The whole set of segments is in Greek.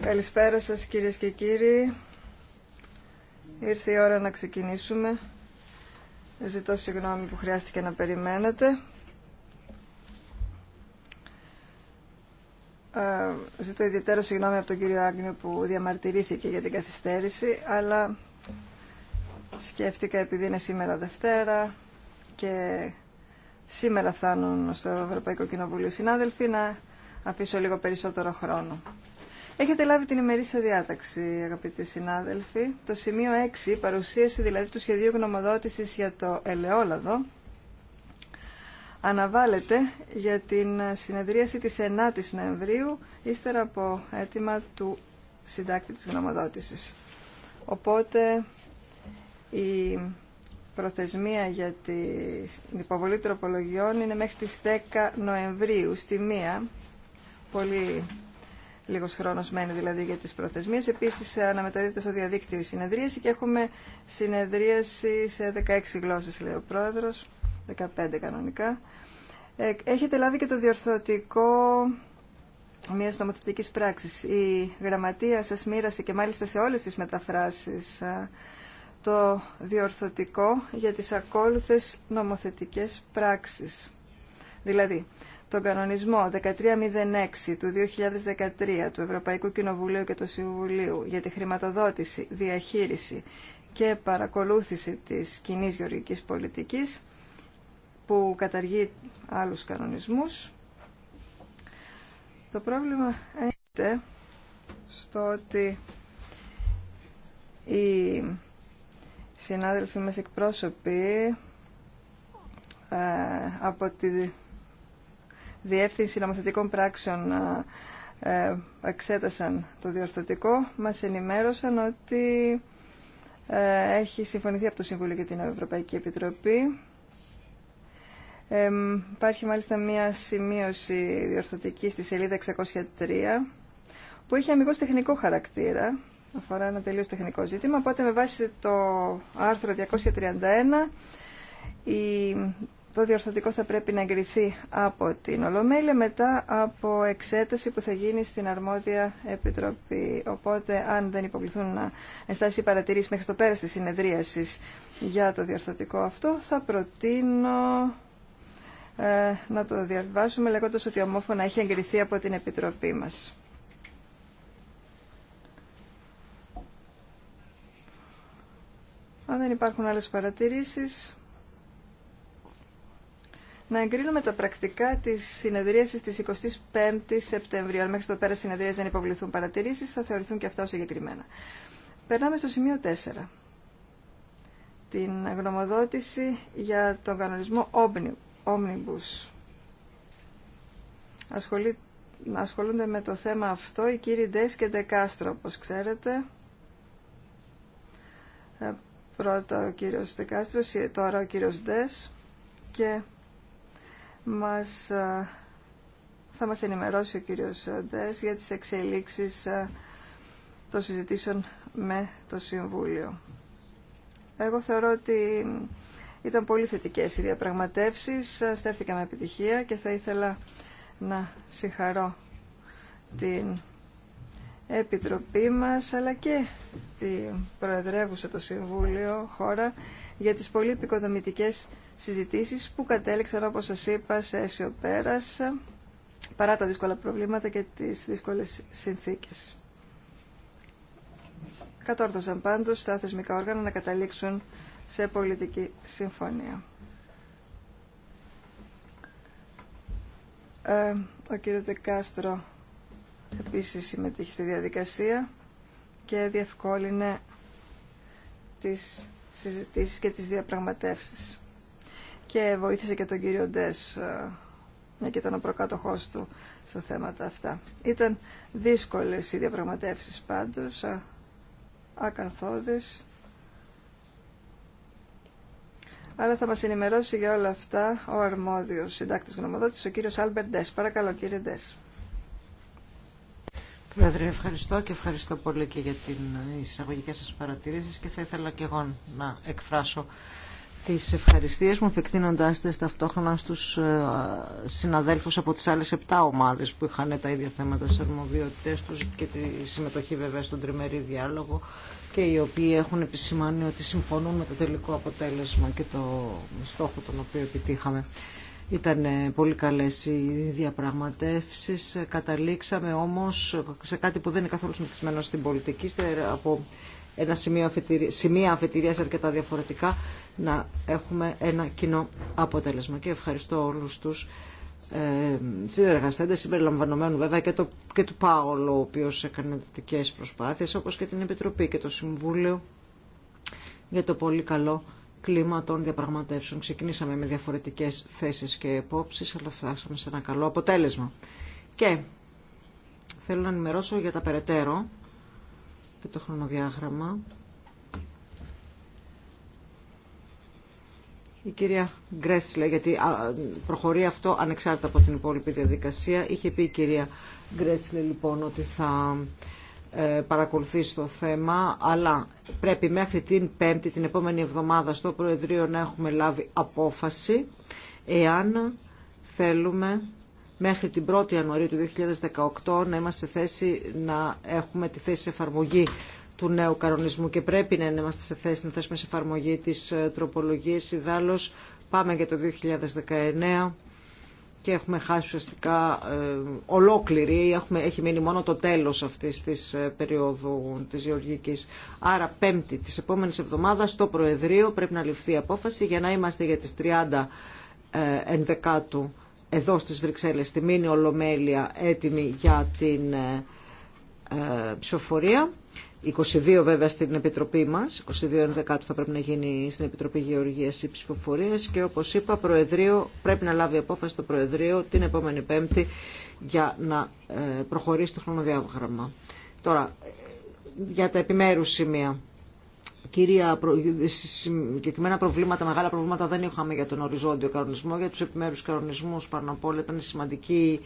Καλησπέρα σας κυρίες και κύριοι. Ήρθε η ώρα να ξεκινήσουμε. Ζητώ συγγνώμη που χρειάστηκε να περιμένετε. Ε, ζητώ ιδιαίτερο συγγνώμη από τον κύριο Άγνιο που διαμαρτυρήθηκε για την καθυστέρηση, αλλά σκέφτηκα επειδή είναι σήμερα Δευτέρα και σήμερα φτάνουν στο Ευρωπαϊκό Κοινοβούλιο συνάδελφοι να αφήσω λίγο περισσότερο χρόνο. Έχετε λάβει την ημερήσια διάταξη, αγαπητοί συνάδελφοι. Το σημείο 6, παρουσίαση δηλαδή του σχεδίου γνωμοδότησης για το ελαιόλαδο, αναβάλλεται για την συνεδρίαση της 9ης Νοεμβρίου, ύστερα από αίτημα του συντάκτη της γνωμοδότησης. Οπότε η προθεσμία για την υποβολή τροπολογιών είναι μέχρι τις 10 Νοεμβρίου στη μία πολύ λίγο χρόνο μένει δηλαδή για τι προθεσμίε. Επίση, ε, αναμεταδίδεται στο διαδίκτυο η συνεδρίαση και έχουμε συνεδρίαση σε 16 γλώσσε, λέει ο πρόεδρο, 15 κανονικά. Ε, έχετε λάβει και το διορθωτικό μια νομοθετική πράξη. Η γραμματεία σα μοίρασε και μάλιστα σε όλε τι μεταφράσει ε, το διορθωτικό για τις ακόλουθες νομοθετικές πράξεις. Δηλαδή, τον κανονισμό 1306 του 2013 του Ευρωπαϊκού Κοινοβουλίου και του Συμβουλίου για τη χρηματοδότηση, διαχείριση και παρακολούθηση της κοινή γεωργικής πολιτικής που καταργεί άλλους κανονισμούς. Το πρόβλημα είναι στο ότι οι συνάδελφοι μας εκπρόσωποι ε, από τη Διεύθυνση Νομοθετικών Πράξεων ε, εξέτασαν το διορθωτικό, μας ενημέρωσαν ότι ε, έχει συμφωνηθεί από το Συμβούλιο και την Ευρωπαϊκή Επιτροπή. Ε, υπάρχει μάλιστα μία σημείωση διορθωτική στη σελίδα 603 που έχει αμυγός τεχνικό χαρακτήρα, αφορά ένα τελείως τεχνικό ζήτημα, οπότε με βάση το άρθρο 231 το διορθωτικό θα πρέπει να εγκριθεί από την Ολομέλεια μετά από εξέταση που θα γίνει στην αρμόδια Επιτροπή. Οπότε, αν δεν υποβληθούν ενστάσει ή παρατηρήσει μέχρι το πέρα τη συνεδρίαση για το διορθωτικό αυτό, θα προτείνω ε, να το διαβάσουμε λέγοντα ότι ομόφωνα έχει εγκριθεί από την Επιτροπή μα. Αν δεν υπάρχουν άλλες παρατηρήσεις να εγκρίνουμε τα πρακτικά τη συνεδρίαση τη 25η Σεπτεμβρίου. Αν μέχρι το πέρα συνεδρία δεν υποβληθούν παρατηρήσει, θα θεωρηθούν και αυτά ω εγκεκριμένα. Περνάμε στο σημείο 4. Την γνωμοδότηση για τον κανονισμό Omnibus. Ασχολεί, ασχολούνται με το θέμα αυτό οι κύριοι Ντές και Ντεκάστρο, όπως ξέρετε. Ε, πρώτα ο κύριος Ντεκάστρο, τώρα ο κύριος Ντές και μας, θα μας ενημερώσει ο κύριος Ντές για τις εξελίξεις των συζητήσεων με το Συμβούλιο. Εγώ θεωρώ ότι ήταν πολύ θετικές οι διαπραγματεύσεις, στέφθηκα με επιτυχία και θα ήθελα να συγχαρώ την Επιτροπή μας αλλά και την Προεδρεύουσα το Συμβούλιο χώρα για τις πολύ επικοδομητικές συζητήσεις που κατέληξαν, όπως σας είπα, σε αίσιο πέρας, παρά τα δύσκολα προβλήματα και τις δύσκολες συνθήκες. Κατόρθωσαν πάντως τα θεσμικά όργανα να καταλήξουν σε πολιτική συμφωνία. Ε, ο κύριος Δεκάστρο επίσης συμμετείχε στη διαδικασία και διευκόλυνε τις συζητήσεις και τις διαπραγματεύσεις. Και βοήθησε και τον κύριο Ντές, ε, μια και ήταν ο προκάτοχός του στα θέματα αυτά. Ήταν δύσκολες οι διαπραγματεύσεις πάντως, α, ακαθόδες. Αλλά θα μας ενημερώσει για όλα αυτά ο αρμόδιος συντάκτης γνωμοδότης, ο κύριος Άλμπερ Ντές. Παρακαλώ κύριε Ντές. Πρόεδρε, ευχαριστώ και ευχαριστώ πολύ και για την εισαγωγικές σας παρατηρήσεις και θα ήθελα και εγώ να εκφράσω τις ευχαριστίες μου επεκτείνοντάς τις ταυτόχρονα στους ε, συναδέλφους από τις άλλες επτά ομάδες που είχαν τα ίδια θέματα στι αρμοδιότητες τους και τη συμμετοχή βέβαια στον τριμερή διάλογο και οι οποίοι έχουν επισημάνει ότι συμφωνούν με το τελικό αποτέλεσμα και το στόχο τον οποίο επιτύχαμε. Ήταν ε, πολύ καλές οι διαπραγματεύσεις. Καταλήξαμε όμως σε κάτι που δεν είναι καθόλου συνηθισμένο στην πολιτική, από ένα σημείο αφετηρία, σημεία αφετηρίας αρκετά διαφορετικά, να έχουμε ένα κοινό αποτέλεσμα. Και ευχαριστώ όλους τους ε, συνεργαστέντες, συμπεριλαμβανομένου βέβαια και, το, και του Πάολο, ο οποίος έκανε δυτικές προσπάθειες, όπως και την Επιτροπή και το Συμβούλιο για το πολύ καλό κλίμα των διαπραγματεύσεων. Ξεκινήσαμε με διαφορετικές θέσεις και επόψεις, αλλά φτάσαμε σε ένα καλό αποτέλεσμα. Και θέλω να ενημερώσω για τα περαιτέρω και το χρονοδιάγραμμα. Η κυρία Γκρέσλε, γιατί προχωρεί αυτό ανεξάρτητα από την υπόλοιπη διαδικασία, είχε πει η κυρία Γκρέσλε λοιπόν ότι θα ε, παρακολουθήσει το θέμα, αλλά πρέπει μέχρι την Πέμπτη, την επόμενη εβδομάδα, στο Προεδρείο να έχουμε λάβει απόφαση εάν θέλουμε μέχρι την 1η Ιανουαρίου του 2018 να είμαστε σε θέση να έχουμε τη θέση εφαρμογή του νέου κανονισμού και πρέπει ναι, να είμαστε σε θέση να θέσουμε σε εφαρμογή τις ε, τροπολογίες. Ιδάλλως πάμε για το 2019 και έχουμε χάσει ουσιαστικά ε, ολόκληρη, έχουμε, έχει μείνει μόνο το τέλος αυτής της ε, περίοδου της γεωργικής. Άρα πέμπτη της επόμενης εβδομάδας στο Προεδρείο πρέπει να ληφθεί απόφαση για να είμαστε για τις 30 ε, ενδεκάτου εδώ στις Βρυξέλλες στη Μήνη Ολομέλεια έτοιμη για την ψηφοφορία 22 βέβαια στην Επιτροπή μας, 22 11 θα πρέπει να γίνει στην Επιτροπή Γεωργίας η ψηφοφορία και όπως είπα Προεδρείο, πρέπει να λάβει απόφαση το Προεδρείο την επόμενη Πέμπτη για να ε, προχωρήσει το χρονοδιάγραμμα. Τώρα, ε, για τα επιμέρους σημεία. Κυρία, ε, συγκεκριμένα προβλήματα, μεγάλα προβλήματα δεν είχαμε για τον οριζόντιο κανονισμό. Για τους επιμέρους κανονισμούς πάνω απ' όλα ήταν σημαντικοί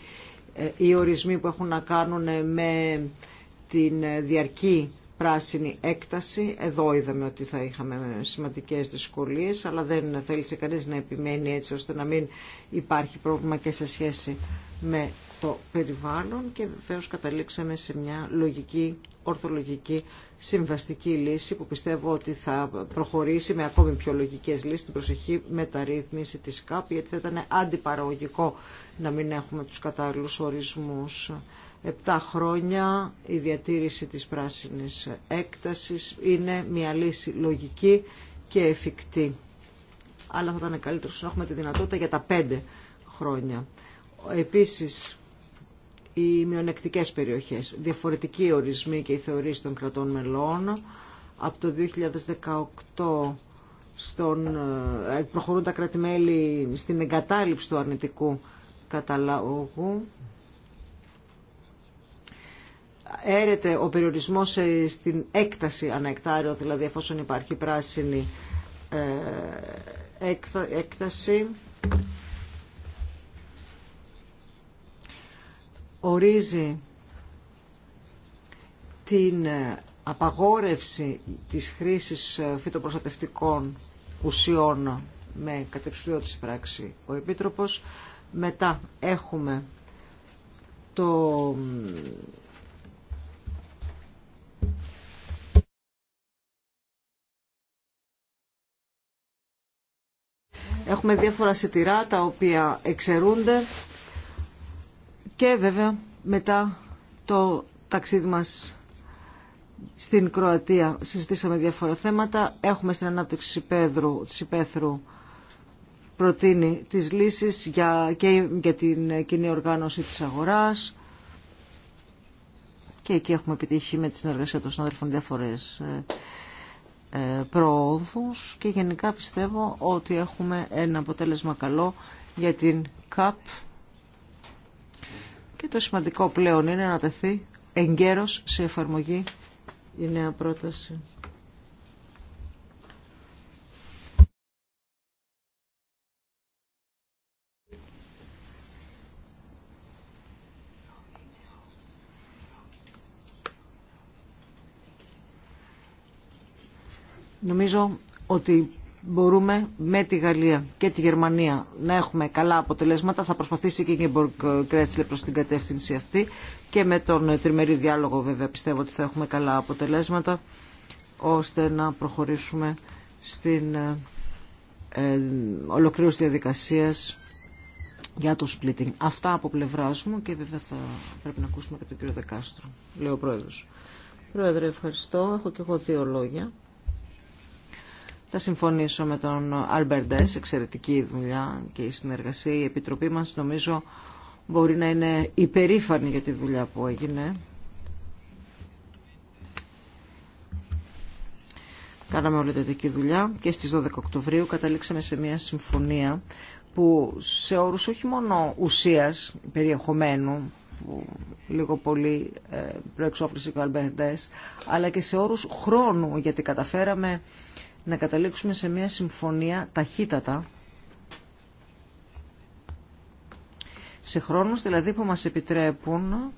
οι ορισμοί που έχουν να κάνουν με την διαρκή πράσινη έκταση. Εδώ είδαμε ότι θα είχαμε σημαντικές δυσκολίες, αλλά δεν θέλησε κανείς να επιμένει έτσι ώστε να μην υπάρχει πρόβλημα και σε σχέση με το περιβάλλον και βεβαίω καταλήξαμε σε μια λογική, ορθολογική, συμβαστική λύση που πιστεύω ότι θα προχωρήσει με ακόμη πιο λογικές λύσεις την προσεχή μεταρρύθμιση της ΚΑΠ γιατί θα ήταν αντιπαραγωγικό να μην έχουμε τους κατάλληλους ορισμούς Επτά χρόνια η διατήρηση της πράσινης έκτασης είναι μια λύση λογική και εφικτή. Αλλά θα ήταν καλύτερο να έχουμε τη δυνατότητα για τα πέντε χρόνια. Επίσης, οι μειονεκτικές περιοχές, διαφορετικοί ορισμοί και οι θεωρίες των κρατών μελών. Από το 2018 στον, ε, προχωρούν τα κρατημέλη στην εγκατάλειψη του αρνητικού καταλόγου έρεται ο περιορισμός στην έκταση ανεκτάριο, δηλαδή εφόσον υπάρχει πράσινη ε, έκταση, ορίζει την ε, απαγόρευση της χρήσης ε, φυτοπροστατευτικών ουσιών με της πράξη ο Επίτροπος. Μετά έχουμε το Έχουμε διάφορα σιτηρά τα οποία εξαιρούνται και βέβαια μετά το ταξίδι μας στην Κροατία συζητήσαμε διάφορα θέματα. Έχουμε στην ανάπτυξη της υπαίθρου προτείνει τις λύσεις για, και για την κοινή οργάνωση της αγοράς και εκεί έχουμε επιτύχει με τη συνεργασία των συναδέλφων διαφορές ε, ε, προόδους και γενικά πιστεύω ότι έχουμε ένα αποτέλεσμα καλό για την ΚΑΠ και το σημαντικό πλέον είναι να τεθεί εγκαίρως σε εφαρμογή η νέα πρόταση. Νομίζω ότι μπορούμε με τη Γαλλία και τη Γερμανία να έχουμε καλά αποτελέσματα. Θα προσπαθήσει και η Γκέμποργκ Κρέτσλε προς την κατεύθυνση αυτή και με τον τριμερή διάλογο βέβαια πιστεύω ότι θα έχουμε καλά αποτελέσματα ώστε να προχωρήσουμε στην ε, ε, ολοκλήρωση διαδικασίας για το splitting. Αυτά από πλευρά μου και βέβαια θα πρέπει να ακούσουμε και τον κύριο Δεκάστρο, Λέω, ο Πρόεδρος. Πρόεδρε, ευχαριστώ. Έχω και εγώ δύο λόγια. Θα συμφωνήσω με τον Αλμπερντές, εξαιρετική δουλειά και η συνεργασία. Η Επιτροπή μας νομίζω μπορεί να είναι υπερήφανη για τη δουλειά που έγινε. Κάναμε όλη τη δουλειά και στις 12 Οκτωβρίου καταλήξαμε σε μια συμφωνία που σε όρους όχι μόνο ουσίας περιεχομένου, που λίγο πολύ ε, προεξόφλησε και ο Αλμπερντές, αλλά και σε όρους χρόνου, γιατί καταφέραμε να καταλήξουμε σε μια συμφωνία ταχύτατα σε χρόνους δηλαδή που μας επιτρέπουν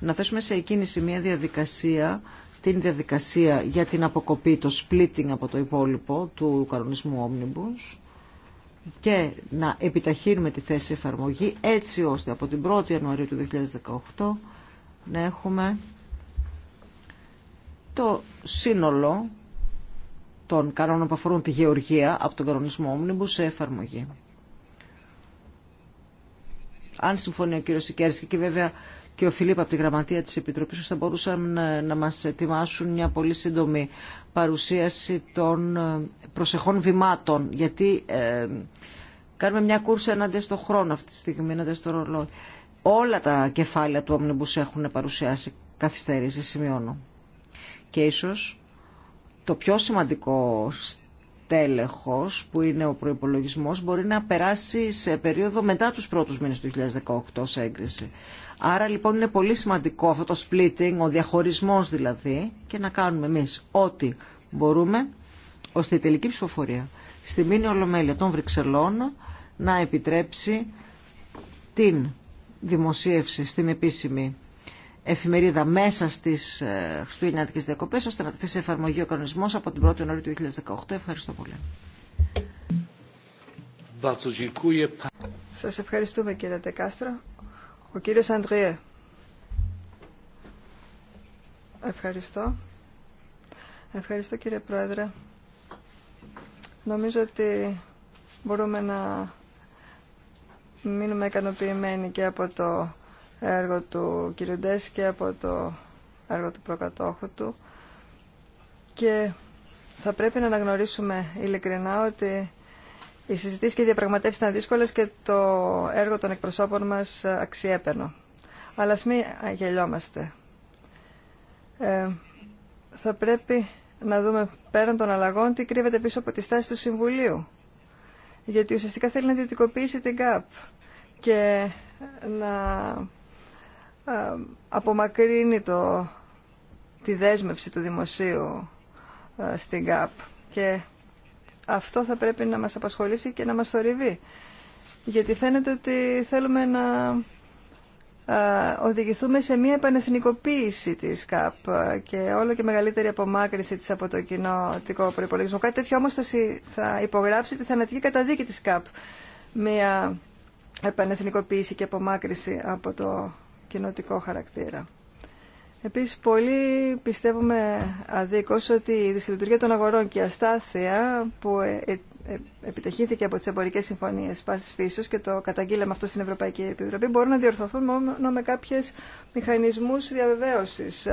να θέσουμε σε εκκίνηση μια διαδικασία την διαδικασία για την αποκοπή, το splitting από το υπόλοιπο του κανονισμού Omnibus και να επιταχύνουμε τη θέση εφαρμογή έτσι ώστε από την 1η Ιανουαρίου του 2018 να έχουμε το σύνολο των κανόνων που αφορούν τη γεωργία από τον κανονισμό Omnibus σε εφαρμογή. Αν συμφωνεί ο κύριο Σικέρης και βέβαια και ο Φιλίπ από τη Γραμματεία της Επιτροπής θα μπορούσαν ε, να μας ετοιμάσουν μια πολύ σύντομη παρουσίαση των ε, προσεχών βημάτων γιατί ε, κάνουμε μια κούρσα εναντίον στο χρόνο αυτή τη στιγμή, εναντίον στο ρολόι. Όλα τα κεφάλαια του Omnibus έχουν παρουσιάσει καθυστερήσει, σημειώνω. Και ίσως το πιο σημαντικό τέλεχος που είναι ο προϋπολογισμός μπορεί να περάσει σε περίοδο μετά τους πρώτους μήνες του 2018 σε έγκριση. Άρα λοιπόν είναι πολύ σημαντικό αυτό το splitting, ο διαχωρισμός δηλαδή και να κάνουμε εμείς ό,τι μπορούμε ώστε η τελική ψηφοφορία στη μήνυ ολομέλεια των Βρυξελών να επιτρέψει την δημοσίευση στην επίσημη εφημερίδα μέσα στις ε, χριστουγεννιάτικε διακοπέ ώστε να τεθεί σε εφαρμογή ο κανονισμό από την 1η Ιανουαρίου του 2018. Ευχαριστώ πολύ. Σα ευχαριστούμε κύριε Τεκάστρο. Ο κύριο Αντριέ. Ευχαριστώ. Ευχαριστώ κύριε Πρόεδρε. Νομίζω ότι μπορούμε να μείνουμε ικανοποιημένοι και από το έργο του κ. και από το έργο του προκατόχου του και θα πρέπει να αναγνωρίσουμε ειλικρινά ότι οι συζητήσεις και οι διαπραγματεύσεις ήταν δύσκολες και το έργο των εκπροσώπων μας αξιέπαινο. Αλλά ας μην γελιόμαστε. Ε, θα πρέπει να δούμε πέραν των αλλαγών τι κρύβεται πίσω από τη στάση του Συμβουλίου. Γιατί ουσιαστικά θέλει να ιδιωτικοποιήσει την ΚΑΠ και να ε, απομακρύνει το, τη δέσμευση του δημοσίου ε, στην ΚΑΠ και αυτό θα πρέπει να μας απασχολήσει και να μας θορυβεί γιατί φαίνεται ότι θέλουμε να ε, οδηγηθούμε σε μια επανεθνικοποίηση της ΚΑΠ και όλο και μεγαλύτερη απομάκρυση της από το κοινοτικό προϋπολογισμό. Κάτι τέτοιο όμως θα υπογράψει τη θανατική καταδίκη της ΚΑΠ. Μια επανεθνικοποίηση και απομάκρυση από το κοινοτικό χαρακτήρα. Επίσης, πολύ πιστεύουμε αδίκως ότι η δυσλειτουργία των αγορών και η αστάθεια που ε, ε, ε, επιτεχήθηκε από τις εμπορικές συμφωνίες πάσης φύσεως και το καταγγείλαμε αυτό στην Ευρωπαϊκή Επιτροπή μπορούν να διορθωθούν μόνο με κάποιες μηχανισμούς διαβεβαίωσης.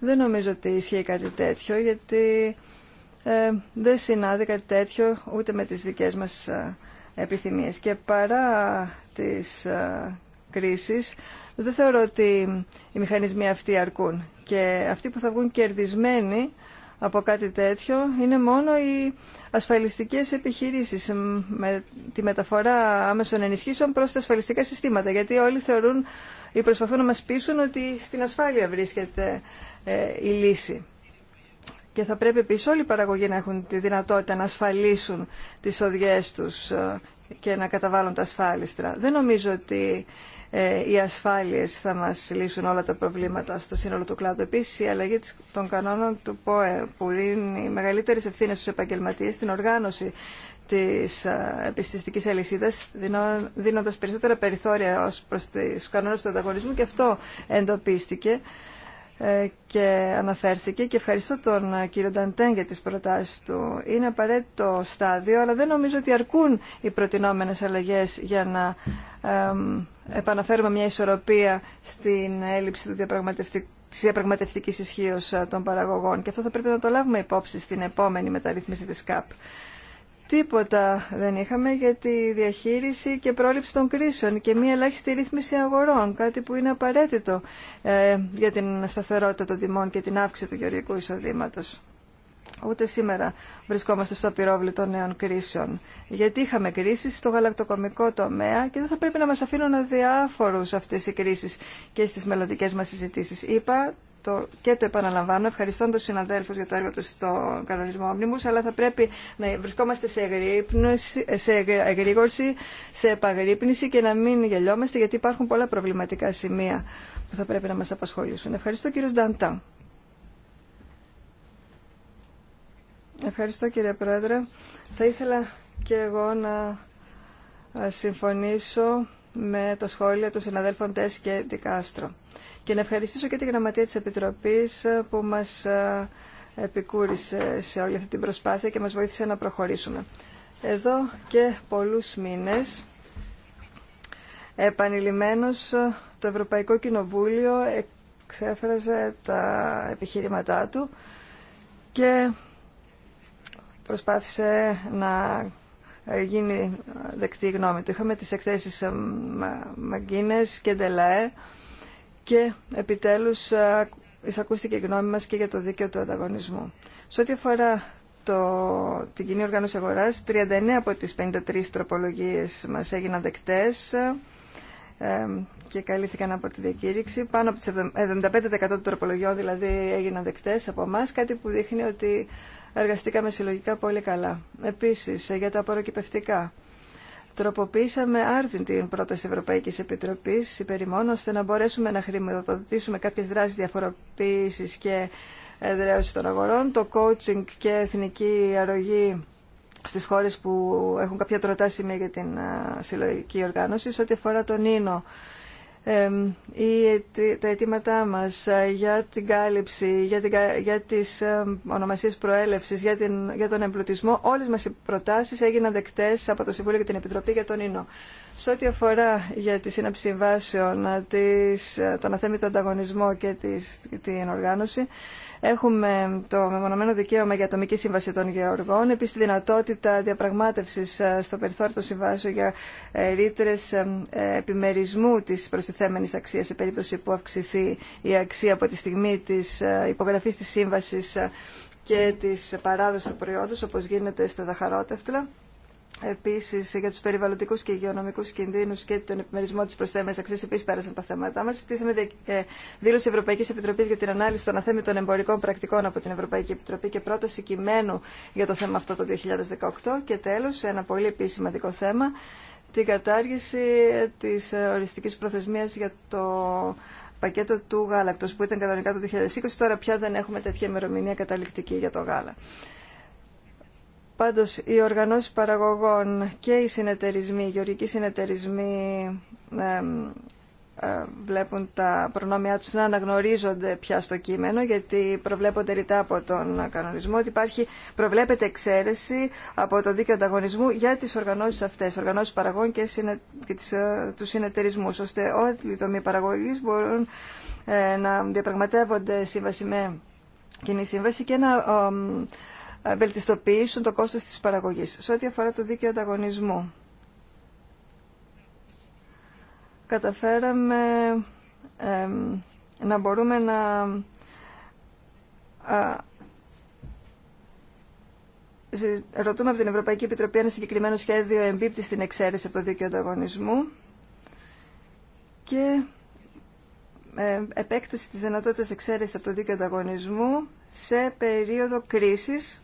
Δεν νομίζω ότι ισχύει κάτι τέτοιο γιατί δεν συνάδει κάτι τέτοιο ούτε με τις δικές μας επιθυμίες. Και παρά τις ε, δεν θεωρώ ότι οι μηχανισμοί αυτοί αρκούν. Και αυτοί που θα βγουν κερδισμένοι από κάτι τέτοιο είναι μόνο οι ασφαλιστικές επιχειρήσεις με τη μεταφορά άμεσων ενισχύσεων προς τα ασφαλιστικά συστήματα γιατί όλοι θεωρούν ή προσπαθούν να μας πείσουν ότι στην ασφάλεια βρίσκεται ε, η λύση. Και θα πρέπει επίσης όλοι οι παραγωγοί να έχουν τη δυνατότητα να ασφαλίσουν τις οδιές τους ε, και να καταβάλουν τα ασφάλιστρα. Δεν νομίζω ότι ε, οι ασφάλειες θα μα λύσουν όλα τα προβλήματα στο σύνολο του κλάδου. Επίση, η αλλαγή των κανόνων του ΠΟΕ που δίνει μεγαλύτερε ευθύνε στους επαγγελματίε, στην οργάνωση τη ε, επιστηστικής αλυσίδα, δίνοντα περισσότερα περιθώρια ω προ του κανόνες του ανταγωνισμού και αυτό εντοπίστηκε ε, και αναφέρθηκε και ευχαριστώ τον κύριο Νταντέν για τις προτάσεις του. Είναι απαραίτητο στάδιο, αλλά δεν νομίζω ότι αρκούν οι προτινόμενες αλλαγές για να επαναφέρουμε μια ισορροπία στην έλλειψη του διαπραγματευτικού της διαπραγματευτικής ισχύω ε, των παραγωγών και αυτό θα πρέπει να το λάβουμε υπόψη στην επόμενη μεταρρύθμιση της ΚΑΠ. Τίποτα δεν είχαμε για τη διαχείριση και πρόληψη των κρίσεων και μία ελάχιστη ρύθμιση αγορών, κάτι που είναι απαραίτητο ε, για την σταθερότητα των τιμών και την αύξηση του γεωργικού εισοδήματος. Ούτε σήμερα βρισκόμαστε στο πυρόβλητο νέων κρίσεων. Γιατί είχαμε κρίσεις στο γαλακτοκομικό τομέα και δεν θα πρέπει να μας αφήνουν αδιάφορους αυτές οι κρίσεις και στις μελλοντικέ μας συζητήσεις. Είπα το, και το επαναλαμβάνω, ευχαριστώ του συναδέλφου για το έργο του στον κανονισμό Omnibus, αλλά θα πρέπει να βρισκόμαστε σε, σε εγρήγορση, σε επαγρύπνηση και να μην γελιόμαστε, γιατί υπάρχουν πολλά προβληματικά σημεία που θα πρέπει να μα απασχολήσουν. Ευχαριστώ, κύριο Νταντά. Ευχαριστώ κύριε Πρόεδρε. Θα ήθελα και εγώ να ε, συμφωνήσω με τα σχόλια των συναδέλφων Τέσ και Δικάστρο. Και να ευχαριστήσω και τη Γραμματεία της Επιτροπής ε, που μας ε, επικούρησε σε όλη αυτή την προσπάθεια και μας βοήθησε να προχωρήσουμε. Εδώ και πολλούς μήνες επανειλημμένος το Ευρωπαϊκό Κοινοβούλιο εξέφραζε τα επιχείρηματά του και προσπάθησε να ε, γίνει δεκτή η γνώμη του. Είχαμε τις εκθέσεις ε, Μαγκίνες και Ντελαέ και επιτέλους ε, εισακούστηκε η γνώμη μας και για το δίκαιο του ανταγωνισμού. Σε ό,τι αφορά το, την κοινή οργάνωση αγοράς, 39 από τις 53 τροπολογίες μας έγιναν δεκτές και καλύφθηκαν από τη διακήρυξη. Πάνω από τις 75% των τροπολογιών δηλαδή έγιναν δεκτές από εμά, κάτι που δείχνει ότι εργαστήκαμε συλλογικά πολύ καλά. Επίσης, ε, για τα απορροκυπευτικά. Τροποποίησαμε άρδιν την πρόταση ευρωπαϊκή Επιτροπής υπερημών, ώστε να μπορέσουμε να χρηματοδοτήσουμε κάποιες δράσεις διαφοροποίησης και εδραίωσης των αγορών, το coaching και εθνική αρρωγή στις χώρες που έχουν κάποια σημεία για την ε, συλλογική οργάνωση, σε ό,τι αφορά τον ίνο τα αιτήματά μας ε, για την κάλυψη, για, την, για τις ονομασίες προέλευσης, για, την, για τον εμπλουτισμό, όλες μας οι προτάσεις έγιναν δεκτές από το Συμβούλιο και την Επιτροπή για τον Ινό. Σε ό,τι αφορά για τη σύναψη συμβάσεων, ε, ε, τον αθέμητο ανταγωνισμό και, την οργάνωση, Έχουμε το μεμονωμένο δικαίωμα για ατομική σύμβαση των γεωργών, επίση τη δυνατότητα διαπραγμάτευση ε, στο περιθώριο των συμβάσεων για ε, ρήτρε ε, επιμερισμού τη προστιθέμενη αξία σε περίπτωση που αυξηθεί η αξία από τη στιγμή τη υπογραφή τη σύμβαση και τη παράδοση του προϊόντος, όπως γίνεται στα ζαχαρότευτλα. Επίση, για του περιβαλλοντικού και υγειονομικού κινδύνου και τον επιμερισμό τη προσθέμενη αξία, επίση πέρασαν τα θέματα μα. Στήσαμε δήλωση Ευρωπαϊκή Επιτροπή για την ανάλυση των αθέμητων εμπορικών πρακτικών από την Ευρωπαϊκή Επιτροπή και πρόταση κειμένου για το θέμα αυτό το 2018. Και τέλο, ένα πολύ επίσημα σημαντικό θέμα, την κατάργηση τη ε, οριστική προθεσμία για το πακέτο του γάλακτο που ήταν κανονικά το 2020. Τώρα πια δεν έχουμε τέτοια ημερομηνία καταληκτική για το γάλα. Πάντως, οι οργανώσεις παραγωγών και οι συνεταιρισμοί, οι γεωργικοί συνεταιρισμοί ε, βλέπουν τα προνόμια τους να αναγνωρίζονται πια στο κείμενο, γιατί προβλέπονται ρητά από τον κανονισμό, ότι υπάρχει, προβλέπεται εξαίρεση από το δίκαιο ανταγωνισμού για τις οργανώσεις αυτές, οργανώσεις παραγωγών και, συνε, και τις, ε, τους συνεταιρισμούς, ώστε όλοι οι τομείς παραγωγής μπορούν ε, να διαπραγματεύονται σύμβαση με κοινή σύμβαση και να ε, βελτιστοποιήσουν το κόστος της παραγωγής. Σε ό,τι αφορά το δίκαιο ανταγωνισμού, καταφέραμε να μπορούμε να α, ρωτούμε από την Ευρωπαϊκή Επιτροπή ένα συγκεκριμένο σχέδιο εμπίπτει στην εξαίρεση από το δίκαιο ανταγωνισμού και ε, επέκταση της δυνατότητας εξαίρεσης από το δίκαιο ανταγωνισμού σε περίοδο κρίσης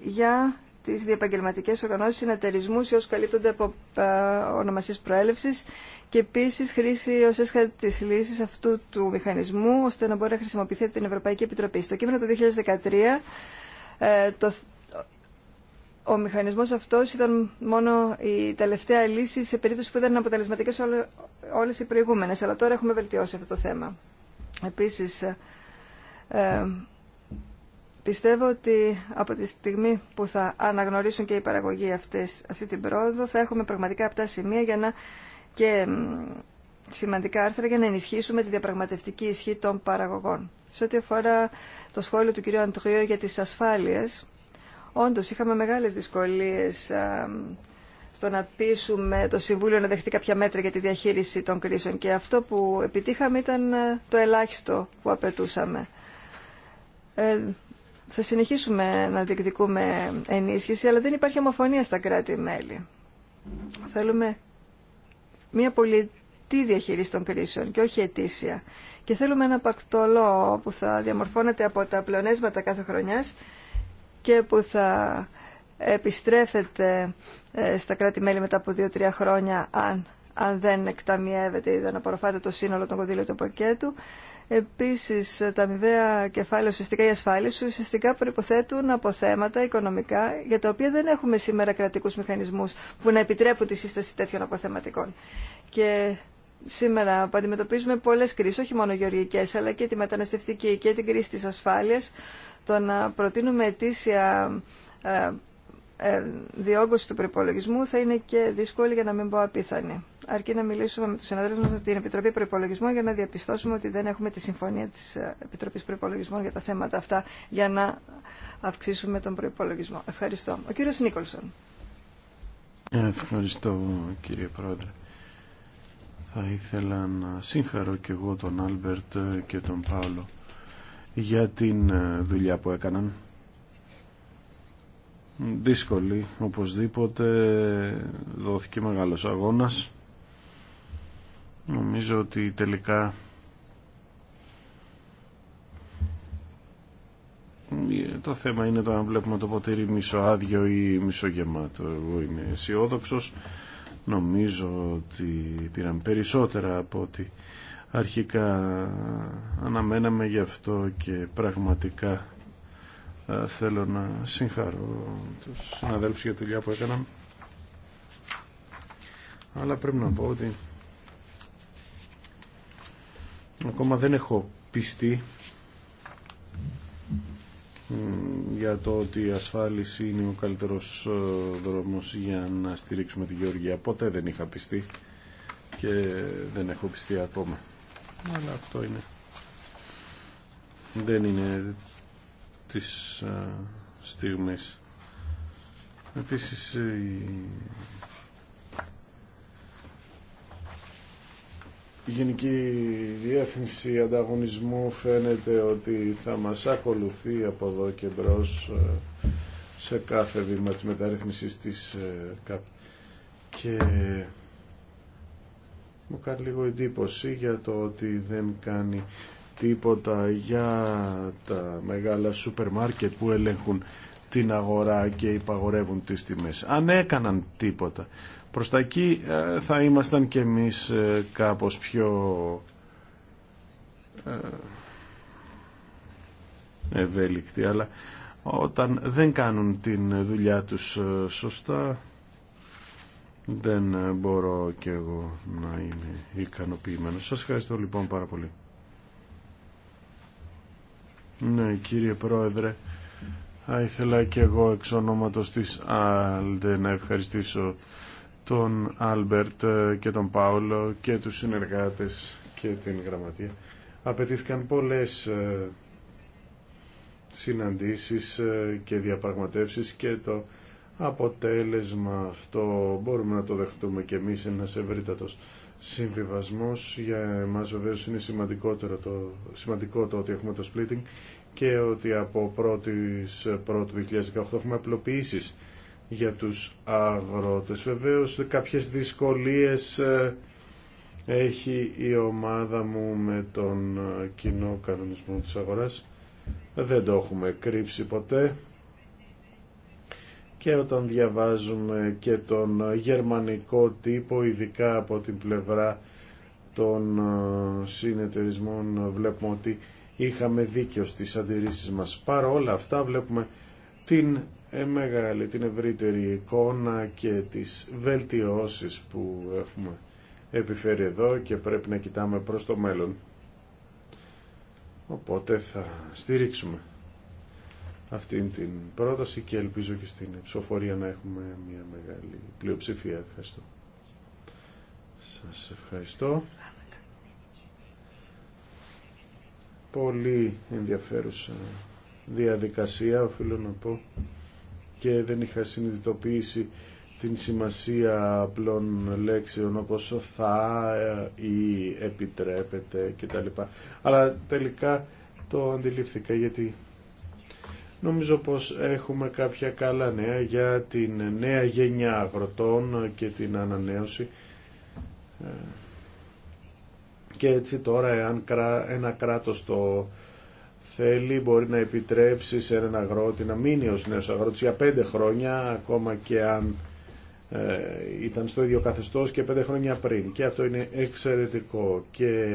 για τις διαπαγγελματικέ οργανώσεις συνεταιρισμού ή όσου καλύπτονται από ε, ονομασίες προέλευση και επίσης χρήση ω έσχα της λύσης αυτού του μηχανισμού ώστε να μπορεί να χρησιμοποιηθεί από την Ευρωπαϊκή Επιτροπή. Στο κείμενο του 2013 ε, το, ο μηχανισμός αυτός ήταν μόνο η τελευταία λύση σε περίπτωση που ήταν αποτελεσματικέ όλε οι προηγούμενε. αλλά τώρα έχουμε βελτιώσει αυτό το θέμα. Επίσης, ε, Πιστεύω ότι από τη στιγμή που θα αναγνωρίσουν και οι παραγωγοί αυτές, αυτή την πρόοδο θα έχουμε πραγματικά αυτά σημεία για να, και σημαντικά άρθρα για να ενισχύσουμε τη διαπραγματευτική ισχύ των παραγωγών. Σε ό,τι αφορά το σχόλιο του κ. Αντριώ για τις ασφάλειες, όντως είχαμε μεγάλες δυσκολίες στο να πείσουμε το Συμβούλιο να δεχτεί κάποια μέτρα για τη διαχείριση των κρίσεων και αυτό που επιτύχαμε ήταν ε, το ελάχιστο που απαιτούσαμε. Ε, θα συνεχίσουμε να διεκδικούμε ενίσχυση, αλλά δεν υπάρχει ομοφωνία στα κράτη-μέλη. Θέλουμε μια πολιτική διαχείριση των κρίσεων και όχι ετήσια. Και θέλουμε ένα πακτολό που θα διαμορφώνεται από τα πλεονέσματα κάθε χρονιάς και που θα επιστρέφεται ε, στα κράτη-μέλη μετά απο δυο δύο-τρία χρόνια αν, αν δεν εκταμιεύεται ή δεν απορροφάται το σύνολο των κονδύλων του πακέτου Επίσης, τα αμοιβαία κεφάλαια ουσιαστικά οι ασφάλειες ουσιαστικά προϋποθέτουν αποθέματα οικονομικά για τα οποία δεν έχουμε σήμερα κρατικούς μηχανισμούς που να επιτρέπουν τη σύσταση τέτοιων αποθεματικών. Και σήμερα που αντιμετωπίζουμε πολλές κρίσεις, όχι μόνο γεωργικές, αλλά και τη μεταναστευτική και την κρίση της ασφάλειας, το να προτείνουμε αιτήσια ε, ε, διόγκωση του προπολογισμού θα είναι και δύσκολη για να μην πω απίθανη. Αρκεί να μιλήσουμε με του συναδέλφου μα από την Επιτροπή Προπολογισμών για να διαπιστώσουμε ότι δεν έχουμε τη συμφωνία τη ε, Επιτροπή Προπολογισμών για τα θέματα αυτά για να αυξήσουμε τον προπολογισμό. Ευχαριστώ. Ο κύριο Νίκολσον. Ευχαριστώ κύριε Πρόεδρε. Θα ήθελα να συγχαρώ και εγώ τον Άλμπερτ και τον Πάολο για την ε, δουλειά που έκαναν δύσκολη οπωσδήποτε δόθηκε μεγάλος αγώνας νομίζω ότι τελικά το θέμα είναι το αν βλέπουμε το ποτήρι μισοάδιο ή μισογεμάτο εγώ είμαι αισιόδοξο. νομίζω ότι πήραμε περισσότερα από ότι αρχικά αναμέναμε γι' αυτό και πραγματικά ε, θέλω να συγχαρώ τους συναδέλφους για τη δουλειά που έκαναν αλλά πρέπει να πω ότι ακόμα δεν έχω πιστεί για το ότι η ασφάλιση είναι ο καλύτερος ε, δρόμος για να στηρίξουμε τη Γεωργία. Ποτέ δεν είχα πιστεί και δεν έχω πιστεί ακόμα. Αλλά αυτό είναι. Δεν είναι της ε, στιγμής. Επίσης ε, η Γενική Διεύθυνση Ανταγωνισμού φαίνεται ότι θα μας ακολουθεί από εδώ και μπρος ε, σε κάθε βήμα της μεταρρύθμισης της ΚΑΠ. Και μου κάνει λίγο εντύπωση για το ότι δεν κάνει τίποτα για τα μεγάλα σούπερ μάρκετ που ελέγχουν την αγορά και υπαγορεύουν τις τιμές. Αν έκαναν τίποτα. Προς τα εκεί ε, θα ήμασταν και εμείς ε, κάπως πιο ε, ευέλικτοι, αλλά όταν δεν κάνουν την δουλειά τους σωστά δεν μπορώ και εγώ να είμαι ικανοποιημένος. Σας ευχαριστώ λοιπόν πάρα πολύ. Ναι, κύριε Πρόεδρε, θα ήθελα και εγώ εξ ονόματος της ΑΛΔΕ να ευχαριστήσω τον Άλμπερτ ε, και τον Πάολο και τους συνεργάτες και την γραμματεία. Απαιτήθηκαν πολλές ε, συναντήσεις ε, και διαπραγματεύσεις και το αποτέλεσμα αυτό μπορούμε να το δεχτούμε και εμείς ένας ευρύτατος συμβιβασμός. Για εμάς βεβαίως είναι σημαντικότερο το, σημαντικό το ότι έχουμε το splitting και ότι από 1η 2018 έχουμε απλοποιήσεις για τους αγρότες. Βεβαίως κάποιες δυσκολίες ε, έχει η ομάδα μου με τον ε, κοινό κανονισμό της αγοράς. Δεν το έχουμε κρύψει ποτέ και όταν διαβάζουμε και τον γερμανικό τύπο, ειδικά από την πλευρά των ε, συνεταιρισμών, βλέπουμε ότι είχαμε δίκιο στις αντιρρήσεις μας. Παρ' όλα αυτά βλέπουμε την ε, μεγάλη, την ευρύτερη εικόνα και τις βελτιώσεις που έχουμε επιφέρει εδώ και πρέπει να κοιτάμε προς το μέλλον. Οπότε θα στηρίξουμε αυτήν την πρόταση και ελπίζω και στην ψηφοφορία να έχουμε μια μεγάλη πλειοψηφία. Ευχαριστώ. Σας ευχαριστώ. Πολύ ενδιαφέρουσα διαδικασία, οφείλω να πω, και δεν είχα συνειδητοποιήσει την σημασία απλών λέξεων όπως θα ή επιτρέπεται κτλ. Αλλά τελικά το αντιλήφθηκα γιατί Νομίζω πως έχουμε κάποια καλά νέα για την νέα γενιά αγροτών και την ανανέωση. Ε, και έτσι τώρα εάν ένα κράτος το θέλει μπορεί να επιτρέψει σε έναν αγρότη να μείνει ως νέος αγρότης για πέντε χρόνια ακόμα και αν ε, ήταν στο ίδιο καθεστώς και πέντε χρόνια πριν. Και αυτό είναι εξαιρετικό. Και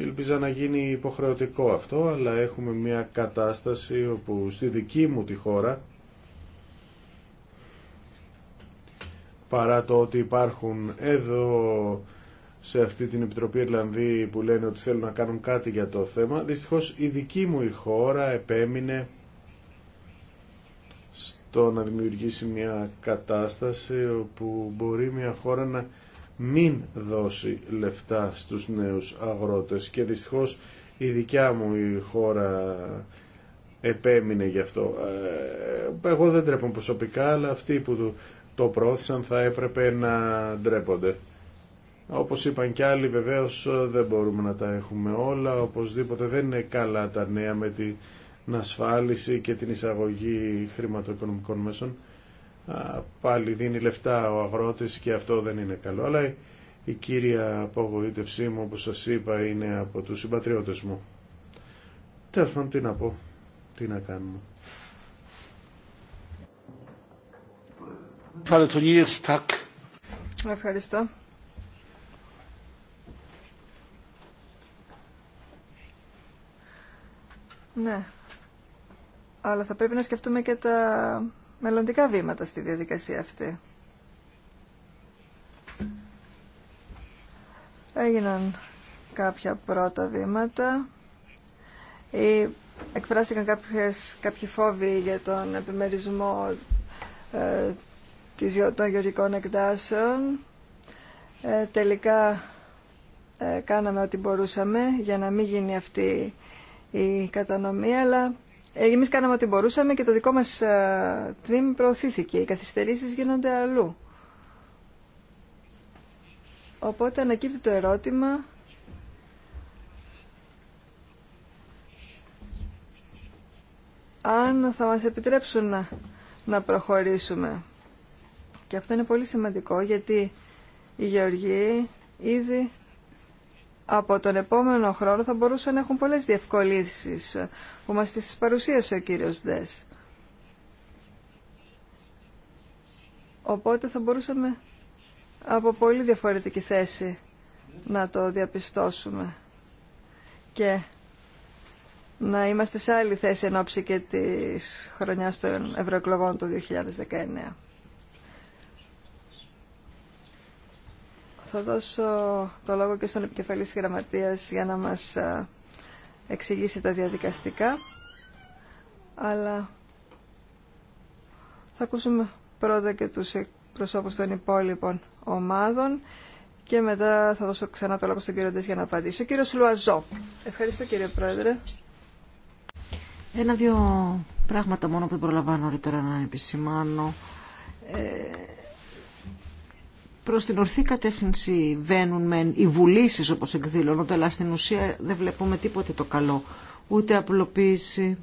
Ελπίζω να γίνει υποχρεωτικό αυτό, αλλά έχουμε μια κατάσταση όπου στη δική μου τη χώρα, παρά το ότι υπάρχουν εδώ σε αυτή την Επιτροπή Ιρλανδοί που λένε ότι θέλουν να κάνουν κάτι για το θέμα, δυστυχώς η δική μου η χώρα επέμεινε στο να δημιουργήσει μια κατάσταση όπου μπορεί μια χώρα να μην δώσει λεφτά στους νέους αγρότες και δυστυχώς η δικιά μου η χώρα επέμεινε γι' αυτό. Ε, εγώ δεν τρέπω προσωπικά, αλλά αυτοί που το πρόθεσαν θα έπρεπε να ντρέπονται. Όπως είπαν κι άλλοι βεβαίως ε, δεν μπορούμε να τα έχουμε όλα, οπωσδήποτε δεν είναι καλά τα νέα με την ασφάλιση και την εισαγωγή χρηματοοικονομικών μέσων πάλι δίνει λεφτά ο αγρότης και αυτό δεν είναι καλό. Αλλά η κύρια απογοήτευσή μου, όπως σας είπα, είναι από τους συμπατριώτες μου. Τέλος πάντων, τι να πω, τι να κάνουμε. Ευχαριστώ. Ναι. Αλλά θα πρέπει να σκεφτούμε και τα μελλοντικά βήματα στη διαδικασία αυτή. Έγιναν κάποια πρώτα βήματα ή εκφράστηκαν κάποιες, κάποιοι φόβοι για τον επιμερισμό ε, των γεωργικών εκτάσεων. Ε, τελικά ε, κάναμε ό,τι μπορούσαμε για να μην γίνει αυτή η κατανομή, αλλά ε, Εμεί κάναμε ό,τι μπορούσαμε και το δικό μα ε, τμήμα προωθήθηκε. Οι καθυστερήσει γίνονται αλλού. Οπότε ανακύπτει το ερώτημα. Αν θα μας επιτρέψουν να, να προχωρήσουμε. Και αυτό είναι πολύ σημαντικό γιατί η Γεωργία ήδη από τον επόμενο χρόνο θα μπορούσαν να έχουν πολλές διευκολύνσεις που μας τις παρουσίασε ο κύριος Δες. Οπότε θα μπορούσαμε από πολύ διαφορετική θέση να το διαπιστώσουμε και να είμαστε σε άλλη θέση εν και της χρονιάς των ευρωεκλογών του 2019. Θα δώσω το λόγο και στον επικεφαλής της γραμματείας για να μας ε, εξηγήσει τα διαδικαστικά. Αλλά θα ακούσουμε πρώτα και τους προσώπους των υπόλοιπων ομάδων και μετά θα δώσω ξανά το λόγο στον κύριο Ντες για να απαντήσει. Ο κύριος Λουαζό. Ευχαριστώ κύριε Πρόεδρε. Ένα-δύο πράγματα μόνο που δεν προλαμβάνω νωρίτερα να επισημάνω. Ε, προς την ορθή κατεύθυνση βαίνουν μεν οι βουλήσεις όπως εκδήλωνονται, αλλά στην ουσία δεν βλέπουμε τίποτε το καλό, ούτε απλοποίηση,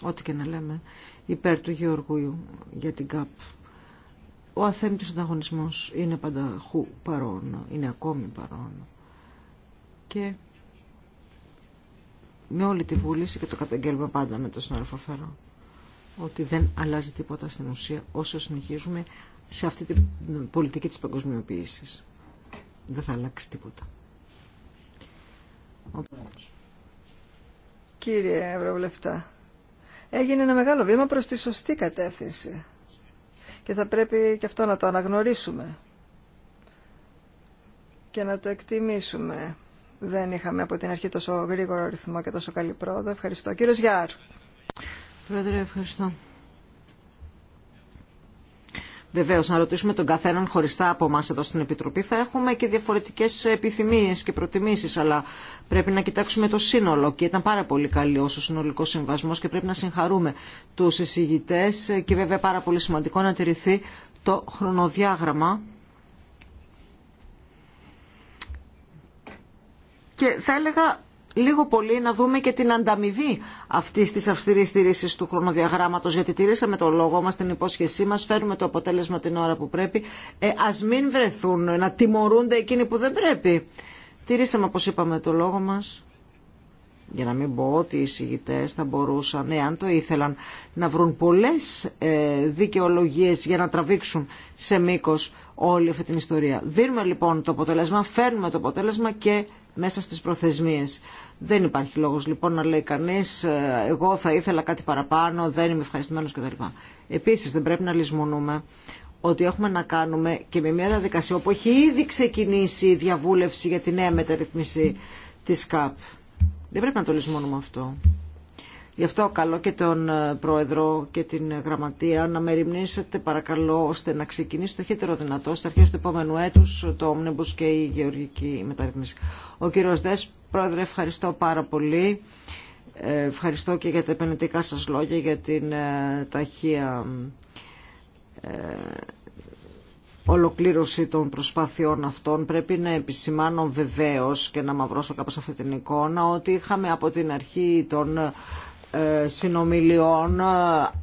ό,τι και να λέμε, υπέρ του Γεωργού για την ΚΑΠ. Ο αθέμητος ανταγωνισμός είναι πανταχού παρόν, είναι ακόμη παρόν. Και με όλη τη βούληση και το καταγγέλουμε πάντα με το συνάδελφο Φερό ότι δεν αλλάζει τίποτα στην ουσία όσο συνεχίζουμε σε αυτή την πολιτική της παγκοσμιοποίησης. Δεν θα αλλάξει τίποτα. Κύριε Ευρωβουλευτά, έγινε ένα μεγάλο βήμα προς τη σωστή κατεύθυνση και θα πρέπει και αυτό να το αναγνωρίσουμε και να το εκτιμήσουμε. Δεν είχαμε από την αρχή τόσο γρήγορο ρυθμό και τόσο καλή πρόοδο. Ευχαριστώ. Κύριος Γιάρ. Πρόεδρε, ευχαριστώ. Βεβαίω, να ρωτήσουμε τον καθέναν χωριστά από εμά εδώ στην Επιτροπή. Θα έχουμε και διαφορετικέ επιθυμίε και προτιμήσει, αλλά πρέπει να κοιτάξουμε το σύνολο. Και ήταν πάρα πολύ καλή ο συνολικό συμβασμό και πρέπει να συγχαρούμε του εισηγητέ. Και βέβαια, πάρα πολύ σημαντικό να τηρηθεί το χρονοδιάγραμμα. Και θα έλεγα λίγο πολύ να δούμε και την ανταμοιβή αυτή τη αυστηρή τηρήση του χρονοδιαγράμματο, γιατί τηρήσαμε το λόγο μα, την υπόσχεσή μα, φέρουμε το αποτέλεσμα την ώρα που πρέπει. Ε, Α μην βρεθούν να τιμωρούνται εκείνοι που δεν πρέπει. Τηρήσαμε, όπω είπαμε, το λόγο μα. Για να μην πω ότι οι συγητέ θα μπορούσαν, εάν το ήθελαν, να βρουν πολλέ ε, δικαιολογίε για να τραβήξουν σε μήκο όλη αυτή την ιστορία. Δίνουμε λοιπόν το αποτέλεσμα, φέρνουμε το αποτέλεσμα και μέσα στις προθεσμίες. Δεν υπάρχει λόγος λοιπόν να λέει κανείς ε, εγώ θα ήθελα κάτι παραπάνω, δεν είμαι ευχαριστημένος κτλ. Επίσης δεν πρέπει να λησμονούμε ότι έχουμε να κάνουμε και με μια διαδικασία όπου έχει ήδη ξεκινήσει η διαβούλευση για τη νέα μεταρρυθμίση της ΚΑΠ. Δεν πρέπει να το λησμονούμε αυτό. Γι' αυτό καλώ και τον ε, Πρόεδρο και την ε, Γραμματεία να μεριμνήσετε παρακαλώ ώστε να ξεκινήσει το χέτερο δυνατό στα αρχές του επόμενου έτους το Όμνιμπους και η γεωργική μεταρρύθμιση. Ο κύριος Δες, Πρόεδρε, ευχαριστώ πάρα πολύ. Ε, ευχαριστώ και για τα επενδυτικά σας λόγια, για την ταχεία ολοκλήρωση των προσπάθειών αυτών πρέπει να επισημάνω βεβαίως και να μαυρώσω κάπως αυτή την εικόνα ότι είχαμε από την αρχή των ε, συνομιλιών ε,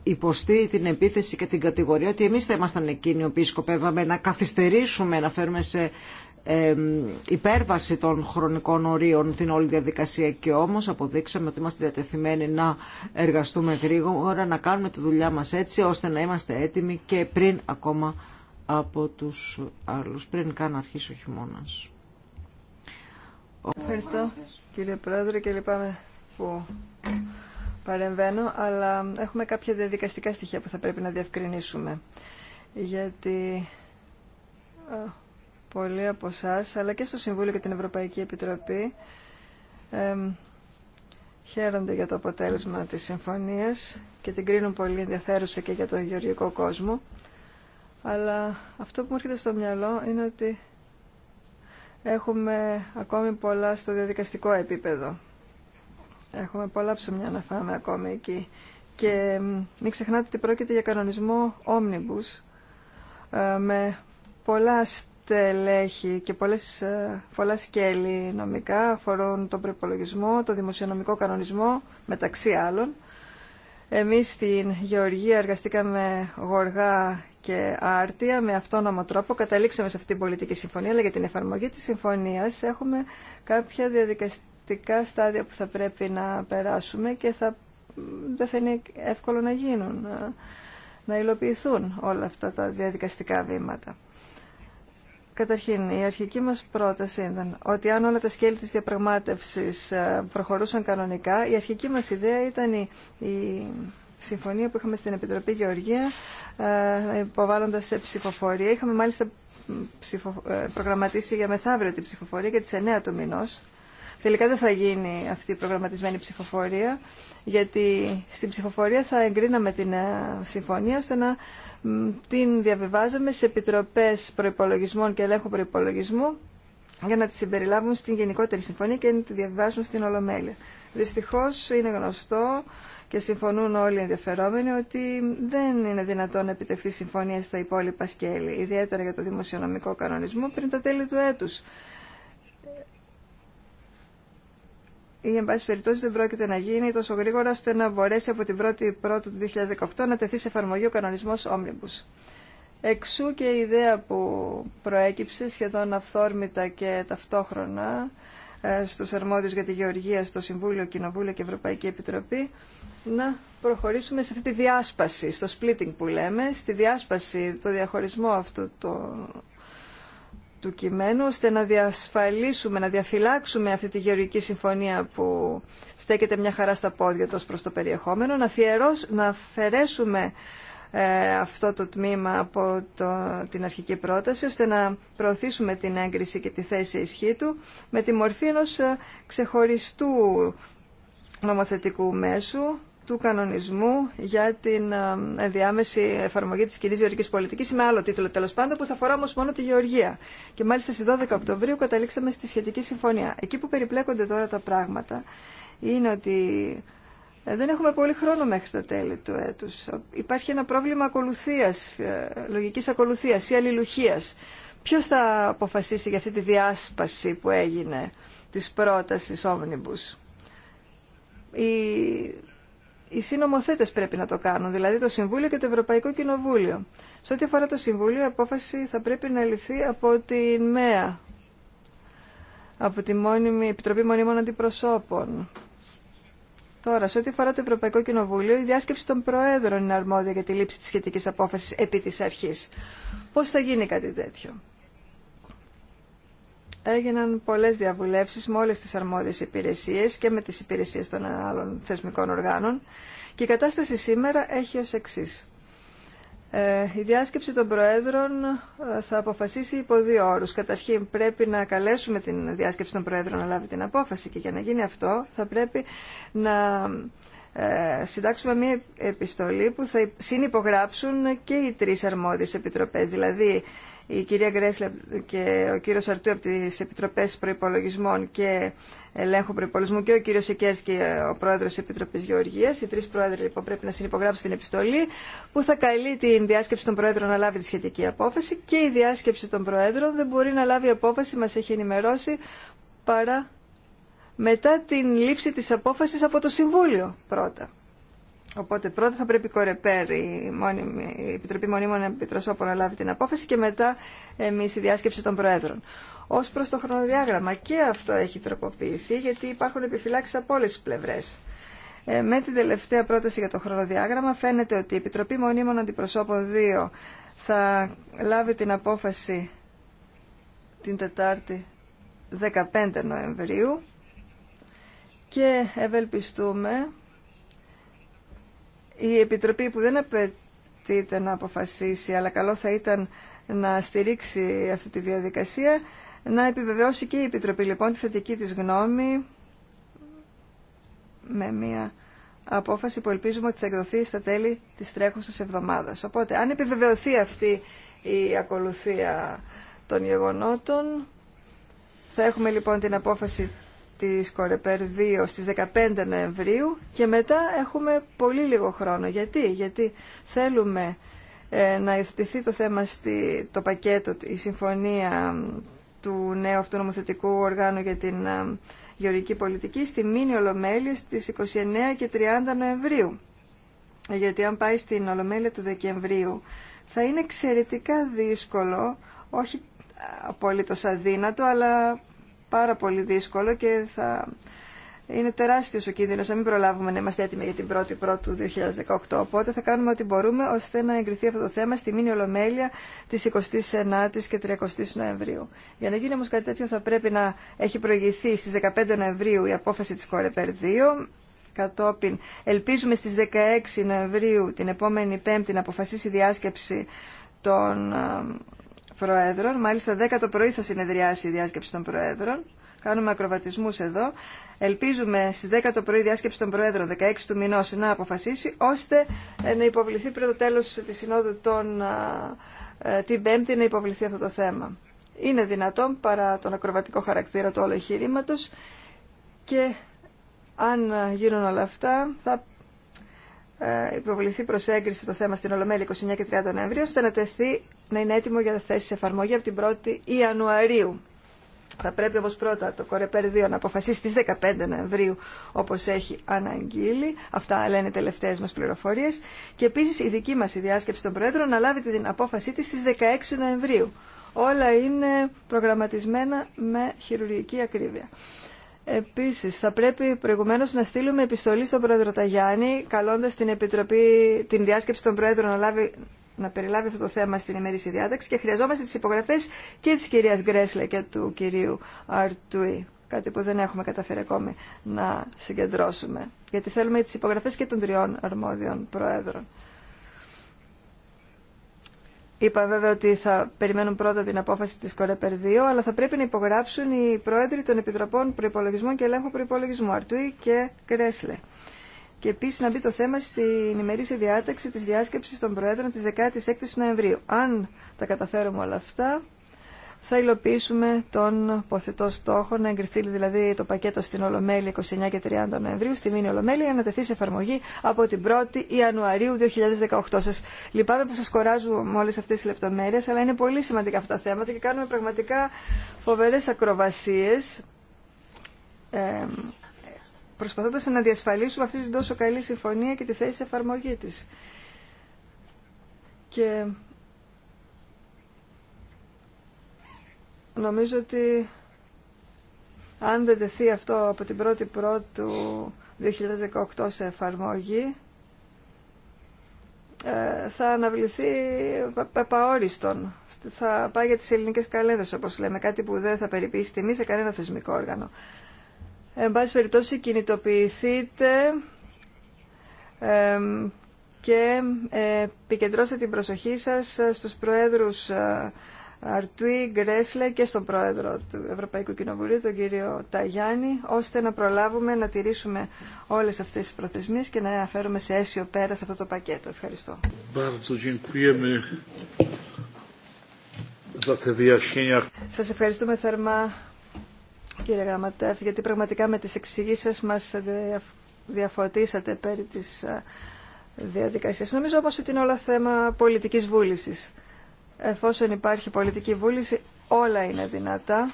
υποστεί την επίθεση και την κατηγορία ότι εμείς θα ήμασταν εκείνοι οι οποίοι σκοπεύαμε να καθυστερήσουμε, να φέρουμε σε ε, υπέρβαση των χρονικών ορίων την όλη διαδικασία και όμως αποδείξαμε ότι είμαστε διατεθειμένοι να εργαστούμε γρήγορα, να κάνουμε τη δουλειά μας έτσι ώστε να είμαστε έτοιμοι και πριν ακόμα από τους άλλους, πριν καν αρχίσει ο χειμώνας. Ευχαριστώ κύριε Πρόεδρε και λυπάμαι που παρεμβαίνω, αλλά έχουμε κάποια διαδικαστικά στοιχεία που θα πρέπει να διευκρινίσουμε. Γιατί πολλοί από εσά, αλλά και στο Συμβούλιο και την Ευρωπαϊκή Επιτροπή, χαίρονται για το αποτέλεσμα της συμφωνίας και την κρίνουν πολύ ενδιαφέρουσα και για τον γεωργικό κόσμο. Αλλά αυτό που μου έρχεται στο μυαλό είναι ότι έχουμε ακόμη πολλά στο διαδικαστικό επίπεδο. Έχουμε πολλά ψωμιά να φάμε ακόμη εκεί. Και μην ξεχνάτε ότι πρόκειται για κανονισμό omnibus ε, με πολλά στελέχη και πολλές, ε, πολλά σκέλη νομικά αφορούν τον προπολογισμό, το δημοσιονομικό κανονισμό μεταξύ άλλων. Εμείς στην Γεωργία εργαστήκαμε γοργά και άρτια με αυτόνομο τρόπο. Καταλήξαμε σε αυτή την πολιτική συμφωνία, αλλά για την εφαρμογή της συμφωνίας έχουμε κάποια διαδικαστική πρακτικά στάδια που θα πρέπει να περάσουμε και θα, δεν θα είναι εύκολο να γίνουν, να, ε, να υλοποιηθούν όλα αυτά τα διαδικαστικά βήματα. Καταρχήν, η αρχική μας πρόταση ήταν ότι αν όλα τα σκέλη της διαπραγμάτευσης ε, προχωρούσαν κανονικά, η αρχική μας ιδέα ήταν η, η συμφωνία που είχαμε στην Επιτροπή Γεωργία, ε, υποβάλλοντας σε ψηφοφορία. Είχαμε μάλιστα προγραμματίσει για μεθαύριο την ψηφοφορία για τις 9 του μηνός. Τελικά δεν θα γίνει αυτή η προγραμματισμένη ψηφοφορία, γιατί στην ψηφοφορία θα εγκρίναμε την ε, συμφωνία ώστε να την διαβιβάζαμε σε επιτροπές προϋπολογισμών και ελέγχου προϋπολογισμού για να τη συμπεριλάβουν στην γενικότερη συμφωνία και να τη διαβιβάσουν στην Ολομέλεια. Δυστυχώς είναι γνωστό και συμφωνούν όλοι οι ενδιαφερόμενοι ότι δεν είναι δυνατόν να επιτευχθεί συμφωνία στα υπόλοιπα σκέλη, ιδιαίτερα για το δημοσιονομικό κανονισμό πριν τα τέλη του έτου. ή εν πάση περιπτώσει δεν πρόκειται να γίνει τόσο γρήγορα ώστε να μπορέσει από την 1η Πρώτου του 2018 να τεθεί σε εφαρμογή ο κανονισμός Omnibus. Εξού και η ιδέα που προέκυψε σχεδόν αυθόρμητα και ταυτόχρονα ε, στους αρμόδιους για τη Γεωργία, στο Συμβούλιο, Κοινοβούλιο και Ευρωπαϊκή Επιτροπή να προχωρήσουμε σε αυτή τη διάσπαση, στο splitting που λέμε, στη διάσπαση, το διαχωρισμό αυτού των του κειμένου ώστε να διασφαλίσουμε, να διαφυλάξουμε αυτή τη γεωργική συμφωνία που στέκεται μια χαρά στα πόδια του προς το περιεχόμενο, να, να αφαιρέσουμε ε, αυτό το τμήμα από το, την αρχική πρόταση ώστε να προωθήσουμε την έγκριση και τη θέση ισχύ του με τη μορφή ενός ε, ξεχωριστού νομοθετικού μέσου του κανονισμού για την ε, ενδιάμεση εφαρμογή τη κοινή γεωργικής πολιτικής με άλλο τίτλο τέλο πάντων που θα αφορά όμω μόνο τη γεωργία. Και μάλιστα στι 12 Οκτωβρίου καταλήξαμε στη σχετική συμφωνία. Εκεί που περιπλέκονται τώρα τα πράγματα είναι ότι ε, δεν έχουμε πολύ χρόνο μέχρι τα τέλη του έτου. Υπάρχει ένα πρόβλημα ακολουθίας, ε, λογικής ακολουθία ή αλληλουχία. Ποιο θα αποφασίσει για αυτή τη διάσπαση που έγινε τη πρόταση Omnibus. Η οι συνομοθέτε πρέπει να το κάνουν, δηλαδή το Συμβούλιο και το Ευρωπαϊκό Κοινοβούλιο. Σε ό,τι αφορά το Συμβούλιο, η απόφαση θα πρέπει να ληφθεί από την ΜΕΑ, από τη μόνιμη, Επιτροπή Μονίμων Αντιπροσώπων. Τώρα, σε ό,τι αφορά το Ευρωπαϊκό Κοινοβούλιο, η διάσκεψη των Προέδρων είναι αρμόδια για τη λήψη τη σχετική απόφαση επί τη αρχή. Πώ θα γίνει κάτι τέτοιο έγιναν πολλές διαβουλεύσεις με όλες τις αρμόδιες υπηρεσίες και με τις υπηρεσίες των άλλων θεσμικών οργάνων και η κατάσταση σήμερα έχει ως εξής. Ε, η διάσκεψη των Προέδρων ε, θα αποφασίσει υπό δύο όρους. Καταρχήν πρέπει να καλέσουμε την διάσκεψη των Προέδρων να λάβει την απόφαση και για να γίνει αυτό θα πρέπει να ε, συντάξουμε μία επιστολή που θα συνυπογράψουν και οι τρεις αρμόδιες επιτροπές, δηλαδή η κυρία Γκρέσλα και ο κύριο Αρτού από τι επιτροπέ προπολογισμών και Ελέγχου προπολογισμού και ο κύριο Εκέρς και ο Πρόεδρο τη Επιτροπή Γεωργία, Οι τρει πρόεδροι λοιπόν πρέπει να συνυπογράψουν την επιστολή που θα καλεί την διάσκεψη των πρόεδρων να λάβει τη σχετική απόφαση και η διάσκεψη των πρόεδρων δεν μπορεί να λάβει απόφαση, μα έχει ενημερώσει, παρά μετά την λήψη της απόφασης από το Συμβούλιο πρώτα. Οπότε πρώτα θα πρέπει η Κορεπέρ, η, μόνιμη, η Επιτροπή Μονίμων Επιτροσώπων να λάβει την απόφαση και μετά εμείς η διάσκεψη των Προέδρων. Ως προς το χρονοδιάγραμμα και αυτό έχει τροποποιηθεί γιατί υπάρχουν επιφυλάξεις από όλες τις πλευρές. Ε, με την τελευταία πρόταση για το χρονοδιάγραμμα φαίνεται ότι η Επιτροπή Μονίμων Αντιπροσώπων 2 θα λάβει την απόφαση την Τετάρτη 15 Νοεμβρίου και ευελπιστούμε η Επιτροπή που δεν απαιτείται να αποφασίσει, αλλά καλό θα ήταν να στηρίξει αυτή τη διαδικασία, να επιβεβαιώσει και η Επιτροπή λοιπόν τη θετική της γνώμη με μια απόφαση που ελπίζουμε ότι θα εκδοθεί στα τέλη της τρέχουσας εβδομάδας. Οπότε, αν επιβεβαιωθεί αυτή η ακολουθία των γεγονότων, θα έχουμε λοιπόν την απόφαση της Κορεπέρ 2 στις 15 Νοεμβρίου και μετά έχουμε πολύ λίγο χρόνο. Γιατί, Γιατί θέλουμε ε, να υιοθετηθεί το θέμα στη, το πακέτο, η συμφωνία του νέου αυτονομοθετικού οργάνου για την ε, γεωργική πολιτική στη Μήνη Ολομέλεια στις 29 και 30 Νοεμβρίου. Γιατί αν πάει στην Ολομέλεια του Δεκεμβρίου θα είναι εξαιρετικά δύσκολο, όχι απολύτως αδύνατο, αλλά πάρα πολύ δύσκολο και θα είναι τεράστιος ο κίνδυνος να μην προλάβουμε να είμαστε έτοιμοι για την 1η Πρώτου 2018. Οπότε θα κάνουμε ό,τι μπορούμε ώστε να εγκριθεί αυτό το θέμα στη μήνυ ολομέλεια της 29ης και 30ης Νοεμβρίου. Για να γίνει όμως κάτι τέτοιο θα πρέπει να έχει προηγηθεί στις 15 Νοεμβρίου η απόφαση της Κορεπέρ 2 κατόπιν. Ελπίζουμε στις 16 Νοεμβρίου την επόμενη Πέμπτη να αποφασίσει η διάσκεψη των ε, Προέδρων. Μάλιστα 10 το πρωί θα συνεδριάσει η διάσκεψη των Προέδρων. Κάνουμε ακροβατισμού εδώ. Ελπίζουμε στι 10 το πρωί η διάσκεψη των Προέδρων, 16 του μηνό, να αποφασίσει, ώστε ε, να υποβληθεί πριν το τέλο τη Συνόδου των, ε, την Πέμπτη να υποβληθεί αυτό το θέμα. Είναι δυνατόν παρά τον ακροβατικό χαρακτήρα του όλου εγχειρήματο και αν γίνουν όλα αυτά θα ε, υποβληθεί προς έγκριση το θέμα στην Ολομέλη 29 και 30 Νοεμβρίου ώστε να τεθεί να είναι έτοιμο για θέση εφαρμογή από την 1η Ιανουαρίου. Θα πρέπει όμως πρώτα το Κορεπέρ 2 να αποφασίσει στις 15 Νοεμβρίου όπως έχει αναγγείλει. Αυτά λένε οι τελευταίες μας πληροφορίες. Και επίσης η δική μας η διάσκεψη των Προέδρων να λάβει την απόφασή της στις 16 Νοεμβρίου. Όλα είναι προγραμματισμένα με χειρουργική ακρίβεια. Επίσης, θα πρέπει προηγουμένως να στείλουμε επιστολή στον Πρόεδρο Ταγιάννη, καλώντας την, Επιτροπή, την διάσκεψη των Πρόεδρων να λάβει να περιλάβει αυτό το θέμα στην ημερήσια διάταξη και χρειαζόμαστε τις υπογραφές και της κυρίας Γκρέσλε και του κυρίου Αρτουή. Κάτι που δεν έχουμε καταφέρει ακόμη να συγκεντρώσουμε. Γιατί θέλουμε τις υπογραφές και των τριών αρμόδιων προέδρων. Είπα βέβαια ότι θα περιμένουν πρώτα την απόφαση της Κορεπερ 2, αλλά θα πρέπει να υπογράψουν οι πρόεδροι των Επιτροπών Προϋπολογισμών και Ελέγχου Προϋπολογισμού, Αρτουή και Κρέσλε και επίση να μπει το θέμα στην ημερήσια διάταξη τη διάσκεψης των Προέδρων τη 16 η Νοεμβρίου. Αν τα καταφέρουμε όλα αυτά, θα υλοποιήσουμε τον ποθετό στόχο να εγκριθεί δηλαδή το πακέτο στην Ολομέλη 29 και 30 Νοεμβρίου, στη Μήνη Ολομέλη, για να τεθεί σε εφαρμογή από την 1η Ιανουαρίου 2018. Σα. λυπάμαι που σα κοράζω με όλε αυτές τι λεπτομέρειες, αλλά είναι πολύ σημαντικά αυτά τα θέματα και κάνουμε πραγματικά φοβερέ ακροβασίε. Ε, προσπαθώντας να διασφαλίσουμε αυτή την τόσο καλή συμφωνία και τη θέση εφαρμογή της. Και νομίζω ότι αν δεν τεθεί αυτό από την 1η Πρώτου 2018 σε εφαρμογή, ε, θα αναβληθεί επαόριστον. Θα πάει για τις ελληνικές καλέδες, όπως λέμε, κάτι που δεν θα περιποιήσει τιμή σε κανένα θεσμικό όργανο. Εν πάση περιπτώσει κινητοποιηθείτε και ε, επικεντρώστε την προσοχή σας ε, στους προέδρους ε, Αρτουή, Γκρέσλε και στον πρόεδρο του Ευρωπαϊκού Κοινοβουλίου, τον κύριο Ταγιάννη, ώστε να προλάβουμε να τηρήσουμε όλες αυτές τις προθεσμίες και να φέρουμε σε αίσιο πέρα σε αυτό το πακέτο. Ευχαριστώ. Σας ευχαριστούμε θερμά κύριε Γραμματέφ, γιατί πραγματικά με τις εξηγήσεις μας διαφωτίσατε περί της διαδικασίας. Νομίζω όμως ότι είναι όλα θέμα πολιτικής βούλησης. Εφόσον υπάρχει πολιτική βούληση, όλα είναι δυνατά.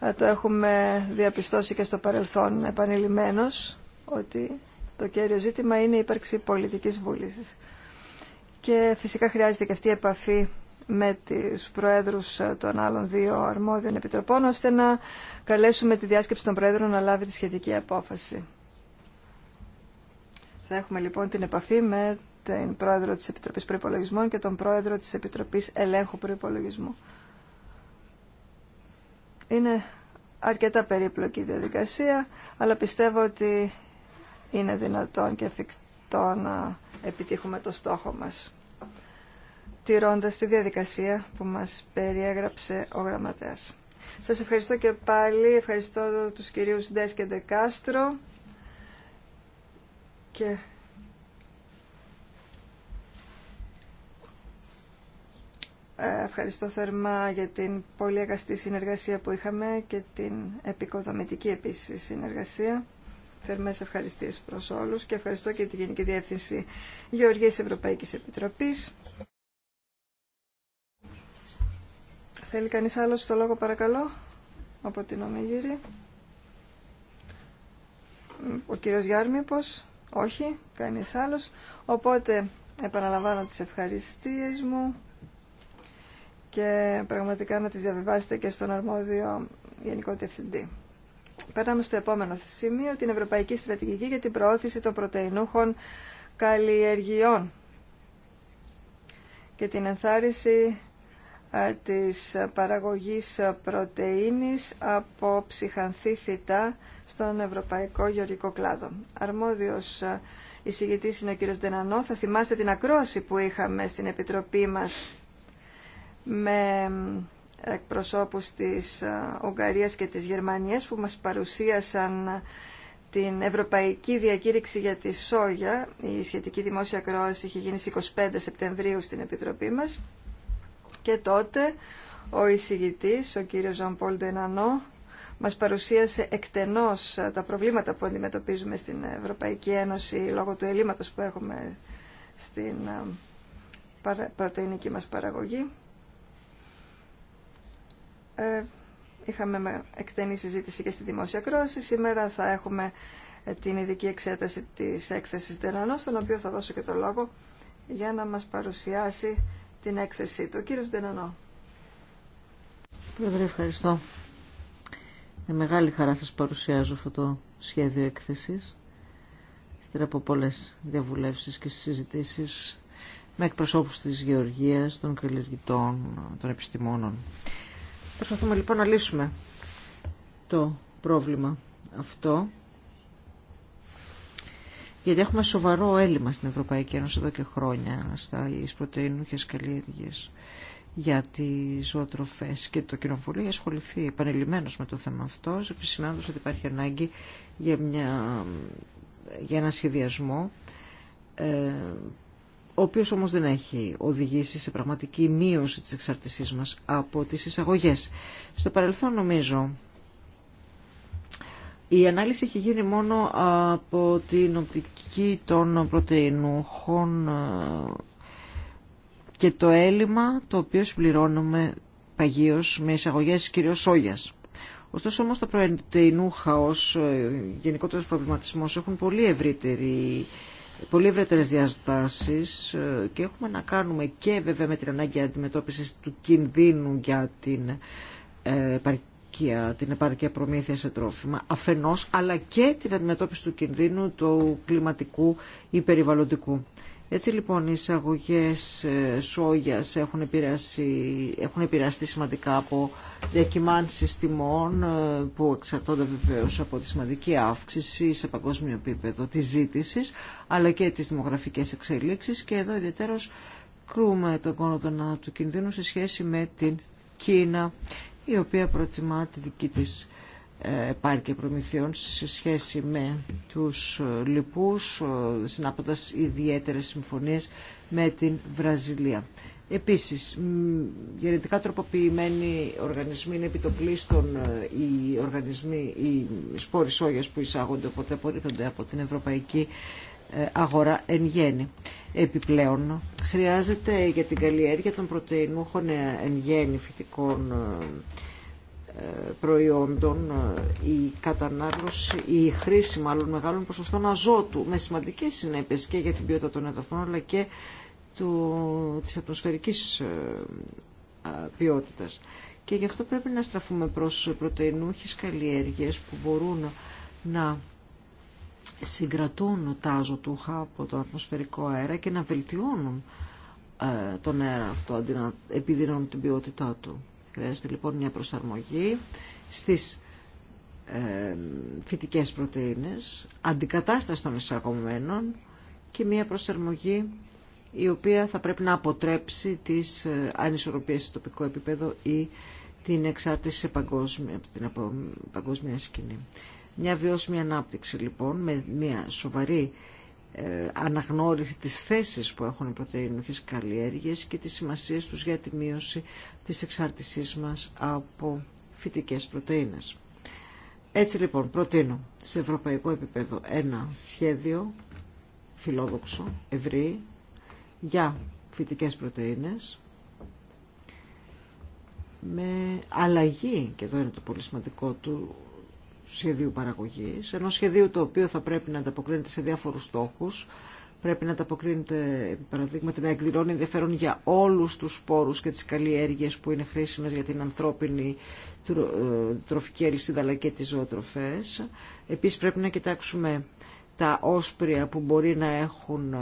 Ε, το έχουμε διαπιστώσει και στο παρελθόν επανειλημμένος, ότι το κέριο ζήτημα είναι η ύπαρξη πολιτικής βούλησης. Και φυσικά χρειάζεται και αυτή η επαφή με τους Προέδρους των άλλων δύο αρμόδιων επιτροπών, ώστε να καλέσουμε τη διάσκεψη των Προέδρων να λάβει τη σχετική απόφαση. Θα έχουμε λοιπόν την επαφή με την Πρόεδρο της Επιτροπής Προϋπολογισμών και τον Πρόεδρο της Επιτροπής Ελέγχου Προϋπολογισμού. Είναι αρκετά περίπλοκη η διαδικασία, αλλά πιστεύω ότι είναι δυνατόν και εφικτό να επιτύχουμε το στόχο μας τηρώντας τη διαδικασία που μας περιέγραψε ο γραμματέας. Σας ευχαριστώ και πάλι, ευχαριστώ τους κυρίους Ντές και Ντεκάστρο και ε, ευχαριστώ θερμά για την πολύ αγαστή συνεργασία που είχαμε και την επικοδομητική επίσης συνεργασία. Θερμές ευχαριστίες προς όλους και ευχαριστώ και την Γενική Διεύθυνση Γεωργίας Ευρωπαϊκής Επιτροπής. Θέλει κανείς άλλος το λόγο παρακαλώ από την Ομιγύρη. Ο κύριος γιάρμη πως; Όχι, κανείς άλλος. Οπότε επαναλαμβάνω τις ευχαριστίες μου και πραγματικά να τις διαβιβάσετε και στον αρμόδιο Γενικό Διευθυντή. Περνάμε στο επόμενο σημείο, την Ευρωπαϊκή Στρατηγική για την Προώθηση των Πρωτεϊνούχων Καλλιεργειών και την ενθάρρυνση της παραγωγής πρωτεΐνης από ψυχανθή φυτά στον ευρωπαϊκό γεωργικό κλάδο. Αρμόδιος ε, εισηγητής είναι ο κύριος Δενανό. Θα θυμάστε την ακρόαση που είχαμε στην Επιτροπή μας με εκπροσώπους της ε, Ουγγαρίας και της Γερμανίας που μας παρουσίασαν την Ευρωπαϊκή Διακήρυξη για τη Σόγια. Η σχετική δημόσια ακρόαση είχε γίνει στις 25 Σεπτεμβρίου στην Επιτροπή μας και τότε ο εισηγητής, ο κύριος Πολ Ντενανό, μας παρουσίασε εκτενώς ε, τα προβλήματα που αντιμετωπίζουμε στην Ευρωπαϊκή Ένωση λόγω του ελλείμματος που έχουμε στην ε, πρωτεϊνική μας παραγωγή. Ε, είχαμε εκτενή συζήτηση και στη δημόσια κρόση. Σήμερα θα έχουμε την ειδική εξέταση της έκθεσης Ντενανό, στον οποίο θα δώσω και το λόγο για να μας παρουσιάσει την έκθεσή του. Ο κύριος Πρόεδρε, ευχαριστώ. Με μεγάλη χαρά σας παρουσιάζω αυτό το σχέδιο έκθεσης. στερα από πολλές διαβουλεύσεις και συζητήσεις με εκπροσώπους της γεωργίας, των καλλιεργητών, των επιστημόνων. Προσπαθούμε λοιπόν να λύσουμε το πρόβλημα αυτό γιατί έχουμε σοβαρό έλλειμμα στην Ευρωπαϊκή Ένωση εδώ και χρόνια στα πρωτεϊνούχες καλλιέργειες για τι ζωοτροφέ και το κοινοβούλιο έχει ασχοληθεί επανειλημμένω με το θέμα αυτό, επισημάνοντα ότι υπάρχει ανάγκη για, ένα σχεδιασμό, ε, ο οποίο όμω δεν έχει οδηγήσει σε πραγματική μείωση τη εξαρτησή μα από τι εισαγωγέ. Στο παρελθόν νομίζω η ανάλυση έχει γίνει μόνο από την οπτική των πρωτεϊνούχων ε, και το έλλειμμα το οποίο συμπληρώνουμε παγίως με εισαγωγές κυρίως σόγιας. Ωστόσο όμως τα πρωτεϊνούχα ως ε, γενικότερος προβληματισμός έχουν πολύ ευρύτερη πολύ ευρύτερες διαστάσεις ε, και έχουμε να κάνουμε και βέβαια με την ανάγκη αντιμετώπισης του κινδύνου για την επάρκεια, την επάρκεια προμήθεια σε τρόφιμα αφενός, αλλά και την αντιμετώπιση του κινδύνου του κλιματικού ή περιβαλλοντικού. Έτσι λοιπόν οι εισαγωγέ ε, σόγιας έχουν, επηρεαστεί, έχουν επηρεαστεί σημαντικά από διακυμάνσεις τιμών ε, που εξαρτώνται βεβαίω από τη σημαντική αύξηση σε παγκόσμιο επίπεδο της ζήτηση, αλλά και τις δημογραφικές εξελίξεις και εδώ ιδιαίτερος κρούμε τον κόνο του κινδύνου σε σχέση με την Κίνα η οποία προτιμά τη δική της ε, επάρκεια προμηθειών σε σχέση με τους ε, λοιπούς, ε, συνάποντας ιδιαίτερες συμφωνίες με την Βραζιλία. Επίσης, γενετικά τροποποιημένοι οργανισμοί είναι επιτοπλίστων οι οργανισμοί, οι σπόροι σόγιας που εισάγονται, οπότε απορρίπτονται από την Ευρωπαϊκή αγορά εν γέννη. Επιπλέον, χρειάζεται για την καλλιέργεια των πρωτεϊνούχων ε, εν γέννη φυτικών ε, ε, προϊόντων η κατανάλωση, η χρήση μάλλον μεγάλων ποσοστών αζότου με σημαντικές συνέπειες και για την ποιότητα των εδαφών αλλά και του, της ατμοσφαιρικής ποιότητας. Και γι' αυτό πρέπει να στραφούμε προς πρωτεϊνούχες καλλιέργειες που μπορούν να συγκρατούν τα ζωτούχα από το ατμοσφαιρικό αέρα και να βελτιώνουν ε, τον αέρα αυτό αντί να επιδεινώνουν την ποιότητά του. Χρειάζεται λοιπόν μια προσαρμογή στις ε, φυτικές πρωτεΐνες, αντικατάσταση των εισαγωμένων και μια προσαρμογή η οποία θα πρέπει να αποτρέψει τις ε, ανισορροπίες σε τοπικό επίπεδο ή την εξάρτηση σε παγκόσμια, από την παγκόσμια σκηνή. Μια βιώσιμη ανάπτυξη λοιπόν με μια σοβαρή ε, αναγνώριση της θέσης που έχουν οι πρωτεϊνούχες καλλιέργειες και τις σημασίες τους για τη μείωση της εξάρτησής μας από φυτικές πρωτεΐνες. Έτσι λοιπόν προτείνω σε ευρωπαϊκό επίπεδο ένα σχέδιο φιλόδοξο, ευρύ, για φυτικές πρωτεΐνες με αλλαγή, και εδώ είναι το πολύ σημαντικό, του σχεδίου παραγωγής, Ενό σχεδίου το οποίο θα πρέπει να ανταποκρίνεται σε διάφορους στόχου. πρέπει να ανταποκρίνεται, παραδείγματι, να εκδηλώνει ενδιαφέρον για όλους τους σπόρου και τις καλλιέργειες που είναι χρήσιμε για την ανθρώπινη ε, τροφική αλυσίδα αλλά και τις ζωοτροφές. Επίσης πρέπει να κοιτάξουμε τα όσπρια που μπορεί να έχουν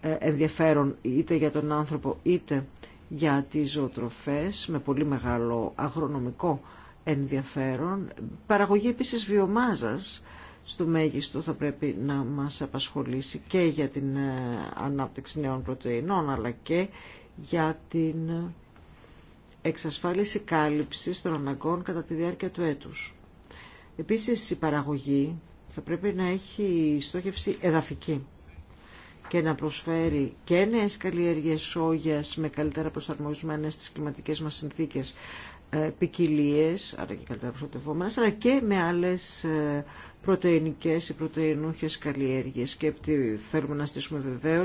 ε, ενδιαφέρον είτε για τον άνθρωπο είτε για τις ζωοτροφές με πολύ μεγάλο αγρονομικό ενδιαφέρον. Παραγωγή επίσης βιομάζας στο μέγιστο θα πρέπει να μας απασχολήσει και για την ε, ανάπτυξη νέων πρωτεϊνών αλλά και για την εξασφάλιση κάλυψης των αναγκών κατά τη διάρκεια του έτους. Επίσης η παραγωγή θα πρέπει να έχει στόχευση εδαφική και να προσφέρει και νέες καλλιέργειες σόγιας με καλύτερα προσαρμοσμένες στις κλιματικές μας συνθήκες ε, ποικιλίε, άρα και καλύτερα αλλά και με άλλες ε, πρωτεϊνικές ή πρωτεϊνούχες καλλιέργειες. Και θέλουμε να στήσουμε βεβαίω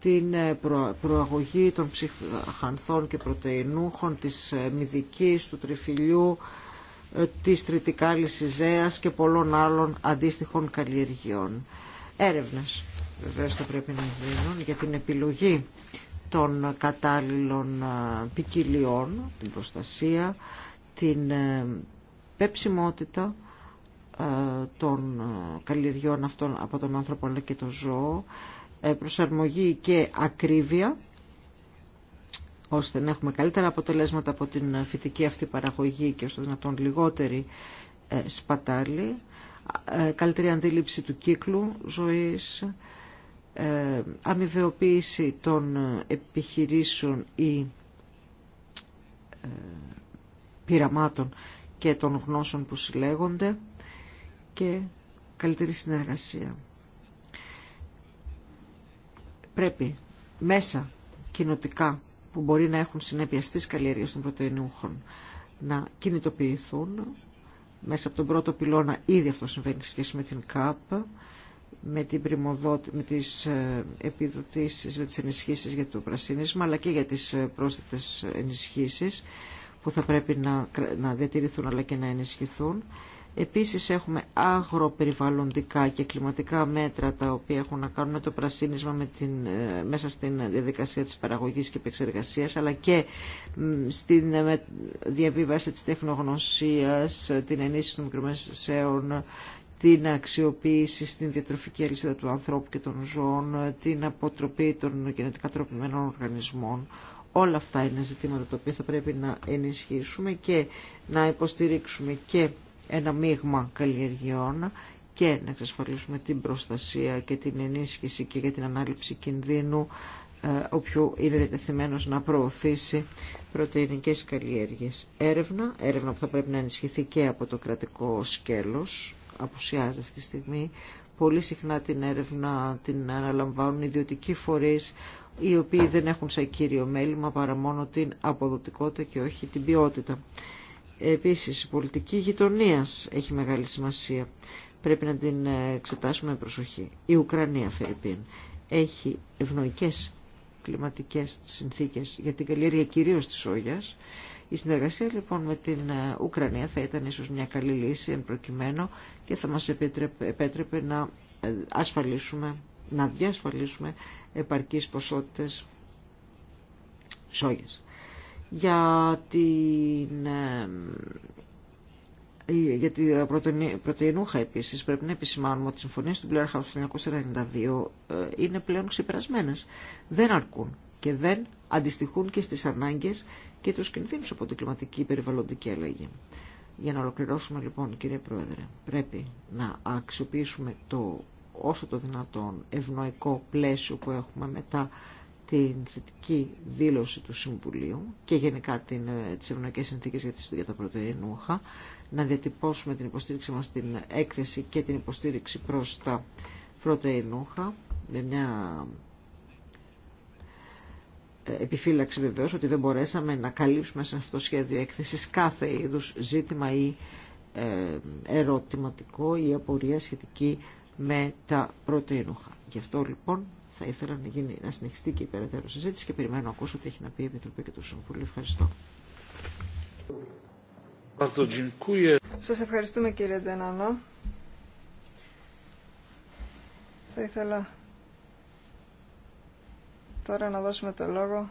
την ε, προαγωγή των ψυχανθών και πρωτεϊνούχων, της μυδικής, του τριφυλιού, της τριτικάλη ζέας και πολλών άλλων αντίστοιχων καλλιεργειών. Έρευνε Βεβαίω θα πρέπει να γίνουν για την επιλογή των κατάλληλων ποικιλιών, την προστασία, την ε, πεψιμότητα των καλλιεργιών αυτών από τον άνθρωπο αλλά και το ζώο, ε, προσαρμογή και ακρίβεια, ώστε να έχουμε καλύτερα αποτελέσματα από την φυτική αυτή παραγωγή και ώστε δυνατόν λιγότερη ε, σπατάλη, καλύτερη αντίληψη του κύκλου ζωής, ε, αμοιβεοποίηση των επιχειρήσεων ή ε, πειραμάτων και των γνώσεων που συλλέγονται και καλύτερη συνεργασία. Πρέπει μέσα κοινοτικά που μπορεί να έχουν συνέπεια στις καλλιέργειες των πρωτεϊνούχων να κινητοποιηθούν μέσα από τον πρώτο πυλώνα ήδη αυτό συμβαίνει σχέση με την ΚΑΠ με, την επιδοτήσει με τις ε, επιδοτήσεις, με τις ενισχύσεις για το πρασίνισμα, αλλά και για τις ε, πρόσθετες ενισχύσεις που θα πρέπει να, να διατηρηθούν αλλά και να ενισχυθούν. Επίσης έχουμε αγροπεριβαλλοντικά και κλιματικά μέτρα τα οποία έχουν να κάνουν με το πρασίνισμα την, ε, μέσα στην διαδικασία της παραγωγής και επεξεργασίας αλλά και στη διαβίβαση της τεχνογνωσίας, την ενίσχυση των μικρομεσαίων την αξιοποίηση στην διατροφική αλυσίδα του ανθρώπου και των ζώων, την αποτροπή των γενετικά τροπημένων οργανισμών. Όλα αυτά είναι ζητήματα τα οποία θα πρέπει να ενισχύσουμε και να υποστηρίξουμε και ένα μείγμα καλλιεργειών και να εξασφαλίσουμε την προστασία και την ενίσχυση και για την ανάληψη κινδύνου όποιου ε, είναι διατεθειμένος να προωθήσει πρωτεϊνικές καλλιέργειες. Έρευνα, έρευνα που θα πρέπει να ενισχυθεί και από το κρατικό σκέλος απουσιάζει αυτή τη στιγμή. Πολύ συχνά την έρευνα την αναλαμβάνουν ιδιωτικοί φορείς οι οποίοι δεν έχουν σαν κύριο μέλημα παρά μόνο την αποδοτικότητα και όχι την ποιότητα. Επίσης, η πολιτική γειτονία έχει μεγάλη σημασία. Πρέπει να την ε, εξετάσουμε με προσοχή. Η Ουκρανία, Φερρυπίν, έχει ευνοϊκές κλιματικές συνθήκες για την καλλιέργεια κυρίως της Όγιας. Η συνεργασία λοιπόν με την ε, Ουκρανία θα ήταν ίσως μια καλή λύση εν προκειμένου και θα μας επέτρεπε να ε, ασφαλίσουμε, να διασφαλίσουμε επαρκείς ποσότητες σόγες. Για την ε, ε, την πρωτεϊνούχα επίσης πρέπει να επισημάνουμε ότι οι συμφωνίες του Blair House του 1992 είναι πλέον ξεπερασμένες. Δεν αρκούν και δεν αντιστοιχούν και στις ανάγκες και τους κινδύνους από την κλιματική περιβαλλοντική αλλαγή. Για να ολοκληρώσουμε λοιπόν κύριε Πρόεδρε, πρέπει να αξιοποιήσουμε το όσο το δυνατόν ευνοϊκό πλαίσιο που έχουμε μετά την θετική δήλωση του Συμβουλίου και γενικά την, ε, τις ευνοϊκές συνθήκες για, τις, για τα πρωτεϊνούχα, να διατυπώσουμε την υποστήριξη μας στην έκθεση και την υποστήριξη προς τα πρωτεϊνούχα με μια επιφύλαξη βεβαίως ότι δεν μπορέσαμε να καλύψουμε σε αυτό το σχέδιο έκθεσης κάθε είδους ζήτημα ή ε, ερωτηματικό ή απορία σχετική με τα πρωτεϊνούχα. Γι' αυτό λοιπόν θα ήθελα να, γίνει, να συνεχιστεί και η περαιτέρω συζήτηση και περιμένω να ακούσω τι έχει να πει η Επιτροπή και το Συμβούλιο. Ευχαριστώ. Σας ευχαριστούμε κύριε Ντενανό. Θα ήθελα Τώρα να δώσουμε το λόγο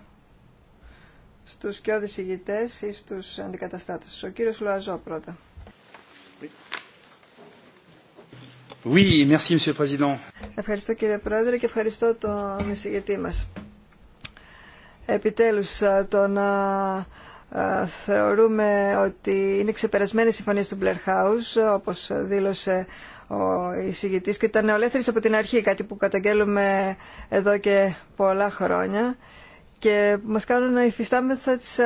στους και ηγητές ή στους αντικαταστάτες. Ο κύριος Λουαζό πρώτα. Oui, Ευχαριστώ κύριε Πρόεδρε και ευχαριστώ τον εισηγητή μας. Επιτέλους το να θεωρούμε ότι είναι ξεπερασμένη η συμφωνία του Blair House, όπως δήλωσε ο εισηγητή και ήταν ολέθρης από την αρχή, κάτι που καταγγέλουμε εδώ και πολλά χρόνια και μας κάνουν να υφιστάμεθα τις,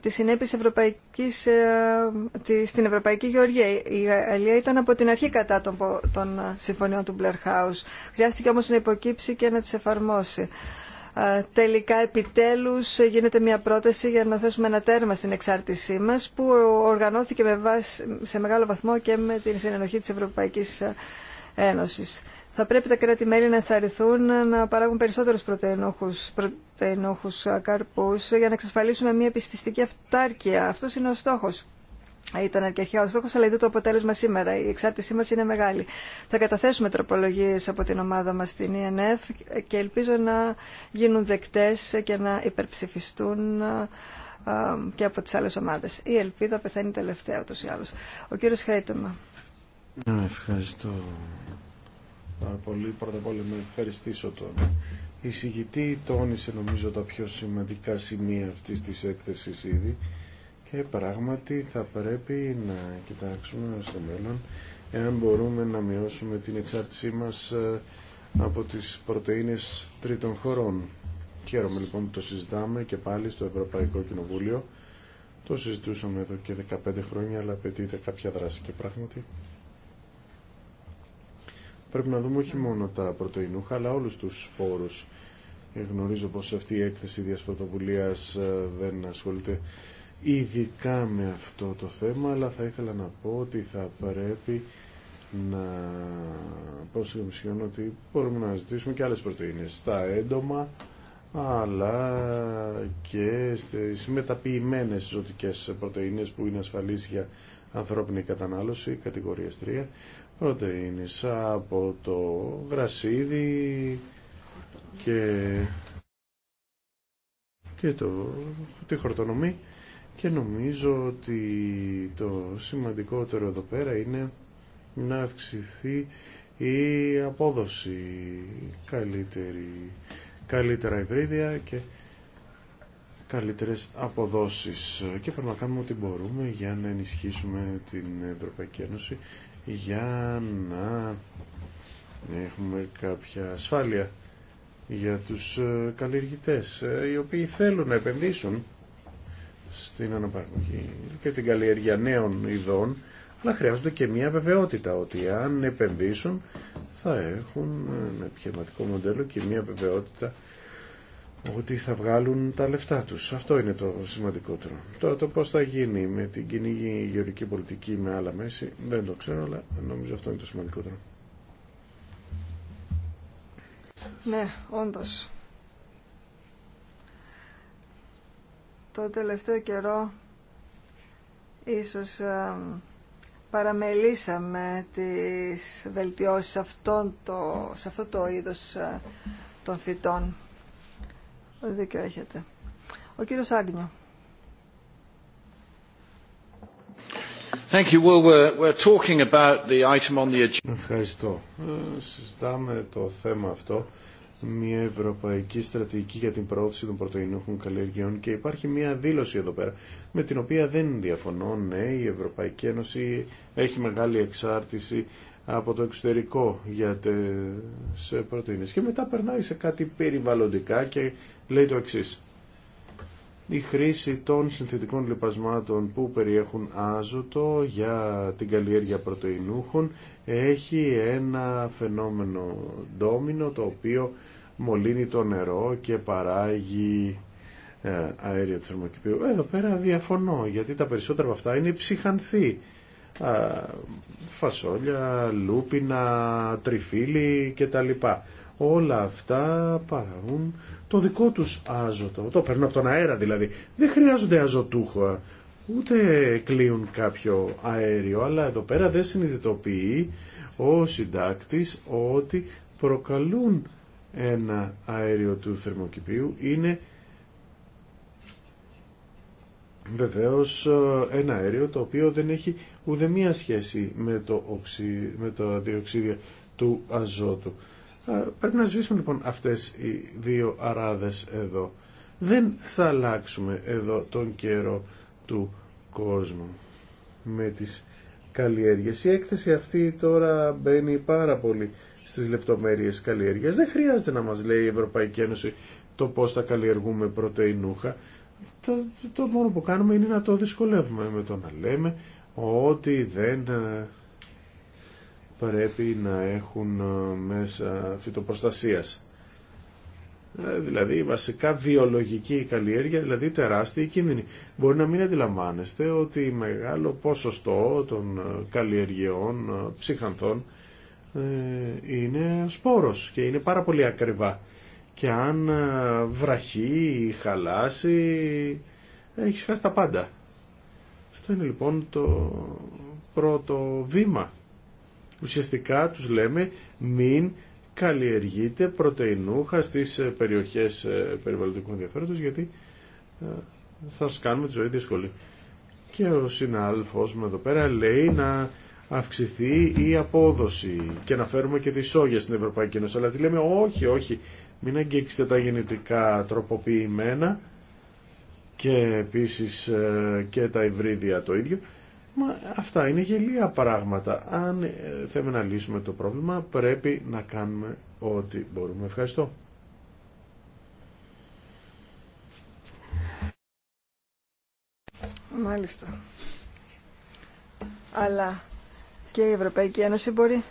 τις συνέπειες ευρωπαϊκής, ε, στην Ευρωπαϊκή Γεωργία. Η Γαλλία ήταν από την αρχή κατά των, των συμφωνιών του Blair House. Χρειάστηκε όμως να υποκύψει και να τις εφαρμόσει τελικά επιτέλους γίνεται μια πρόταση για να θέσουμε ένα τέρμα στην εξάρτησή μας που οργανώθηκε με σε μεγάλο βαθμό και με την συνενοχή της Ευρωπαϊκής ε, Ένωσης. Θα πρέπει τα κράτη-μέλη να ενθαρρυνθούν να παράγουν περισσότερους πρωτεϊνόχους, πρωτεϊνόχους καρπούς για να εξασφαλίσουμε μια πιστιστική αυτάρκεια. Αυτός είναι ο στόχος ήταν και ο στόχο, αλλά είδε το αποτέλεσμα σήμερα. Η εξάρτησή μα είναι μεγάλη. Θα καταθέσουμε τροπολογίε από την ομάδα μα στην ΕΝΕΦ και ελπίζω να γίνουν δεκτέ και να υπερψηφιστούν και από τις άλλες ομάδες. Η ελπίδα πεθαίνει τελευταία απ' όλα με ευχαριστήσω, Τόν. ή αλλως Ο κυριος χαιτεμα ναι, Ευχαριστώ πάρα πολύ. Πρώτα απ' όλα να ευχαριστήσω τον εισηγητή. Τόνισε νομίζω τα πιο σημαντικά σημεία αυτή τη έκθεση ήδη και πράγματι θα πρέπει να κοιτάξουμε στο μέλλον εάν μπορούμε να μειώσουμε την εξάρτησή μας ε, από τις πρωτεΐνες τρίτων χωρών. Χαίρομαι λοιπόν που το συζητάμε και πάλι στο Ευρωπαϊκό Κοινοβούλιο. Το συζητούσαμε εδώ και 15 χρόνια, αλλά απαιτείται κάποια δράση και πράγματι. Πρέπει να δούμε όχι μόνο τα πρωτεϊνούχα, αλλά όλους τους φόρους. Ε, γνωρίζω πως αυτή η έκθεση διασπρωτοβουλίας ε, δεν ασχολείται ειδικά με αυτό το θέμα, αλλά θα ήθελα να πω ότι θα πρέπει να πω στην Κομισιόν ότι μπορούμε να ζητήσουμε και άλλες πρωτεΐνες στα έντομα, αλλά και στις μεταποιημένες ζωτικές πρωτεΐνες που είναι ασφαλείς για ανθρώπινη κατανάλωση, κατηγορίας 3, πρωτεΐνες από το γρασίδι και, και το, τη χορτονομή και νομίζω ότι το σημαντικότερο εδώ πέρα είναι να αυξηθεί η απόδοση καλύτερη, καλύτερα υβρίδια και καλύτερες αποδόσεις και πρέπει να κάνουμε ό,τι μπορούμε για να ενισχύσουμε την Ευρωπαϊκή Ένωση για να έχουμε κάποια ασφάλεια για τους καλλιεργητές οι οποίοι θέλουν να επενδύσουν στην αναπαραγωγή και την καλλιέργεια νέων ειδών, αλλά χρειάζονται και μια βεβαιότητα ότι αν επενδύσουν θα έχουν ένα επιχειρηματικό μοντέλο και μια βεβαιότητα ότι θα βγάλουν τα λεφτά τους. Αυτό είναι το σημαντικότερο. Τώρα το πώς θα γίνει με την κοινή γεωρική πολιτική με άλλα μέση δεν το ξέρω, αλλά νομίζω αυτό είναι το σημαντικότερο. Ναι, όντως. το τελευταίο καιρό ίσως ε, παραμελήσαμε τις βελτιώσεις αυτών το, σε αυτό το είδος ε, των φυτών. Δίκιο έχετε. Ο κύριος Άγνιο. Thank you. Well, we're, we're talking about the item on the... agenda. Ευχαριστώ. Ε, συζητάμε το θέμα αυτό μια ευρωπαϊκή στρατηγική για την προώθηση των πρωτοεινούχων καλλιεργειών και υπάρχει μια δήλωση εδώ πέρα με την οποία δεν διαφωνώ. Ναι, η Ευρωπαϊκή Ένωση έχει μεγάλη εξάρτηση από το εξωτερικό για τις πρωτεΐνες και μετά περνάει σε κάτι περιβαλλοντικά και λέει το εξής η χρήση των συνθετικών λιπασμάτων που περιέχουν άζωτο για την καλλιέργεια πρωτεϊνούχων έχει ένα φαινόμενο ντόμινο το οποίο μολύνει το νερό και παράγει ε, αέριο του θερμοκηπίου. Εδώ πέρα διαφωνώ γιατί τα περισσότερα από αυτά είναι ψυχανθή. Φασόλια, λούπινα, τριφύλι κτλ. Όλα αυτά παράγουν το δικό τους άζωτο. Το παίρνουν από τον αέρα δηλαδή. Δεν χρειάζονται αζωτούχο. Ε. ούτε κλείουν κάποιο αέριο, αλλά εδώ πέρα δεν συνειδητοποιεί ο συντάκτης ότι προκαλούν ένα αέριο του θερμοκηπίου. Είναι βεβαίως ε, ένα αέριο το οποίο δεν έχει ουδέμια σχέση με το, οξύ, με το διοξίδιο του αζώτου. Πρέπει να σβήσουμε λοιπόν αυτές οι δύο αράδες εδώ. Δεν θα αλλάξουμε εδώ τον καιρό του κόσμου με τις καλλιέργειες. Η έκθεση αυτή τώρα μπαίνει πάρα πολύ στις λεπτομέρειες καλλιέργειας. Δεν χρειάζεται να μας λέει η Ευρωπαϊκή Ένωση το πώς θα καλλιεργούμε πρωτεϊνούχα. Το, το μόνο που κάνουμε είναι να το δυσκολεύουμε με το να λέμε ότι δεν ε, πρέπει να έχουν ε, μέσα φυτοπροστασίας. Ε, δηλαδή βασικά βιολογική καλλιέργεια, δηλαδή τεράστια κίνδυνοι. Μπορεί να μην αντιλαμβάνεστε ότι μεγάλο ποσοστό των ε, καλλιεργειών ψυχανθών είναι σπόρος και είναι πάρα πολύ ακριβά. Και αν βραχεί ή χαλάσει, έχει χάσει τα πάντα. Αυτό είναι λοιπόν το πρώτο βήμα Ουσιαστικά τους λέμε μην καλλιεργείτε πρωτεϊνούχα στις ε, περιοχές ε, περιβαλλοντικού ενδιαφέροντος γιατί ε, θα σας κάνουμε τη ζωή δύσκολη. Και ο συνάδελφός μου εδώ πέρα λέει να αυξηθεί η απόδοση και να φέρουμε και τις σόγια στην Ευρωπαϊκή Ένωση. Αλλά τι λέμε όχι, όχι, μην αγγίξετε τα γενετικά τροποποιημένα και επίσης και τα υβρίδια το ίδιο αυτά είναι γελία πράγματα. Αν ε, θέλουμε να λύσουμε το πρόβλημα πρέπει να κάνουμε ό,τι μπορούμε. Ευχαριστώ. Μάλιστα. Αλλά και η Ευρωπαϊκή Ένωση μπορεί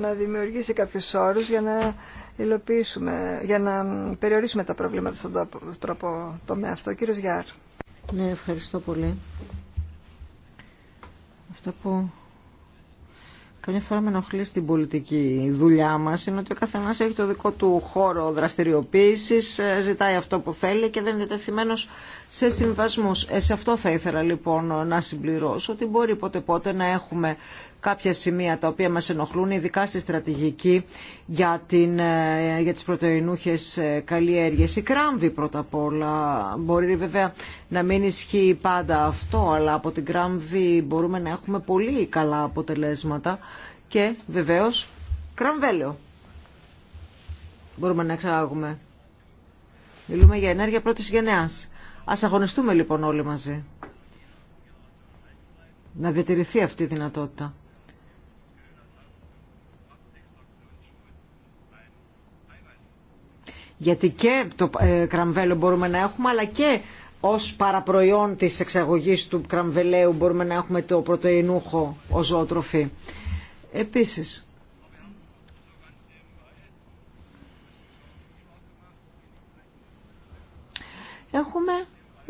να δημιουργήσει κάποιους όρους για να υλοποιήσουμε, για να περιορίσουμε τα προβλήματα στον τρόπο τομέα αυτό. Κύριος Γιάρ. Ναι, ευχαριστώ πολύ. Αυτό που καμιά φορά με ενοχλεί στην πολιτική δουλειά μας είναι ότι ο καθένα έχει το δικό του χώρο δραστηριοποίηση, ε, ζητάει αυτό που θέλει και δεν είναι τεθειμένος σε συμβασμού. Ε, σε αυτό θα ήθελα λοιπόν να συμπληρώσω ότι μπορεί πότε πότε να έχουμε κάποια σημεία τα οποία μας ενοχλούν, ειδικά στη στρατηγική για, την, ε, για τις πρωτεϊνούχες ε, καλλιέργειες. Η κράμβη πρώτα απ' όλα. Μπορεί βέβαια να μην ισχύει πάντα αυτό, αλλά από την κράμβη μπορούμε να έχουμε πολύ καλά αποτελέσματα και βεβαίως κραμβέλαιο μπορούμε να εξάγουμε. Μιλούμε για ενέργεια πρώτης γενεάς. Ας αγωνιστούμε λοιπόν όλοι μαζί. Να διατηρηθεί αυτή η δυνατότητα. γιατί και το ε, κραμβέλο μπορούμε να έχουμε αλλά και ως παραπροϊόν της εξαγωγής του κραμβελαίου μπορούμε να έχουμε το πρωτεϊνούχο ως ζωοτροφή. Επίσης, έχουμε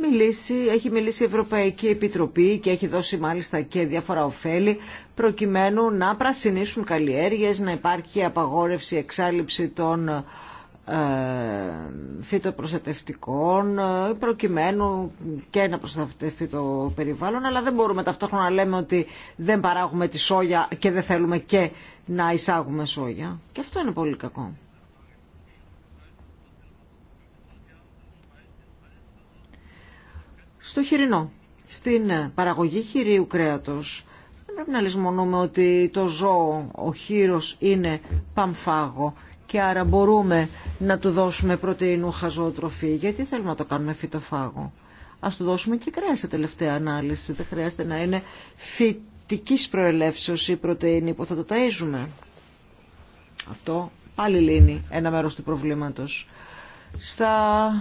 μιλήσει, έχει μιλήσει η Ευρωπαϊκή Επιτροπή και έχει δώσει μάλιστα και διάφορα ωφέλη προκειμένου να πρασινίσουν καλλιέργειες, να υπάρχει απαγόρευση, εξάλληψη των ε, φυτοπροστατευτικών ε, προκειμένου και να προστατευτεί το περιβάλλον αλλά δεν μπορούμε ταυτόχρονα να λέμε ότι δεν παράγουμε τη σόγια και δεν θέλουμε και να εισάγουμε σόγια και αυτό είναι πολύ κακό Στο χοιρινό, στην παραγωγή χειρίου κρέατος δεν πρέπει να λησμονούμε ότι το ζώο, ο χείρος είναι παμφάγο και άρα μπορούμε να του δώσουμε πρωτεΐνου ζωοτροφή. Γιατί θέλουμε να το κάνουμε φυτοφάγο. Ας του δώσουμε και κρέα σε τελευταία ανάλυση. Δεν χρειάζεται να είναι φυτικής προελεύσεως η πρωτεΐνη που θα το ταΐζουμε. Αυτό πάλι λύνει ένα μέρος του προβλήματος. Στα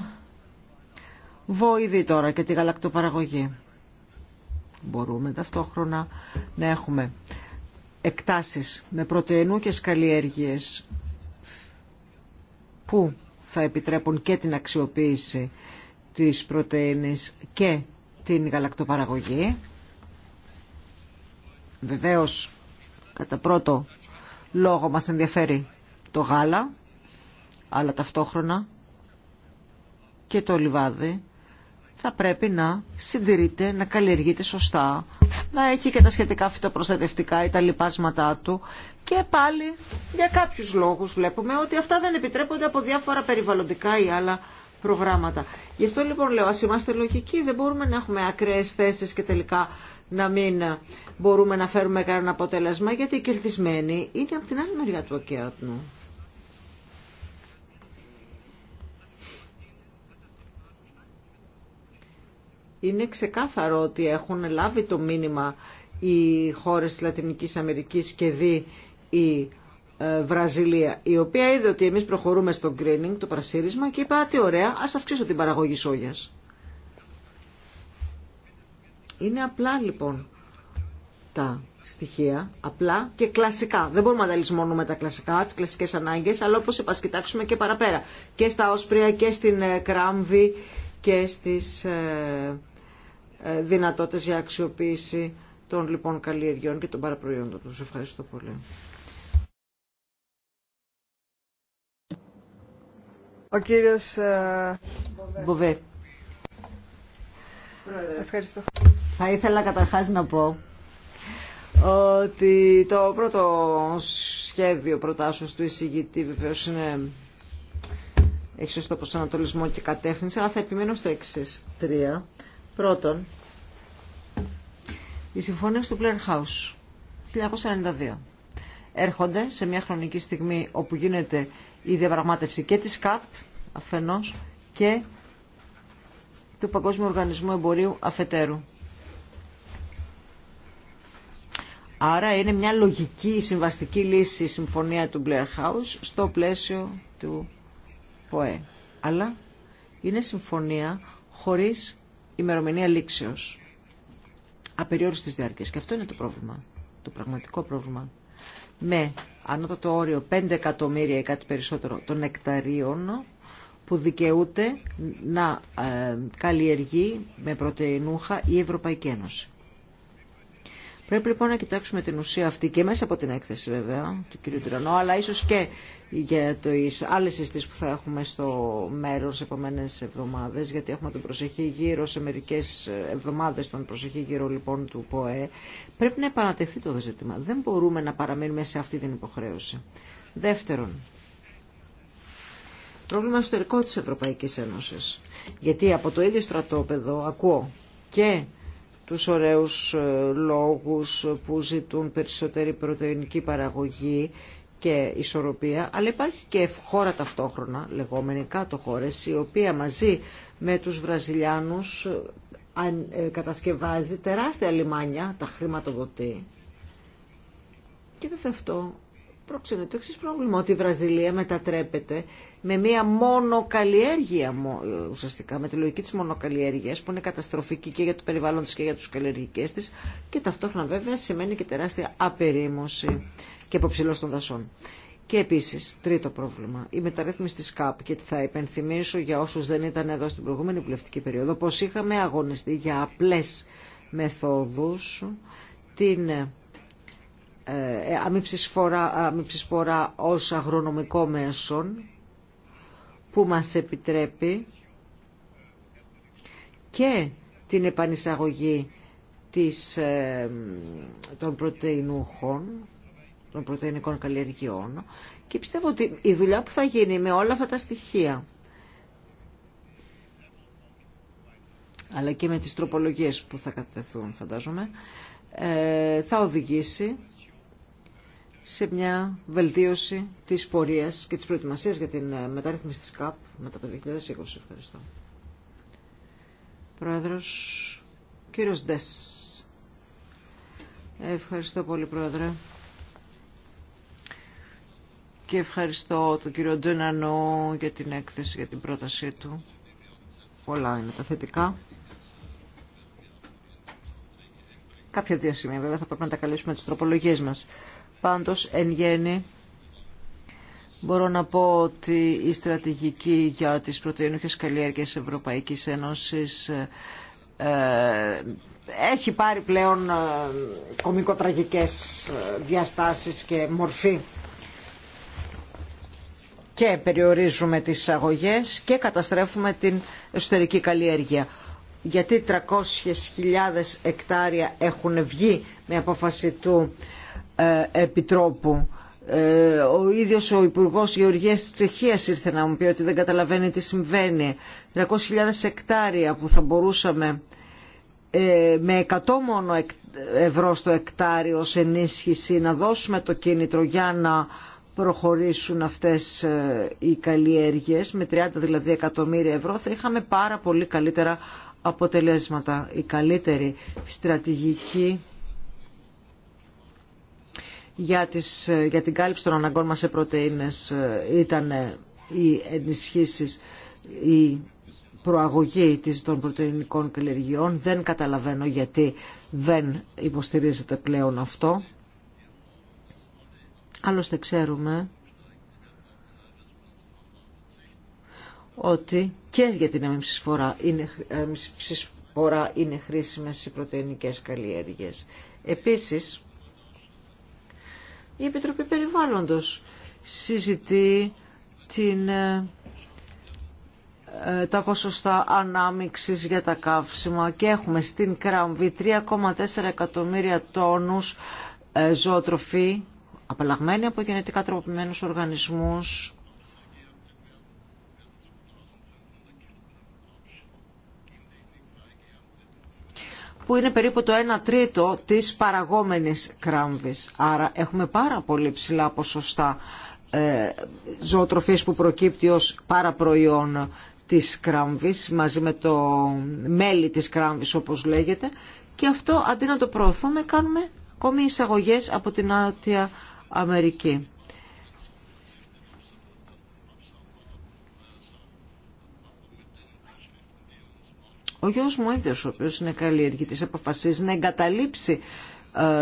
βοηδή τώρα και τη γαλακτοπαραγωγή. Μπορούμε ταυτόχρονα να έχουμε εκτάσεις με πρωτεϊνού και σκαλλιέργειες που θα επιτρέπουν και την αξιοποίηση της πρωτεΐνης και την γαλακτοπαραγωγή. Βεβαίως, κατά πρώτο λόγο μας ενδιαφέρει το γάλα, αλλά ταυτόχρονα και το λιβάδι θα πρέπει να συντηρείται, να καλλιεργείται σωστά, να έχει και τα σχετικά φυτοπροστατευτικά ή τα λοιπάσματά του, και πάλι για κάποιους λόγους βλέπουμε ότι αυτά δεν επιτρέπονται από διάφορα περιβαλλοντικά ή άλλα προγράμματα. Γι' αυτό λοιπόν λέω ας είμαστε λογικοί, δεν μπορούμε να έχουμε ακραίες θέσεις και τελικά να μην μπορούμε να φέρουμε κανένα αποτέλεσμα γιατί οι κερδισμένοι είναι από την άλλη μεριά του ωκεάτνου. Είναι ξεκάθαρο ότι έχουν λάβει το μήνυμα οι χώρες της Λατινικής Αμερικής και δει η ε, Βραζιλία, η οποία είδε ότι εμείς προχωρούμε στο greening, το πρασίρισμα και είπα, τι ωραία, ας αυξήσω την παραγωγή σόγιας. Είναι απλά λοιπόν τα στοιχεία, απλά και κλασικά. Δεν μπορούμε να τα λησμονούμε τα κλασικά, τις κλασικές ανάγκες, αλλά όπως είπα, κοιτάξουμε και παραπέρα. Και στα όσπρια και στην ε, κράμβη και στις ε, ε, δυνατότητες για αξιοποίηση των λοιπόν καλλιεργιών και των παραπροϊόντων τους. Ευχαριστώ πολύ. Ο κύριος ε, Μποβέ. Ευχαριστώ. Θα ήθελα καταρχάς να πω ότι το πρώτο σχέδιο προτάσεως του εισηγητή βεβαίως είναι έχει σωστό προσανατολισμό και κατεύθυνση, αλλά θα επιμείνω στο εξή τρία. Πρώτον, η συμφωνία του Πλέρ House 1992 έρχονται σε μια χρονική στιγμή όπου γίνεται η διαπραγμάτευση και της ΚΑΠ αφενός και του Παγκόσμιου Οργανισμού Εμπορίου αφετέρου. Άρα είναι μια λογική συμβαστική λύση η συμφωνία του Blair House στο πλαίσιο του ΠΟΕ. Αλλά είναι συμφωνία χωρίς ημερομηνία λήξεως. Απεριόριστης διάρκειας. Και αυτό είναι το πρόβλημα, το πραγματικό πρόβλημα. Με ανώτατο όριο 5 εκατομμύρια ή κάτι περισσότερο των νεκταρίων που δικαιούται να ε, καλλιεργεί με πρωτεϊνούχα η Ευρωπαϊκή Ένωση. Πρέπει λοιπόν να κοιτάξουμε την ουσία αυτή και μέσα από την έκθεση βέβαια του κ. Τυρανό, αλλά ίσως και για τις άλλες συστήσεις που θα έχουμε στο μέρο σε επόμενες εβδομάδες, γιατί έχουμε τον προσεχή γύρω σε μερικές ε, εβδομάδες τον προσεχή γύρω λοιπόν του ΠΟΕ. Πρέπει να επανατεθεί το ζήτημα. Δεν μπορούμε να παραμείνουμε σε αυτή την υποχρέωση. Δεύτερον, πρόβλημα εσωτερικό της Ευρωπαϊκής Ένωσης. Γιατί από το ίδιο στρατόπεδο ακούω και τους ωραίους ε, λόγους που ζητούν περισσότερη πρωτεϊνική παραγωγή και ισορροπία, αλλά υπάρχει και χώρα ταυτόχρονα, λεγόμενη κάτω χώρες, η οποία μαζί με τους Βραζιλιάνους ε, ε, κατασκευάζει τεράστια λιμάνια, τα χρηματοδοτεί. Και βέβαια αυτό πρόξενε το εξή πρόβλημα, ότι η Βραζιλία μετατρέπεται με μία μονοκαλλιέργεια ουσιαστικά, με τη λογική της μονοκαλλιέργειας που είναι καταστροφική και για το περιβάλλον της και για τους καλλιεργικές της και ταυτόχρονα βέβαια σημαίνει και τεράστια απερίμωση και αποψηλώς των δασών. Και επίσης, τρίτο πρόβλημα, η μεταρρύθμιση της ΚΑΠ και θα υπενθυμίσω για όσους δεν ήταν εδώ στην προηγούμενη βουλευτική περίοδο πως είχαμε αγωνιστεί για απλές μεθόδους την ε, φορά ως αγρονομικό μέσον που μας επιτρέπει και την επανεισαγωγή της, ε, των πρωτεϊνούχων, των πρωτεϊνικών καλλιεργειών και πιστεύω ότι η δουλειά που θα γίνει με όλα αυτά τα στοιχεία αλλά και με τις τροπολογίες που θα κατευθούν φαντάζομαι ε, θα οδηγήσει σε μια βελτίωση της πορείας και της προετοιμασίας για την ε, μεταρρύθμιση της ΚΑΠ μετά το 2020. Ευχαριστώ. Πρόεδρος, κύριος Ντες. Ευχαριστώ πολύ, Πρόεδρε. Και ευχαριστώ τον κύριο Τζένανο για την έκθεση, για την πρότασή του. Πολλά είναι τα θετικά. Κάποια δύο σημεία βέβαια θα πρέπει να τα καλύψουμε τις τροπολογίες μας. Πάντως, εν γέννη, μπορώ να πω ότι η στρατηγική για τις πρωτεϊνούχες καλλιέργειες Ευρωπαϊκής Ένωσης ε, ε, έχει πάρει πλέον ε, κομικοτραγικές διαστάσεις και μορφή και περιορίζουμε τις αγωγές και καταστρέφουμε την εσωτερική καλλιέργεια. Γιατί 300.000 εκτάρια έχουν βγει με απόφαση του ε, επιτρόπου. Ε, ο ίδιος ο Υπουργός Γεωργίας της Τσεχίας ήρθε να μου πει ότι δεν καταλαβαίνει τι συμβαίνει. 300.000 εκτάρια που θα μπορούσαμε ε, με 100 μόνο ευρώ στο εκτάριο ως ενίσχυση να δώσουμε το κίνητρο για να προχωρήσουν αυτές οι καλλιέργειες με 30 δηλαδή εκατομμύρια ευρώ θα είχαμε πάρα πολύ καλύτερα αποτελέσματα. Η καλύτερη στρατηγική για, τις, για την κάλυψη των αναγκών μας σε πρωτεΐνες ε, ήταν ε, οι ενισχύσεις, η προαγωγή των πρωτεϊνικών καλλιεργειών. Δεν καταλαβαίνω γιατί δεν υποστηρίζεται πλέον αυτό. Άλλωστε ξέρουμε ότι και για την φορά είναι, είναι χρήσιμες οι πρωτεϊνικές καλλιέργειες. Επίσης, η Επιτροπή Περιβάλλοντος συζητεί την, ε, ε, τα ποσοστά ανάμιξης για τα καύσιμα και έχουμε στην Κραμβή 3,4 εκατομμύρια τόνους ε, ζωοτροφή απαλλαγμένη από γενετικά τροποποιημένους οργανισμούς που είναι περίπου το 1 τρίτο της παραγόμενης κράμβης. Άρα έχουμε πάρα πολύ ψηλά ποσοστά ε, ζωοτροφής που προκύπτει ως παραπροϊόν της κράμβης μαζί με το μέλι της κράμβης όπως λέγεται και αυτό αντί να το προωθούμε κάνουμε ακόμη εισαγωγές από την Άτια Αμερική. Ο γιος μου ίδιος, ο οποίος είναι καλλιεργητής, αποφασίζει να εγκαταλείψει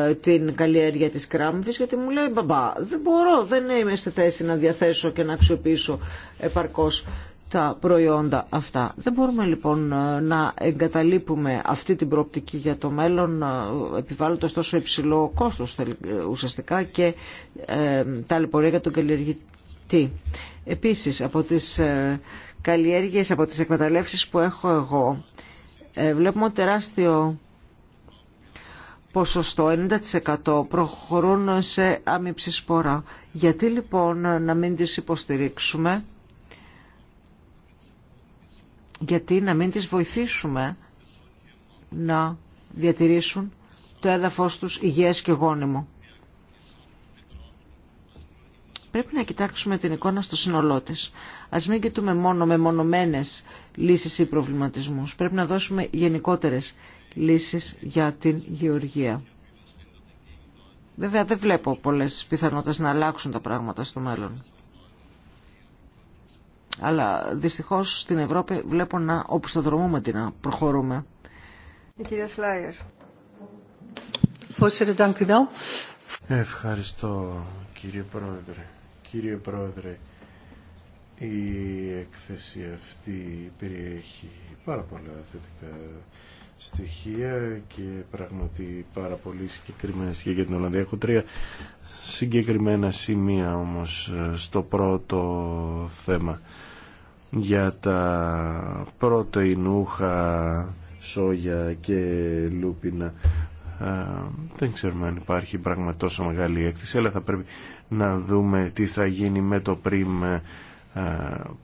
ε, την καλλιέργεια της κράμβης γιατί μου λέει μπαμπά δεν μπορώ, δεν είμαι στη θέση να διαθέσω και να αξιοποιήσω επαρκώς τα προϊόντα αυτά. Δεν μπορούμε λοιπόν ε, να εγκαταλείπουμε αυτή την προοπτική για το μέλλον ε, επιβάλλοντας τόσο υψηλό κόστος ουσιαστικά και ε, τα λεπορία για τον καλλιεργητή. Επίσης από τις ε, καλλιέργειες, από τις εκμεταλλεύσεις που έχω εγώ ε, βλέπουμε ότι τεράστιο ποσοστό, 90% προχωρούν σε άμυψη σπορά. Γιατί λοιπόν να μην τις υποστηρίξουμε, γιατί να μην τις βοηθήσουμε να διατηρήσουν το έδαφος τους υγιές και γόνιμο. Πρέπει να κοιτάξουμε την εικόνα στο σύνολό τη. Ας μην κοιτούμε μόνο με μονομένες λύσεις ή προβληματισμούς. Πρέπει να δώσουμε γενικότερες λύσεις για την γεωργία. Βέβαια δεν βλέπω πολλές πιθανότητες να αλλάξουν τα πράγματα στο μέλλον. Αλλά δυστυχώς στην Ευρώπη βλέπω να οπισθοδρομούμε την να προχωρούμε. Η κυρία Σλάιερ. Ευχαριστώ κύριε Πρόεδρε. Κύριε Πρόεδρε, η έκθεση αυτή περιέχει πάρα πολλά θετικά στοιχεία και πράγματι πάρα πολύ συγκεκριμένα στοιχεία για την Ολλανδία. Έχω τρία συγκεκριμένα σημεία όμως ε, στο πρώτο θέμα για τα πρώτα πρωτεϊνούχα σόγια και λούπινα ε, δεν ξέρουμε αν υπάρχει πράγμα τόσο μεγάλη έκθεση αλλά θα πρέπει να δούμε τι θα γίνει με το πριμ ε, ε,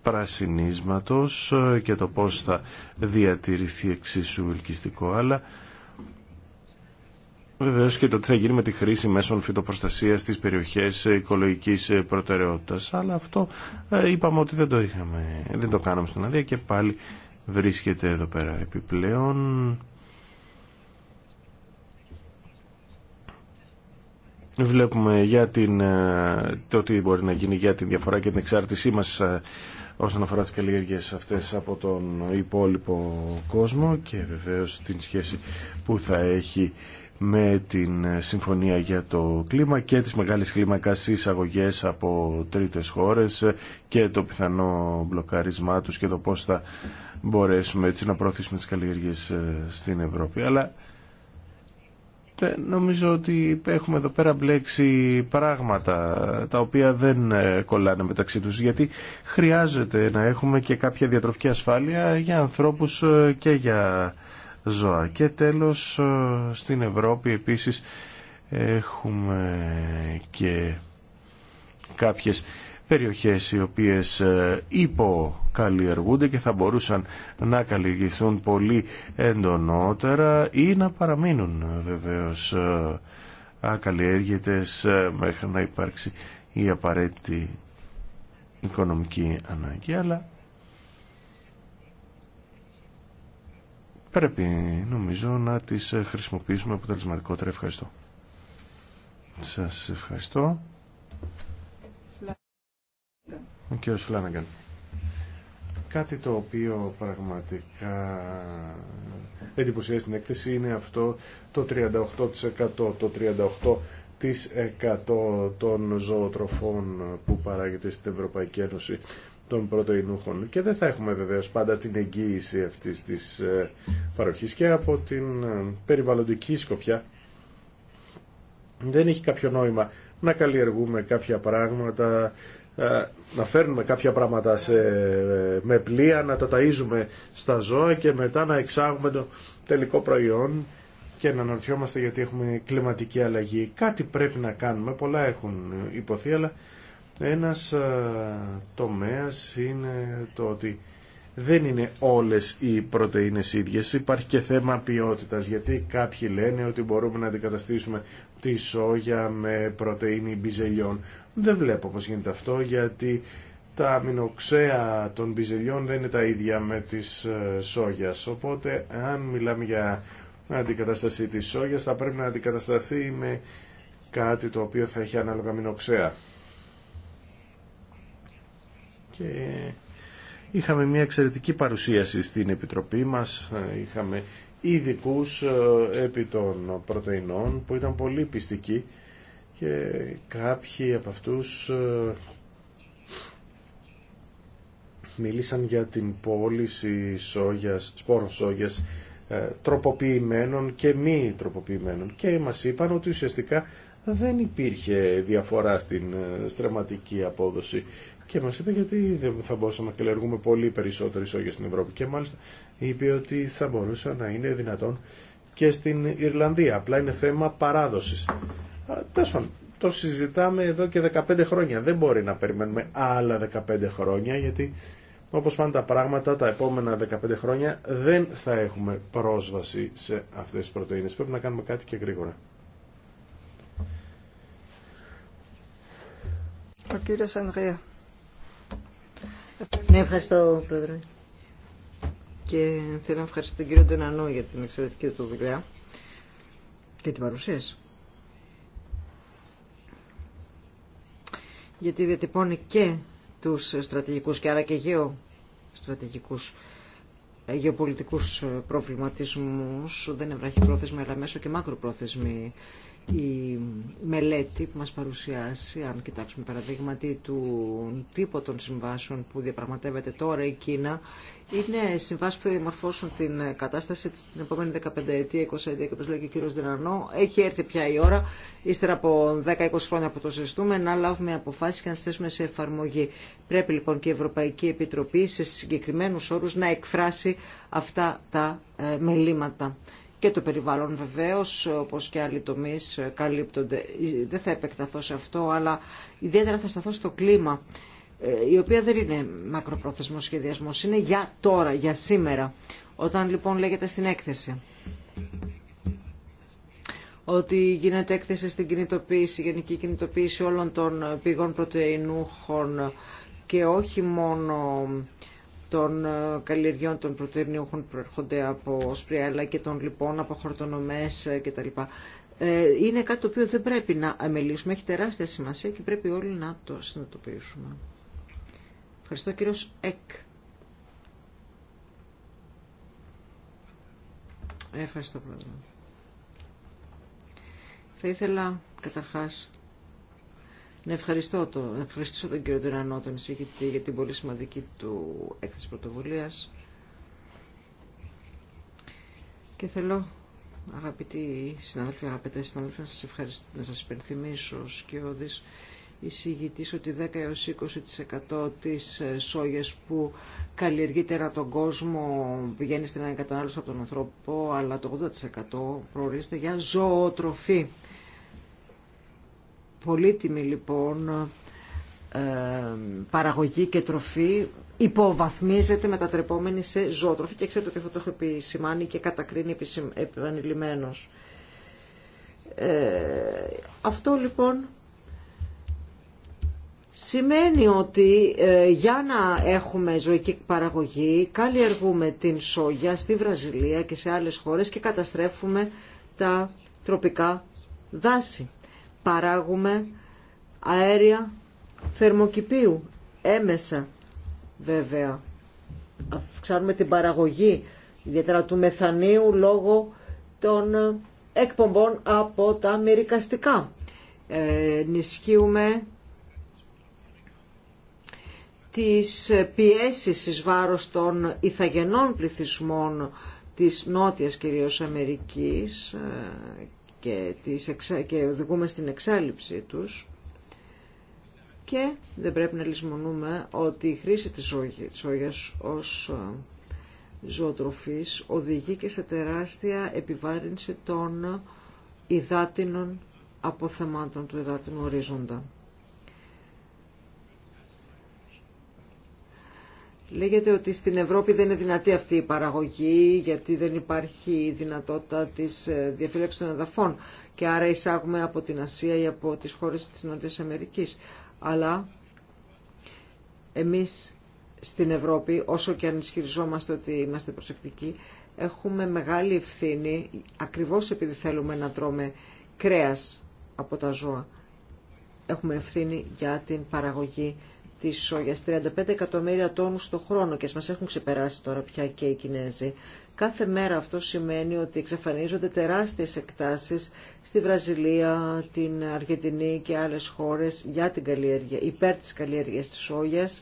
πρασινίσματος και το πώς θα διατηρηθεί εξίσου ελκυστικό αλλά βεβαίως και το τι θα γίνει με τη χρήση μέσων φυτοπροστασίας στις περιοχές οικολογικής προτεραιότητας αλλά αυτό ε, είπαμε ότι δεν το, είχαμε, δεν το κάναμε στην Αδία και πάλι βρίσκεται εδώ πέρα επιπλέον βλέπουμε για την, ε, το τι μπορεί να γίνει για τη διαφορά και την εξάρτησή μας ε, όσον αφορά τις καλλιέργειες αυτές από τον υπόλοιπο κόσμο και βεβαίως την σχέση που θα έχει με την ε, Συμφωνία για το Κλίμα και τις μεγάλες κλίμακας εισαγωγές από τρίτες χώρες και το πιθανό μπλοκάρισμά τους και το πώς θα μπορέσουμε έτσι να προωθήσουμε τις καλλιέργειες στην Ευρώπη. Αλλά Νομίζω ότι έχουμε εδώ πέρα μπλέξει πράγματα τα οποία δεν ε, κολλάνε μεταξύ τους γιατί χρειάζεται να έχουμε και κάποια διατροφική ασφάλεια για ανθρώπους ε, και για ζώα. Και τέλος ε, στην Ευρώπη επίσης έχουμε και κάποιες περιοχές οι οποίες ε, υποκαλλιεργούνται και θα μπορούσαν να καλλιεργηθούν πολύ εντονότερα ή να παραμείνουν ε, βεβαίως ε, ακαλλιέργητες μέχρι να υπάρξει η απαραίτητη οικονομική ανάγκη αλλά πρέπει νομίζω να τις χρησιμοποιήσουμε αποτελεσματικότερα ευχαριστώ σας ευχαριστώ ο κύριος Φλάνναγκαν. Κάτι το οποίο πραγματικά εντυπωσιάζει την έκθεση είναι αυτό το 38%. Το 38% των ζωοτροφών που παράγεται στην Ευρωπαϊκή Ένωση των πρωτοεινούχων και δεν θα έχουμε βεβαίως πάντα την εγγύηση αυτής της ε, παροχής και από την ε, περιβαλλοντική σκοπιά δεν έχει κάποιο νόημα να καλλιεργούμε κάποια πράγματα ε, να φέρνουμε κάποια πράγματα σε, με πλοία, να τα ταΐζουμε στα ζώα και μετά να εξάγουμε το τελικό προϊόν και να αναρωτιόμαστε γιατί έχουμε κλιματική αλλαγή. Κάτι πρέπει να κάνουμε, πολλά έχουν υποθεί, αλλά ένας ε, τομέας είναι το ότι δεν είναι όλες οι πρωτεΐνες ίδιες. Υπάρχει και θέμα ποιότητας, γιατί κάποιοι λένε ότι μπορούμε να αντικαταστήσουμε τη σόγια με πρωτεΐνη μπιζελιών. Δεν βλέπω πώς γίνεται αυτό, γιατί τα αμινοξέα των μπιζελιών δεν είναι τα ίδια με τις ε, σόγιας. Οπότε, αν μιλάμε για αντικαταστασή της σόγιας, θα πρέπει να αντικατασταθεί με κάτι το οποίο θα έχει ανάλογα αμινοξέα. Και Είχαμε μια εξαιρετική παρουσίαση στην Επιτροπή μας, είχαμε ειδικού ε, επί των πρωτεϊνών που ήταν πολύ πιστικοί και κάποιοι από αυτούς ε, μίλησαν για την πώληση σόγιας, σπόρων σόγιας ε, τροποποιημένων και μη τροποποιημένων και μας είπαν ότι ουσιαστικά δεν υπήρχε διαφορά στην στρεματική απόδοση και μα είπε γιατί δεν θα μπορούσαμε να καλλιεργούμε πολύ περισσότερο ισόγεια στην Ευρώπη και μάλιστα είπε ότι θα μπορούσε να είναι δυνατόν και στην Ιρλανδία. Απλά είναι θέμα παράδοση. Τέλο πάντων, το συζητάμε εδώ και 15 χρόνια. Δεν μπορεί να περιμένουμε άλλα 15 χρόνια γιατί όπως πάνε τα πράγματα τα επόμενα 15 χρόνια δεν θα έχουμε πρόσβαση σε αυτές τις πρωτεΐνες. Πρέπει να κάνουμε κάτι και γρήγορα. Ο κύριος Ανδρέα. Ναι, ευχαριστώ, Πρόεδρε. Και θέλω να ευχαριστώ τον κύριο Ντενανό για την εξαιρετική του δουλειά και την παρουσίαση. Γιατί διατυπώνει και τους στρατηγικούς και άρα και στρατηγικούς ε, γεωπολιτικούς ε, προβληματισμούς, δεν είναι βραχυπρόθεσμοι αλλά μέσω και μακροπρόθεσμη η μελέτη που μας παρουσιάσει, αν κοιτάξουμε παραδείγματι του τύπου των συμβάσεων που διαπραγματεύεται τώρα η Κίνα, είναι συμβάσει που θα διαμορφώσουν την κατάσταση της την επόμενη 15 ετία, 20 ετία και όπως λέει και ο κύριος Δυνανό. Έχει έρθει πια η ώρα, ύστερα από 10-20 χρόνια που το συζητούμε, να λάβουμε αποφάσεις και να στέσουμε θέσουμε σε εφαρμογή. Πρέπει λοιπόν και η Ευρωπαϊκή Επιτροπή σε συγκεκριμένους όρους να εκφράσει αυτά τα ε, μελήματα και το περιβάλλον βεβαίως, όπως και άλλοι τομείς καλύπτονται. Δεν θα επεκταθώ σε αυτό, αλλά ιδιαίτερα θα σταθώ στο κλίμα, ε, η οποία δεν είναι μακροπρόθεσμος σχεδιασμός, είναι για τώρα, για σήμερα. Όταν λοιπόν λέγεται στην έκθεση ότι γίνεται έκθεση στην κινητοποίηση, γενική κινητοποίηση όλων των πηγών πρωτεϊνούχων και όχι μόνο των ε, καλλιεργιών των πρωτεϊνιών που προέρχονται από σπριαλά και των λοιπόν από χορτονομές ε, κτλ. Ε, είναι κάτι το οποίο δεν πρέπει να αμελήσουμε, έχει τεράστια σημασία και πρέπει όλοι να το συνειδητοποιήσουμε. Ευχαριστώ κύριος Εκ. Ευχαριστώ πρόεδρε. Θα ήθελα καταρχάς να ευχαριστώ το, να ευχαριστήσω τον κύριο Τυρανό, τον εισηγητή, για την πολύ σημαντική του έκθεση πρωτοβουλίας. Και θέλω, αγαπητοί συναδέλφοι, αγαπητές συναδέλφοι, να σας, ευχαριστώ, να σας υπενθυμίσω, Σκιώδης, εισηγητής ότι 10 20% της ε, σόγιας που καλλιεργείται από τον κόσμο πηγαίνει στην ανακατανάλωση από τον ανθρώπο, αλλά το 80% προορίζεται για ζωοτροφή πολύτιμη λοιπόν ε, παραγωγή και τροφή υποβαθμίζεται μετατρεπόμενη σε ζωοτροφή και ξέρετε ότι αυτό το έχω επισημάνει και κατακρίνει επανειλημμένος. Ε, αυτό λοιπόν σημαίνει ότι ε, για να έχουμε ζωική παραγωγή καλλιεργούμε την σόγια στη Βραζιλία και σε άλλες χώρες και καταστρέφουμε τα τροπικά δάση παράγουμε αέρια θερμοκηπίου. Έμεσα βέβαια. Αυξάνουμε την παραγωγή ιδιαίτερα του μεθανίου λόγω των ε, εκπομπών από τα μυρικαστικά. Ε, ενισχύουμε τις ε, πιέσεις εις βάρος των ηθαγενών πληθυσμών της Νότιας κυρίως Αμερικής ε, και, τις εξα... και οδηγούμε στην εξάλληψή τους και δεν πρέπει να λησμονούμε ότι η χρήση της σόγιας ως ε, ζωοτροφής οδηγεί και σε τεράστια επιβάρυνση των υδάτινων αποθεμάτων του υδάτινου ορίζοντα. Λέγεται ότι στην Ευρώπη δεν είναι δυνατή αυτή η παραγωγή γιατί δεν υπάρχει η δυνατότητα της ε, διαφύλαξης των εδαφών και άρα εισάγουμε από την Ασία ή από τις χώρες της Νότιας Αμερικής. Αλλά εμείς στην Ευρώπη, όσο και αν ισχυριζόμαστε ότι είμαστε προσεκτικοί, έχουμε μεγάλη ευθύνη ακριβώς επειδή θέλουμε να τρώμε κρέας από τα ζώα. Έχουμε ευθύνη για την παραγωγή τη σόγια 35 εκατομμύρια τόνου το χρόνο και μα έχουν ξεπεράσει τώρα πια και οι Κινέζοι. Κάθε μέρα αυτό σημαίνει ότι εξαφανίζονται τεράστιες εκτάσεις στη Βραζιλία, την Αργεντινή και άλλες χώρες για την καλλιέργεια, υπέρ της της σόγιας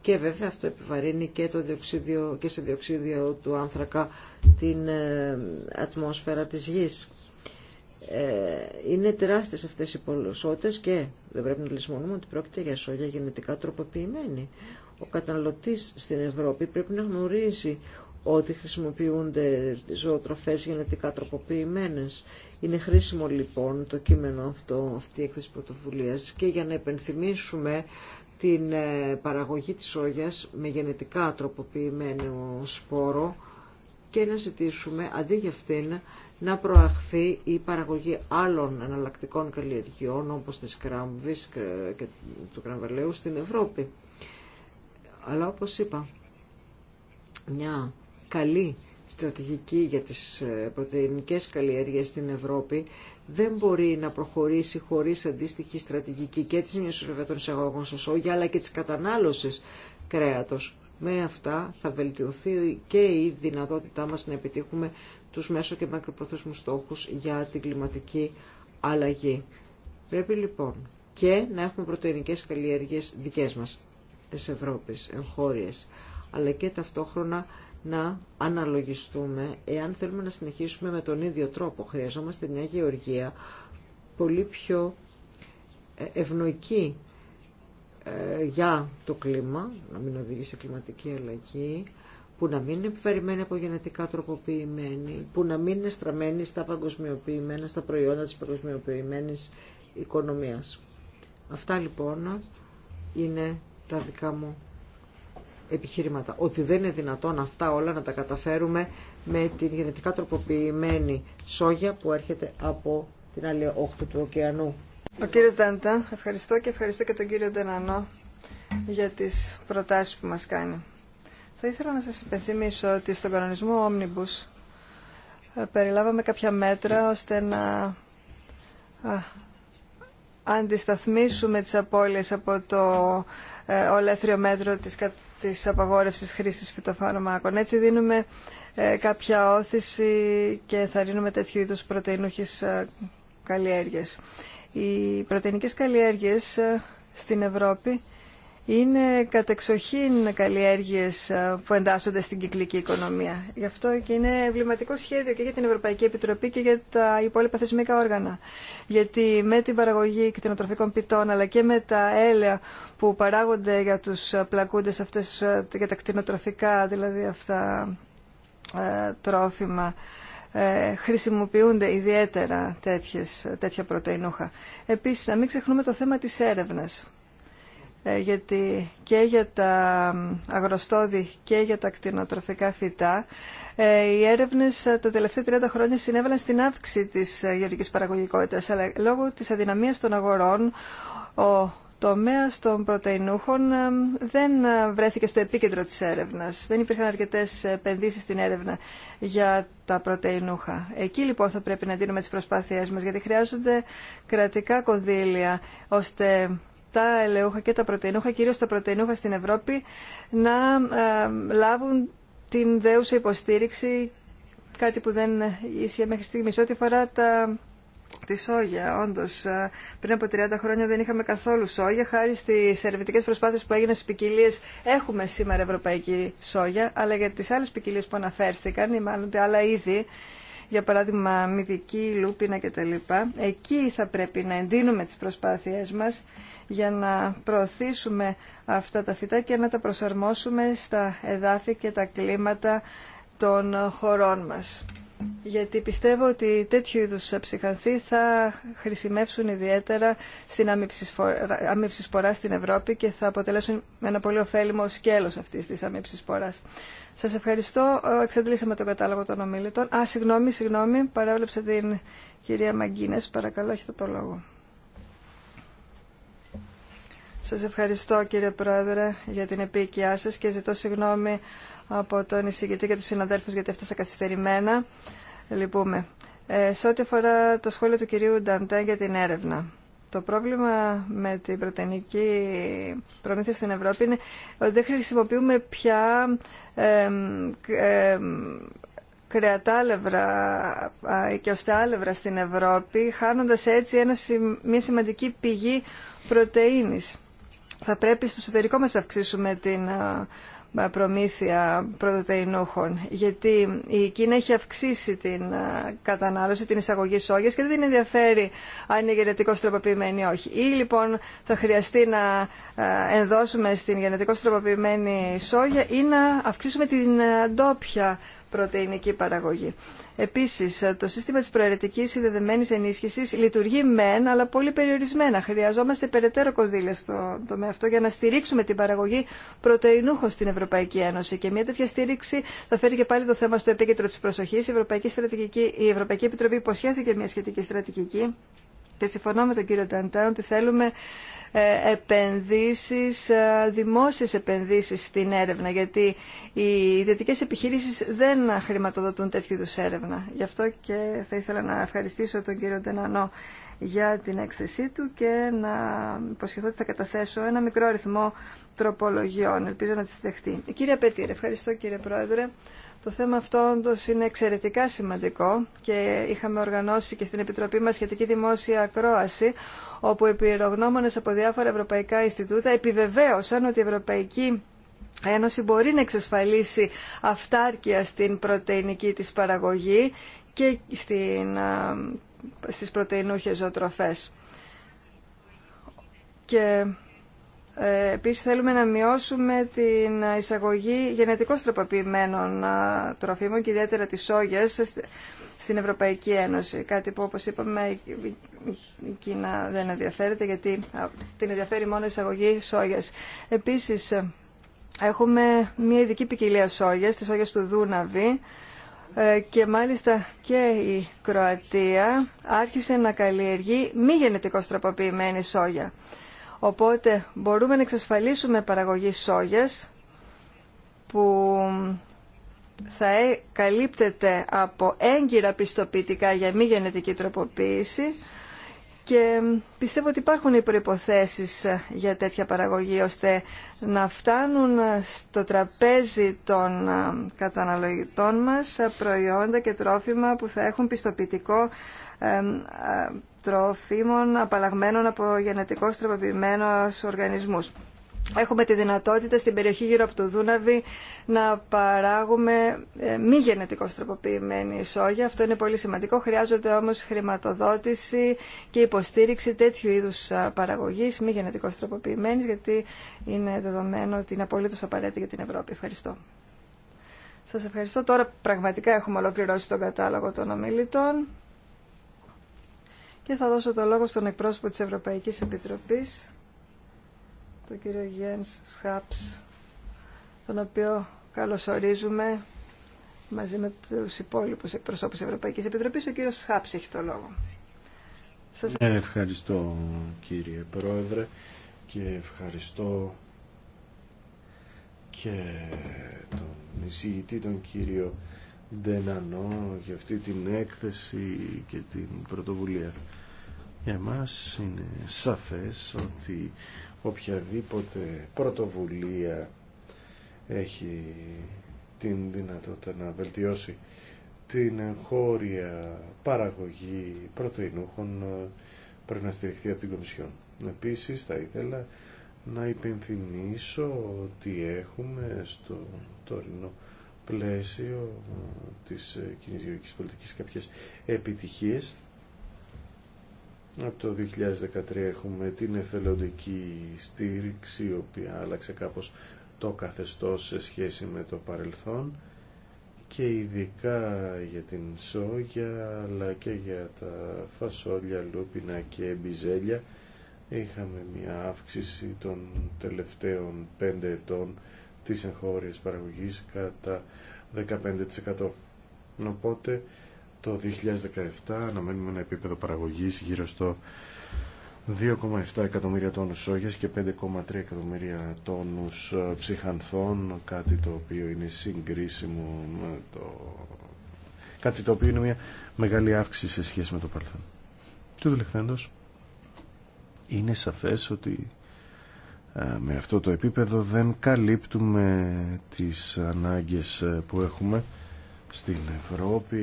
και βέβαια αυτό επιβαρύνει και, το διοξίδιο, και σε διοξίδιο του άνθρακα την ε, ατμόσφαιρα της γης. Ε, είναι τεράστιες αυτές οι ποσότητες και δεν πρέπει να λησμονούμε ότι πρόκειται για σόγια γενετικά τροποποιημένη. Ο καταναλωτής στην Ευρώπη πρέπει να γνωρίζει ότι χρησιμοποιούνται ζωοτροφές γενετικά τροποποιημένες. Είναι χρήσιμο λοιπόν το κείμενο αυτό, αυτή η έκθεση πρωτοβουλία και για να επενθυμίσουμε την ε, παραγωγή της σόγιας με γενετικά τροποποιημένο σπόρο και να ζητήσουμε αντί για αυτήν να προαχθεί η παραγωγή άλλων εναλλακτικών καλλιεργειών όπως της κράμβης και του κραμβελαίου στην Ευρώπη. Αλλά όπως είπα, μια καλή στρατηγική για τις ε, πρωτεϊνικές καλλιέργειες στην Ευρώπη δεν μπορεί να προχωρήσει χωρίς αντίστοιχη στρατηγική και της μιας εισαγωγών στο σόγια αλλά και της κατανάλωσης κρέατος. Με αυτά θα βελτιωθεί και η δυνατότητά μας να επιτύχουμε τους μέσο και μακροπροθέσμους στόχους για την κλιματική αλλαγή. Πρέπει λοιπόν και να έχουμε πρωτοενικές καλλιέργειες δικές μας της Ευρώπης, εγχώριες, αλλά και ταυτόχρονα να αναλογιστούμε εάν θέλουμε να συνεχίσουμε με τον ίδιο τρόπο. Χρειαζόμαστε μια γεωργία πολύ πιο ε, ευνοϊκή ε, για το κλίμα, να μην οδηγεί σε κλιματική αλλαγή, που να μην είναι επιφερειμένη από γενετικά τροποποιημένη, που να μην είναι στραμμένη στα παγκοσμιοποιημένα, στα προϊόντα της παγκοσμιοποιημένης οικονομίας. Αυτά λοιπόν είναι τα δικά μου επιχειρήματα. Ότι δεν είναι δυνατόν αυτά όλα να τα καταφέρουμε με την γενετικά τροποποιημένη σόγια που έρχεται από την άλλη όχθη του ωκεανού. Ο κύριος ευχαριστώ και ευχαριστώ και τον κύριο Ντενανό για τις προτάσεις που μας κάνει. Θα ήθελα να σας υπενθυμίσω ότι στον κανονισμό Omnibus ε, περιλάβαμε κάποια μέτρα ώστε να αντισταθμίσουμε τις απώλειες από το ε, ολέθριο μέτρο της, της απαγόρευσης χρήσης φυτοφάρμακων. Έτσι δίνουμε ε, κάποια όθηση και θα ρίνουμε τέτοιου είδους πρωτεϊνούχες καλλιέργειες. Οι πρωτεϊνικές καλλιέργειες στην Ευρώπη είναι κατεξοχήν καλλιέργειες ε, που εντάσσονται στην κυκλική οικονομία. Γι' αυτό και είναι εμβληματικό σχέδιο και για την Ευρωπαϊκή Επιτροπή και για τα υπόλοιπα θεσμικά όργανα. Γιατί με την παραγωγή κτηνοτροφικών πιτών αλλά και με τα έλαια που παράγονται για τους πλακούντες ε, για τα κτηνοτροφικά δηλαδή αυτά ε, τρόφιμα, χρησιμοποιούνται ιδιαίτερα τέτοια πρωτεϊνούχα. Επίσης, να μην ξεχνούμε το θέμα της έρευνας ε, γιατί και για τα αγροστόδη και για τα κτηνοτροφικά φυτά ε, οι έρευνες ε, τα τελευταία 30 χρόνια συνέβαλαν στην αύξηση της γεωργικής παραγωγικότητας αλλά λόγω της αδυναμίας των αγορών ο τομέα των πρωτεϊνούχων δεν βρέθηκε στο επίκεντρο της έρευνας. Δεν υπήρχαν αρκετές επενδύσεις στην έρευνα για τα πρωτεϊνούχα. Εκεί λοιπόν θα πρέπει να δίνουμε τις προσπάθειές μας γιατί χρειάζονται κρατικά κονδύλια ώστε τα ελαιούχα και τα πρωτεϊνούχα, κυρίως τα πρωτεϊνούχα στην Ευρώπη, να ε, λάβουν την δέουσα υποστήριξη, κάτι που δεν ίσχυε μέχρι στιγμής. Ό,τι αφορά τα, τη σόγια, όντω. Ε, πριν από 30 χρόνια δεν είχαμε καθόλου σόγια. Χάρη στι ερευνητικέ προσπάθειε που έγιναν στις ποικιλίε έχουμε σήμερα ευρωπαϊκή σόγια, αλλά για τι άλλε ποικιλίε που αναφέρθηκαν ή μάλλον τα άλλα είδη, για παράδειγμα μυδική, λούπινα κτλ. Εκεί θα πρέπει να εντείνουμε τις προσπάθειές μας για να προωθήσουμε αυτά τα φυτά και να τα προσαρμόσουμε στα εδάφη και τα κλίματα των χωρών μας γιατί πιστεύω ότι τέτοιου είδους ψυχανθή θα χρησιμεύσουν ιδιαίτερα στην αμύψη σπορά στην Ευρώπη και θα αποτελέσουν ένα πολύ ωφέλιμο σκέλος αυτής της αμύψης σποράς. Σας ευχαριστώ. Ε, εξαντλήσαμε τον κατάλογο των ομίλητων. Α, συγγνώμη, συγγνώμη, παρέβλεψα την κυρία Μαγκίνες. Παρακαλώ, έχετε το λόγο. Σας ευχαριστώ κύριε Πρόεδρε για την επίοικιά σας και ζητώ συγγνώμη από τον εισηγητή και τους συναδέλφους γιατί έφτασα καθυστερημένα. Λυπούμε. Ε, σε ό,τι αφορά τα σχόλια του κυρίου Νταντέ για την έρευνα. Το πρόβλημα με την πρωτενική προμήθεια στην Ευρώπη είναι ότι δεν χρησιμοποιούμε πια ε, ε, κρεατάλευρα και οστεάλευρα στην Ευρώπη, χάνοντας έτσι μια σημαντική πηγή πρωτεΐνης. Θα πρέπει στο εσωτερικό μας να αυξήσουμε την ε, προμήθεια πρωτοτεϊνούχων γιατί η Κίνα έχει αυξήσει την ε, κατανάλωση, την εισαγωγή σόγιας και δεν την ενδιαφέρει αν είναι γενετικώς τροποποιημένη ή όχι. Ή λοιπόν θα χρειαστεί να ε, ενδώσουμε στην γενετικώς τροποποιημένη σόγια ή να αυξήσουμε την ντόπια πρωτεϊνική παραγωγή. Επίσης, το σύστημα της προαιρετικής συνδεδεμένης ενίσχυσης λειτουργεί μεν, αλλά πολύ περιορισμένα. Χρειαζόμαστε περαιτέρω κονδύλια στο τομέα αυτό για να στηρίξουμε την παραγωγή πρωτεϊνούχων στην Ευρωπαϊκή Ένωση. Και μια τέτοια στήριξη θα φέρει και πάλι το θέμα στο επίκεντρο τη προσοχή, Η η Ευρωπαϊκή Επιτροπή υποσχέθηκε μια σχετική στρατηγική και συμφωνώ με τον κύριο Ταντά ότι θέλουμε ε, επενδύσεις, ε, δημόσιες επενδύσεις στην έρευνα, γιατί οι ιδιωτικές επιχειρήσεις δεν χρηματοδοτούν τέτοιου είδους έρευνα. Γι' αυτό και θα ήθελα να ευχαριστήσω τον κύριο Τενανό για την έκθεσή του και να υποσχεθώ ότι θα καταθέσω ένα μικρό αριθμό τροπολογιών. Ελπίζω να τις δεχτεί. Ε, κύριε Πέτυρε, ευχαριστώ κύριε Πρόεδρε. Το θέμα αυτό όντω είναι εξαιρετικά σημαντικό και είχαμε οργανώσει και στην Επιτροπή μας σχετική δημόσια ακρόαση όπου πυρογνώμονες από διάφορα ευρωπαϊκά Ινστιτούτα επιβεβαίωσαν ότι η Ευρωπαϊκή Ένωση μπορεί να εξασφαλίσει αυτάρκεια στην πρωτεϊνική της παραγωγή και στην, στις πρωτεϊνούχες ζωοτροφές. Και ε, επίσης θέλουμε να μειώσουμε την εισαγωγή γενετικώς τροποποιημένων τροφίμων και ιδιαίτερα τις σόγιας στην Ευρωπαϊκή Ένωση. Κάτι που όπως είπαμε η Κίνα δεν ενδιαφέρεται γιατί την ενδιαφέρει μόνο η εισαγωγή σόγιας. Επίσης ε, έχουμε μια ειδική ποικιλία σόγιας, τις σόγιας του Δούναβη ε, και μάλιστα και η Κροατία άρχισε να καλλιεργεί μη γενετικώς τροποποιημένη σόγια. Οπότε μπορούμε να εξασφαλίσουμε παραγωγή σόγιας που θα ε, καλύπτεται από έγκυρα πιστοποιητικά για μη γενετική τροποποίηση και πιστεύω ότι υπάρχουν οι προϋποθέσεις για τέτοια παραγωγή ώστε να φτάνουν στο τραπέζι των καταναλωτών μας προϊόντα και τρόφιμα που θα έχουν πιστοποιητικό τροφίμων απαλλαγμένων από γενετικώς τροποποιημένους οργανισμούς. Έχουμε τη δυνατότητα στην περιοχή γύρω από το Δούναβι να παράγουμε ε, μη γενετικώς τροποποιημένη σόγια. Αυτό είναι πολύ σημαντικό. Χρειάζονται όμω χρηματοδότηση και υποστήριξη τέτοιου είδου παραγωγή μη γενετικώς τροποποιημένη, γιατί είναι δεδομένο ότι είναι απολύτω απαραίτητη για την Ευρώπη. Ευχαριστώ. Σας ευχαριστώ. Τώρα πραγματικά έχουμε ολοκληρώσει τον κατάλογο των ομιλητών. Και θα δώσω το λόγο στον εκπρόσωπο της Ευρωπαϊκής Επιτροπής, τον κύριο Γιένς Σχάπς, τον οποίο καλωσορίζουμε μαζί με τους υπόλοιπους εκπροσώπους της Ευρωπαϊκής Επιτροπής. Ο κύριος Σχάπς έχει το λόγο. Ναι, ευχαριστώ κύριε Πρόεδρε και ευχαριστώ και τον εισηγητή τον κύριο Ντενανό για αυτή την έκθεση και την πρωτοβουλία. Για μας είναι σαφές ότι οποιαδήποτε πρωτοβουλία έχει την δυνατότητα να βελτιώσει την χώρια παραγωγή πρωτεϊνούχων ε, πρέπει να στηριχθεί από την Κομισιόν. Επίσης θα ήθελα να υπενθυμίσω ότι έχουμε στο τωρινό πλαίσιο ε, της ε, κοινής πολιτικής κάποιες επιτυχίες από το 2013 έχουμε την εθελοντική στήριξη, η οποία άλλαξε κάπως το καθεστώς σε σχέση με το παρελθόν και ειδικά για την σόγια αλλά και για τα φασόλια, λούπινα και μπιζέλια είχαμε μια αύξηση των τελευταίων 5 ετών της εγχώριας παραγωγής κατά 15%. Οπότε το 2017 αναμένουμε ένα επίπεδο παραγωγής γύρω στο 2,7 εκατομμύρια τόνους σόγιας και 5,3 εκατομμύρια τόνους ε, ψυχανθών, κάτι το οποίο είναι συγκρίσιμο με το... κάτι το οποίο είναι μια μεγάλη αύξηση σε σχέση με το παρελθόν. Του τελευταίντος είναι σαφές ότι ε, με αυτό το επίπεδο δεν καλύπτουμε τις ανάγκες ε, που έχουμε στην Ευρώπη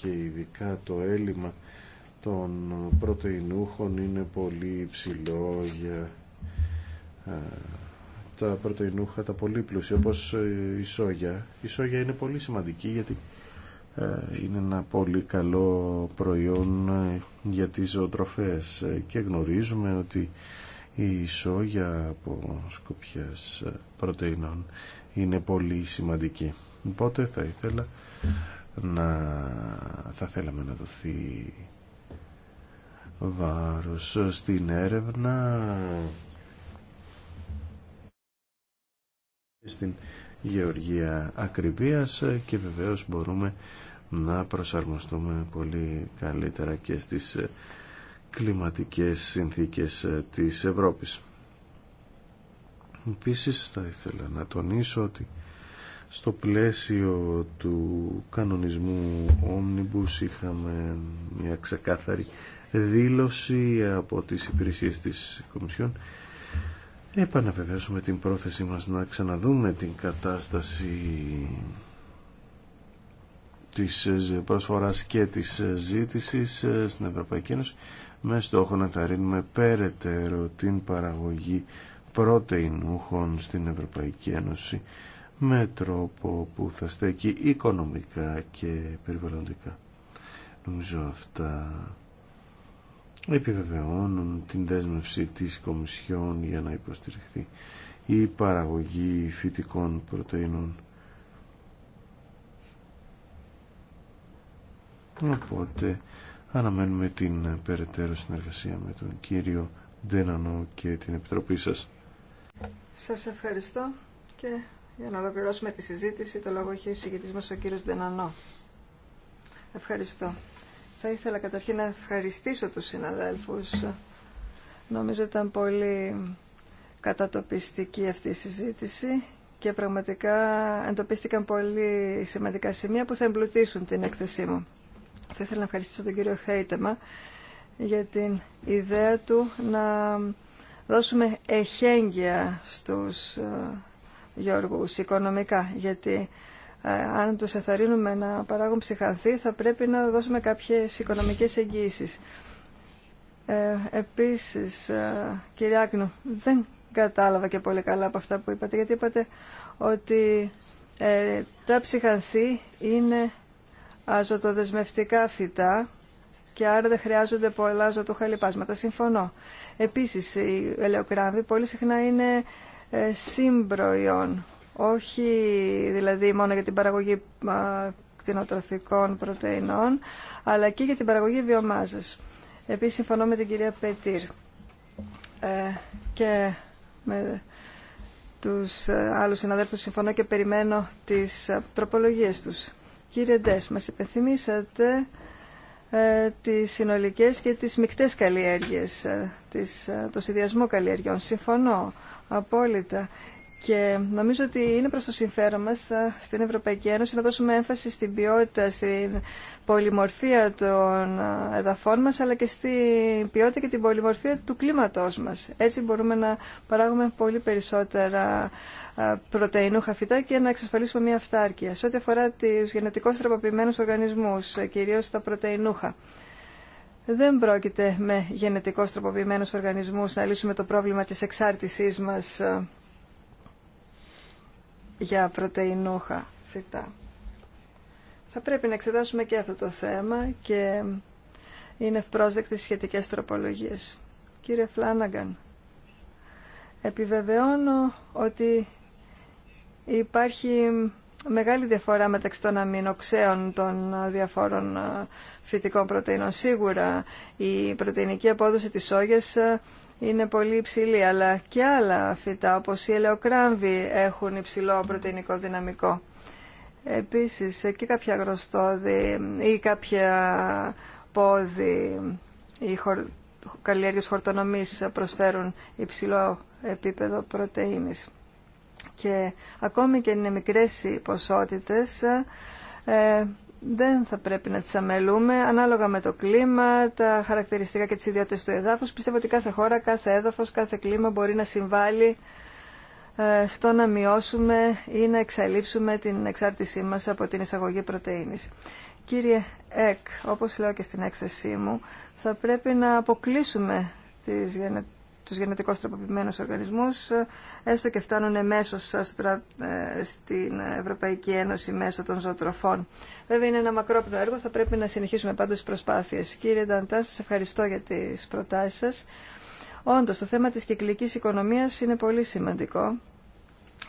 και ειδικά το έλλειμμα των πρωτεϊνούχων είναι πολύ υψηλό για τα πρωτεϊνούχα τα πολύ πλούσια όπως ε, η σόγια. Η σόγια είναι πολύ σημαντική γιατί ε, είναι ένα πολύ καλό προϊόν ε, για τις ζωοτροφές και γνωρίζουμε ότι η σόγια από σκοπιές πρωτεϊνών είναι πολύ σημαντική. Οπότε θα ήθελα να θα θέλαμε να δοθεί βάρος στην έρευνα στην γεωργία ακριβίας και βεβαίως μπορούμε να προσαρμοστούμε πολύ καλύτερα και στις κλιματικές συνθήκες της Ευρώπης. Επίσης θα ήθελα να τονίσω ότι στο πλαίσιο του κανονισμού Omnibus είχαμε μια ξεκάθαρη δήλωση από τις υπηρεσίες της Κομισιόν επαναβεβαίωσουμε την πρόθεσή μας να ξαναδούμε την κατάσταση της προσφοράς και της ζήτησης στην Ευρωπαϊκή Ένωση με στόχο να θαρρύνουμε περαιτέρω την παραγωγή πρωτεϊνούχων στην Ευρωπαϊκή Ένωση με τρόπο που θα στέκει οικονομικά και περιβαλλοντικά. Νομίζω αυτά επιβεβαιώνουν την δέσμευση της Κομισιόν για να υποστηριχθεί η παραγωγή φυτικών πρωτεϊνών. Οπότε αναμένουμε την περαιτέρω συνεργασία με τον κύριο Ντένανο και την Επιτροπή σας. Σας ευχαριστώ και για να ολοκληρώσουμε τη συζήτηση, το λόγο έχει ο συγκεκριτής μας ο κύριος Ντενανό. Ευχαριστώ. Θα ήθελα καταρχήν να ευχαριστήσω τους συναδέλφους. Νομίζω ήταν πολύ κατατοπιστική αυτή η συζήτηση και πραγματικά εντοπίστηκαν πολύ σημαντικά σημεία που θα εμπλουτίσουν την έκθεσή μου. Θα ήθελα να ευχαριστήσω τον κύριο Χέιτεμα για την ιδέα του να δώσουμε εχέγγυα στους ε, Γιώργους, οικονομικά, γιατί ε, αν τους εθαρρύνουμε να παράγουν ψυχανθή θα πρέπει να δώσουμε κάποιες οικονομικές εγγύησεις. Ε, επίσης, ε, κύριε Άκνου, δεν κατάλαβα και πολύ καλά από αυτά που είπατε, γιατί είπατε ότι ε, τα ψυχανθή είναι αζωτοδεσμευτικά φυτά και άρα δεν χρειάζονται πολλά ζωτούχα λοιπάσματα. Συμφωνώ. Επίσης, οι ελαιοκράμβοι πολύ συχνά είναι ε, συμπροϊόν, όχι δηλαδή μόνο για την παραγωγή κτηνοτροφικών πρωτεϊνών, αλλά και για την παραγωγή βιομάζας. Επίσης, συμφωνώ με την κυρία Πετήρ ε, και με τους ε, άλλους συναδέλφους συμφωνώ και περιμένω τις τροπολογίες τους. Κύριε Ντές, μας υπενθυμίσατε τις συνολικές και τις μικτές καλλιέργειες, τις, το συνδυασμό καλλιέργειων. Συμφωνώ απόλυτα. Και νομίζω ότι είναι προς το συμφέρον μας στην Ευρωπαϊκή Ένωση να δώσουμε έμφαση στην ποιότητα, στην πολυμορφία των εδαφών μας, αλλά και στην ποιότητα και την πολυμορφία του κλίματός μας. Έτσι μπορούμε να παράγουμε πολύ περισσότερα πρωτεϊνούχα φυτά και να εξασφαλίσουμε μια αυτάρκεια. Σε ό,τι αφορά τους γενετικώς τραποποιημένους οργανισμούς, κυρίως τα πρωτεϊνούχα δεν πρόκειται με γενετικώ τροποποιημένους οργανισμού να λύσουμε το πρόβλημα της εξάρτησή μας ε, για πρωτεϊνούχα φυτά. Θα πρέπει να εξετάσουμε και αυτό το θέμα και είναι ευπρόσδεκτες σχετικές τροπολογίες. Κύριε Φλάναγκαν, επιβεβαιώνω ότι υπάρχει μεγάλη διαφορά μεταξύ των αμινοξέων των ε, διαφόρων ε, φυτικών πρωτεϊνών. Σίγουρα η πρωτεϊνική απόδοση της σόγιας ε, είναι πολύ υψηλή, αλλά και άλλα φυτά όπως οι ελαιοκράμβοι έχουν υψηλό πρωτεϊνικό δυναμικό. Επίσης και κάποια γροστόδη ή κάποια πόδι ή χορ... καλλιέργειες χορτονομής προσφέρουν υψηλό επίπεδο πρωτεΐνης και ακόμη και είναι μικρές οι ποσότητες, ε, δεν θα πρέπει να τις αμελούμε ανάλογα με το κλίμα, τα χαρακτηριστικά και τις ιδιότητες του εδάφους. Πιστεύω ότι κάθε χώρα, κάθε έδαφος, κάθε κλίμα μπορεί να συμβάλλει ε, στο να μειώσουμε ή να εξαλείψουμε την εξάρτησή μας από την εισαγωγή πρωτεΐνης. Κύριε Εκ, όπως λέω και στην έκθεσή μου, θα πρέπει να αποκλείσουμε τις, τους γενετικώς τροποποιημένους οργανισμούς, έστω και φτάνουν μέσω ε, στην Ευρωπαϊκή Ένωση μέσω των ζωοτροφών. Βέβαια είναι ένα μακρόπνο έργο, θα πρέπει να συνεχίσουμε πάντως τις προσπάθειες. Κύριε Νταντά, σας ευχαριστώ για τις προτάσεις σας. Όντως, το θέμα της κυκλικής οικονομίας είναι πολύ σημαντικό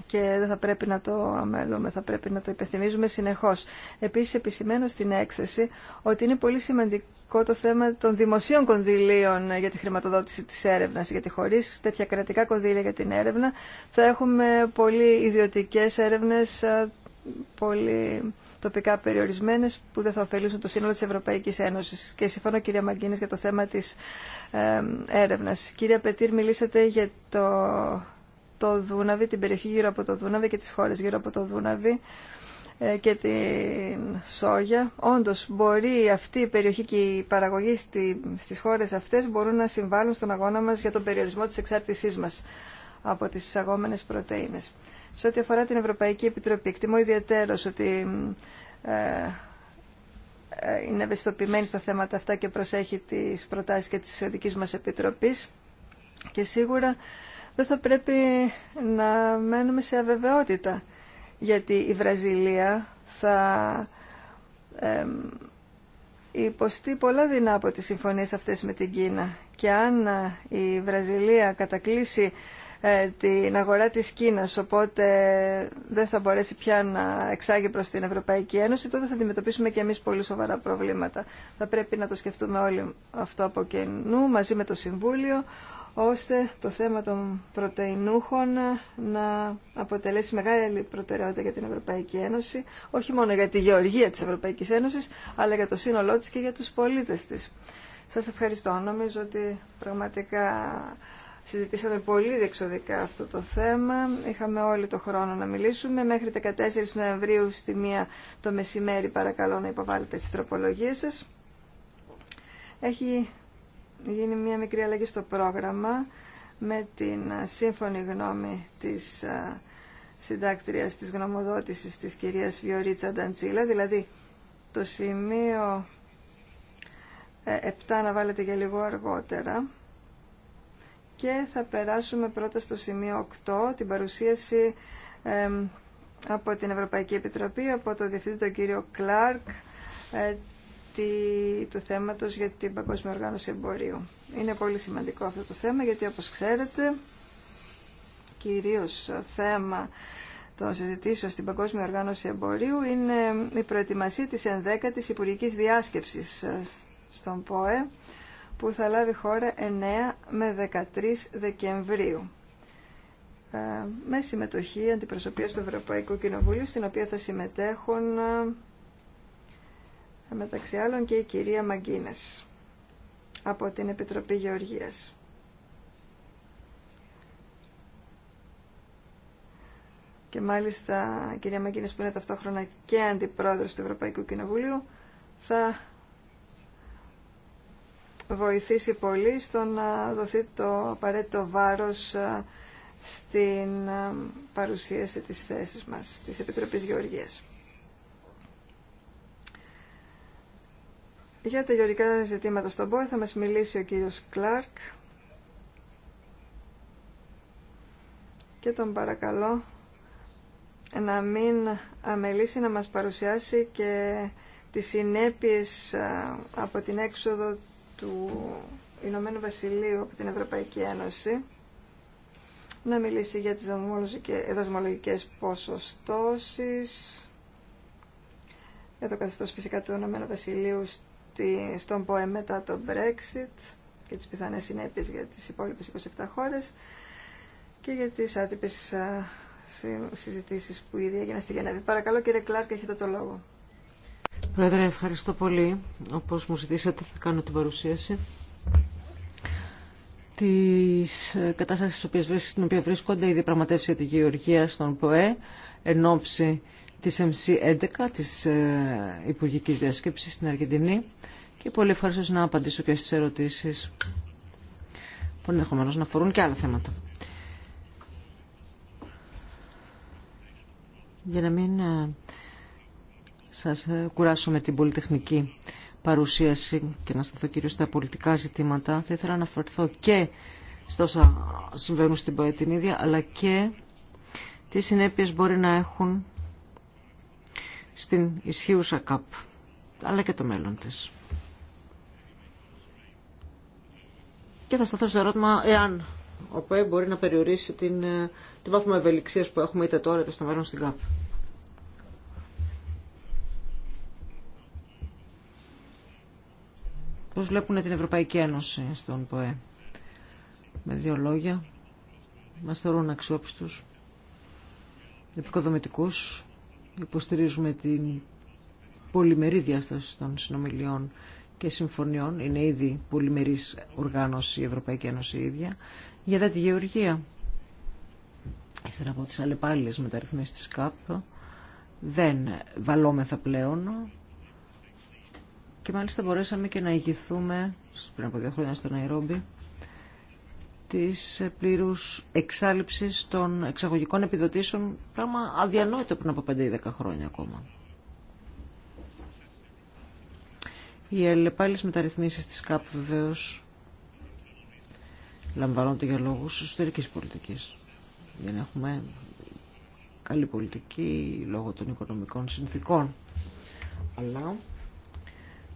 και δεν θα πρέπει να το αμέλουμε, θα πρέπει να το υπεθυμίζουμε συνεχώς. Επίσης, επισημαίνω στην έκθεση ότι είναι πολύ σημαντικό σημαντικό το θέμα των δημοσίων κονδυλίων για τη χρηματοδότηση της έρευνας, γιατί χωρίς τέτοια κρατικά κονδύλια για την έρευνα θα έχουμε πολύ ιδιωτικές έρευνες, πολύ τοπικά περιορισμένες που δεν θα ωφελούσαν το σύνολο της Ευρωπαϊκής Ένωσης. Και συμφωνώ κυρία Μαγκίνης για το θέμα της ε, έρευνας. Κυρία Πετήρ, μιλήσατε για το, το Δούναβι, την περιοχή γύρω από το Δούναβι και τις χώρες γύρω από το Δούναβι. Ε, και την σόγια. Όντως μπορεί αυτή η περιοχή και η παραγωγή στις χώρες αυτές μπορούν να συμβάλλουν στον αγώνα μας για τον περιορισμό της εξάρτησής μας από τις εισαγόμενες πρωτεΐνες. Σε ό,τι αφορά την Ευρωπαϊκή Επιτροπή, εκτιμώ ιδιαίτερος ότι ε, ε, είναι ευαισθητοποιημένη στα θέματα αυτά και προσέχει τις προτάσεις και της δικής μας Επιτροπής και σίγουρα δεν θα πρέπει να μένουμε σε αβεβαιότητα γιατί η Βραζιλία θα υποστεί πολλά δεινά από τις συμφωνίες αυτές με την Κίνα. Και αν ε, η Βραζιλία κατακλείσει ε, την αγορά της Κίνας, οπότε δεν θα μπορέσει πια να εξάγει προς την Ευρωπαϊκή Ένωση, τότε θα αντιμετωπίσουμε και εμείς πολύ σοβαρά προβλήματα. Θα πρέπει να το σκεφτούμε όλοι αυτό από καινού, μαζί με το Συμβούλιο, ώστε το θέμα των πρωτεϊνούχων να αποτελέσει μεγάλη προτεραιότητα για την Ευρωπαϊκή Ένωση, όχι μόνο για τη γεωργία της Ευρωπαϊκής Ένωσης, αλλά για το σύνολό της και για τους πολίτες της. Σας ευχαριστώ. Νομίζω ότι πραγματικά συζητήσαμε πολύ διεξοδικά αυτό το θέμα. Είχαμε όλοι το χρόνο να μιλήσουμε. Μέχρι 14 Νοεμβρίου στη μία το μεσημέρι παρακαλώ να υποβάλλετε τις τροπολογίες σας γίνει μια μικρή αλλαγή στο πρόγραμμα με την σύμφωνη γνώμη της συντάκτριας της γνωμοδότησης της κυρίας Βιωρίτσα Νταντσίλα, δηλαδή το σημείο 7 ε, να βάλετε για λίγο αργότερα και θα περάσουμε πρώτα στο σημείο 8, την παρουσίαση από την Ευρωπαϊκή Επιτροπή, από το Διευθύντη τον κύριο Κλάρκ, ε, του θέματος για την Παγκόσμια Οργάνωση Εμπορίου. Είναι πολύ σημαντικό αυτό το θέμα γιατί όπως ξέρετε κυρίως θέμα των συζητήσεων στην Παγκόσμια Οργάνωση Εμπορίου είναι η προετοιμασία της 11ης Υπουργικής Διάσκεψης στον ΠΟΕ που θα λάβει χώρα 9 με 13 Δεκεμβρίου ε, με συμμετοχή αντιπροσωπείας του Ευρωπαϊκού Κοινοβουλίου στην οποία θα συμμετέχουν ε, μεταξύ άλλων και η κυρία Μαγκίνες από την Επιτροπή Γεωργίας. Και μάλιστα η κυρία Μαγκίνες που είναι ταυτόχρονα και αντιπρόεδρος του Ευρωπαϊκού Κοινοβουλίου θα βοηθήσει πολύ στο να δοθεί το απαραίτητο βάρος ε, στην ε, παρουσίαση της θέσης μας, της Επιτροπής Γεωργίας. Για τα γεωρικά ζητήματα στον ΠΟΕ θα μας μιλήσει ο κύριος Κλάρκ. Και τον παρακαλώ να μην αμελήσει να μας παρουσιάσει και τις συνέπειες από την έξοδο του Ηνωμένου Βασιλείου από την Ευρωπαϊκή Ένωση να μιλήσει για τις δασμολογικές ε, ποσοστώσεις για το καθεστώς φυσικά του Ηνωμένου Βασιλείου στον ΠΟΕ μετά το Brexit και τις πιθανές συνέπειες για τις υπόλοιπες 27 χώρες και για τις άτυπες συζητήσεις που ήδη έγιναν στη Γενέβη. Παρακαλώ κύριε Κλάρκ, έχετε το λόγο. Πρόεδρε, ευχαριστώ πολύ. Όπως μου ζητήσατε θα κάνω την παρουσίαση της κατάστασης στην οποία βρίσκονται οι διαπραγματεύσεις για τη γεωργία στον ΠΟΕ εν ώψη της MC11 της ε, Υπουργικής Διασκέψης στην Αργεντινή και πολύ ευχαριστώ να απαντήσω και στις ερωτήσεις που ενδεχομένω να αφορούν και άλλα θέματα. Για να μην ε, σας ε, κουράσω με την πολυτεχνική παρουσίαση και να σταθώ κυρίως στα πολιτικά ζητήματα, θα ήθελα να αφορθώ και στα όσα συμβαίνουν στην ίδια αλλά και τι συνέπειες μπορεί να έχουν στην ισχύουσα ΚΑΠ, αλλά και το μέλλον της. Και θα σταθώ στο ερώτημα εάν ο ΠΟΕ μπορεί να περιορίσει την, ε, τη βάθμο ευελιξία που έχουμε είτε τώρα είτε στο μέλλον στην ΚΑΠ. Πώς βλέπουν την Ευρωπαϊκή Ένωση στον ΠΟΕ. Με δύο λόγια, μας θεωρούν αξιόπιστους, επικοδομητικούς, Υποστηρίζουμε την πολυμερή διάσταση των συνομιλιών και συμφωνιών. Είναι ήδη πολυμερής οργάνωση η Ευρωπαϊκή Ένωση ίδια. Για δε τη γεωργία, ύστερα από τις αλλεπάλληλες μεταρρυθμίσεις της ΚΑΠ, δεν βαλόμεθα πλέον και μάλιστα μπορέσαμε και να ηγηθούμε πριν από δύο χρόνια στο Ναϊρόμπι της πλήρους εξάλληψης των εξαγωγικών επιδοτήσεων, πράγμα αδιανόητο πριν από 5 ή 10 χρόνια ακόμα. Οι αλληλεπάλληλες μεταρρυθμίσεις της ΚΑΠ βεβαίως λαμβάνονται για λόγους εσωτερικής πολιτικής. Δεν έχουμε καλή πολιτική λόγω των οικονομικών συνθήκων. Αλλά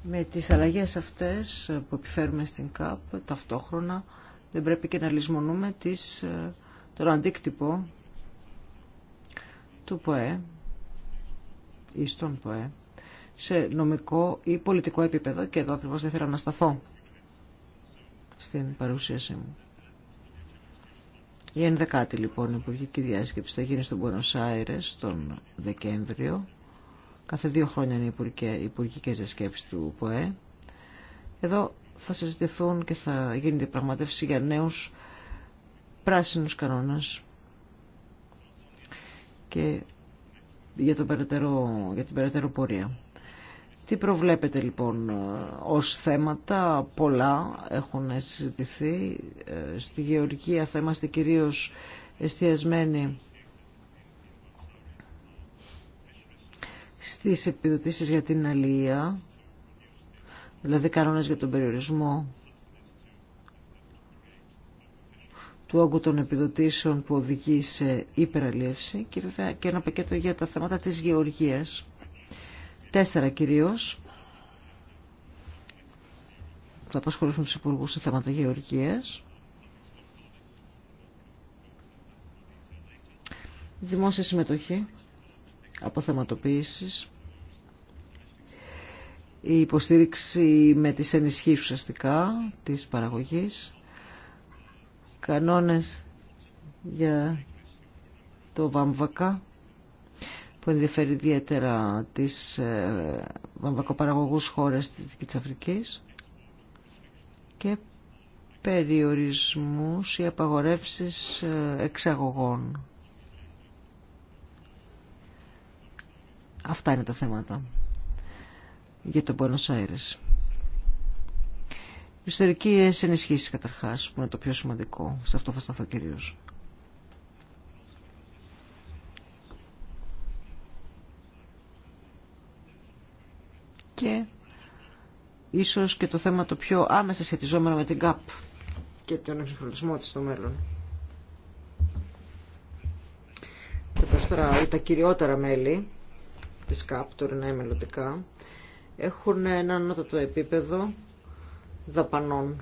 με τις αλλαγές αυτές που επιφέρουμε στην ΚΑΠ ταυτόχρονα δεν πρέπει και να λησμονούμε τις, ε, τον αντίκτυπο του ΠΟΕ ή στον ΠΟΕ σε νομικό ή πολιτικό επίπεδο και εδώ ακριβώς δεν θέλω να σταθώ στην παρουσίασή μου. Η ενδεκάτη λοιπόν η Υπουργική Διάσκεψη θα γίνει στον Buenos Aires τον Δεκέμβριο. Κάθε δύο χρόνια είναι οι υπουργικές διασκέψεις του ΠΟΕ. Εδώ θα συζητηθούν και θα γίνει διαπραγματεύση για νέους πράσινους κανόνες και για, τον περαιτέρω, για την περαιτέρω πορεία. Τι προβλέπετε λοιπόν ως θέματα, πολλά έχουν συζητηθεί. Ε, στη Γεωργία θα είμαστε κυρίως εστιασμένοι στις επιδοτήσεις για την αλληλεία δηλαδή κανόνες για τον περιορισμό του όγκου των επιδοτήσεων που οδηγεί σε υπεραλίευση και βέβαια και ένα πακέτο για τα θέματα της γεωργίας. Τέσσερα κυρίως Θα απασχολήσουν τους υπουργού σε θέματα γεωργίας. Δημόσια συμμετοχή, αποθεματοποίησης, η υποστήριξη με τις ενισχύσεις ουσιαστικά της παραγωγής, κανόνες για το βαμβακά που ενδιαφέρει ιδιαίτερα τις ε, βαμβακοπαραγωγούς χώρες της Δυτικής Αφρικής και περιορισμούς ή απαγορεύσεις ε, εξαγωγών. Αυτά είναι τα θέματα για τον Πόνος Άιρες. Ιστορικές ενισχύσεις καταρχάς, που είναι το πιο σημαντικό. Σε αυτό θα σταθώ κυρίως. Και ίσως και το θέμα το πιο άμεσα σχετιζόμενο με την ΚΑΠ και τον εξυγχρονισμό της στο μέλλον. Και προς τώρα τα κυριότερα μέλη της ΚΑΠ, τώρα είναι μελλοντικά, έχουν ένα ανώτατο επίπεδο δαπανών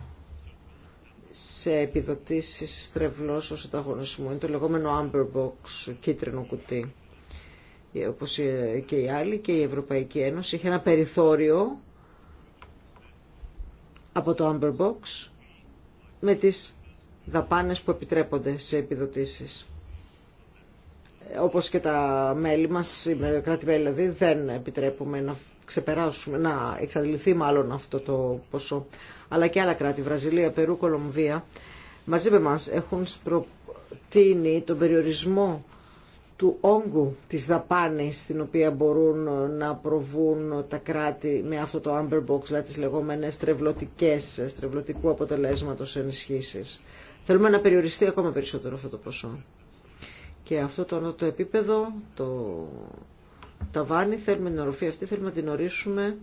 σε επιδοτήσεις στρεβλώσεως ανταγωνισμού. Είναι το λεγόμενο Amber Box, κίτρινο κουτί. Ε, όπως και οι άλλοι και η Ευρωπαϊκή Ένωση είχε ένα περιθώριο από το Amber Box με τις δαπάνες που επιτρέπονται σε επιδοτήσεις. Ε, όπως και τα μέλη μας, οι κράτη-μέλη δηλαδή, δεν επιτρέπουμε να ξεπεράσουμε, να εξαντληθεί μάλλον αυτό το ποσό, αλλά και άλλα κράτη, Βραζιλία, Περού, Κολομβία, μαζί με μας έχουν προτείνει τον περιορισμό του όγκου της δαπάνης στην οποία μπορούν να προβούν τα κράτη με αυτό το amber box, δηλαδή τις λεγόμενες τρευλωτικές, τρευλωτικού αποτελέσματος ενισχύσεις. Θέλουμε να περιοριστεί ακόμα περισσότερο αυτό το ποσό. Και αυτό το το επίπεδο, το βάνη θέλουμε την οροφή αυτή, θέλουμε να την ορίσουμε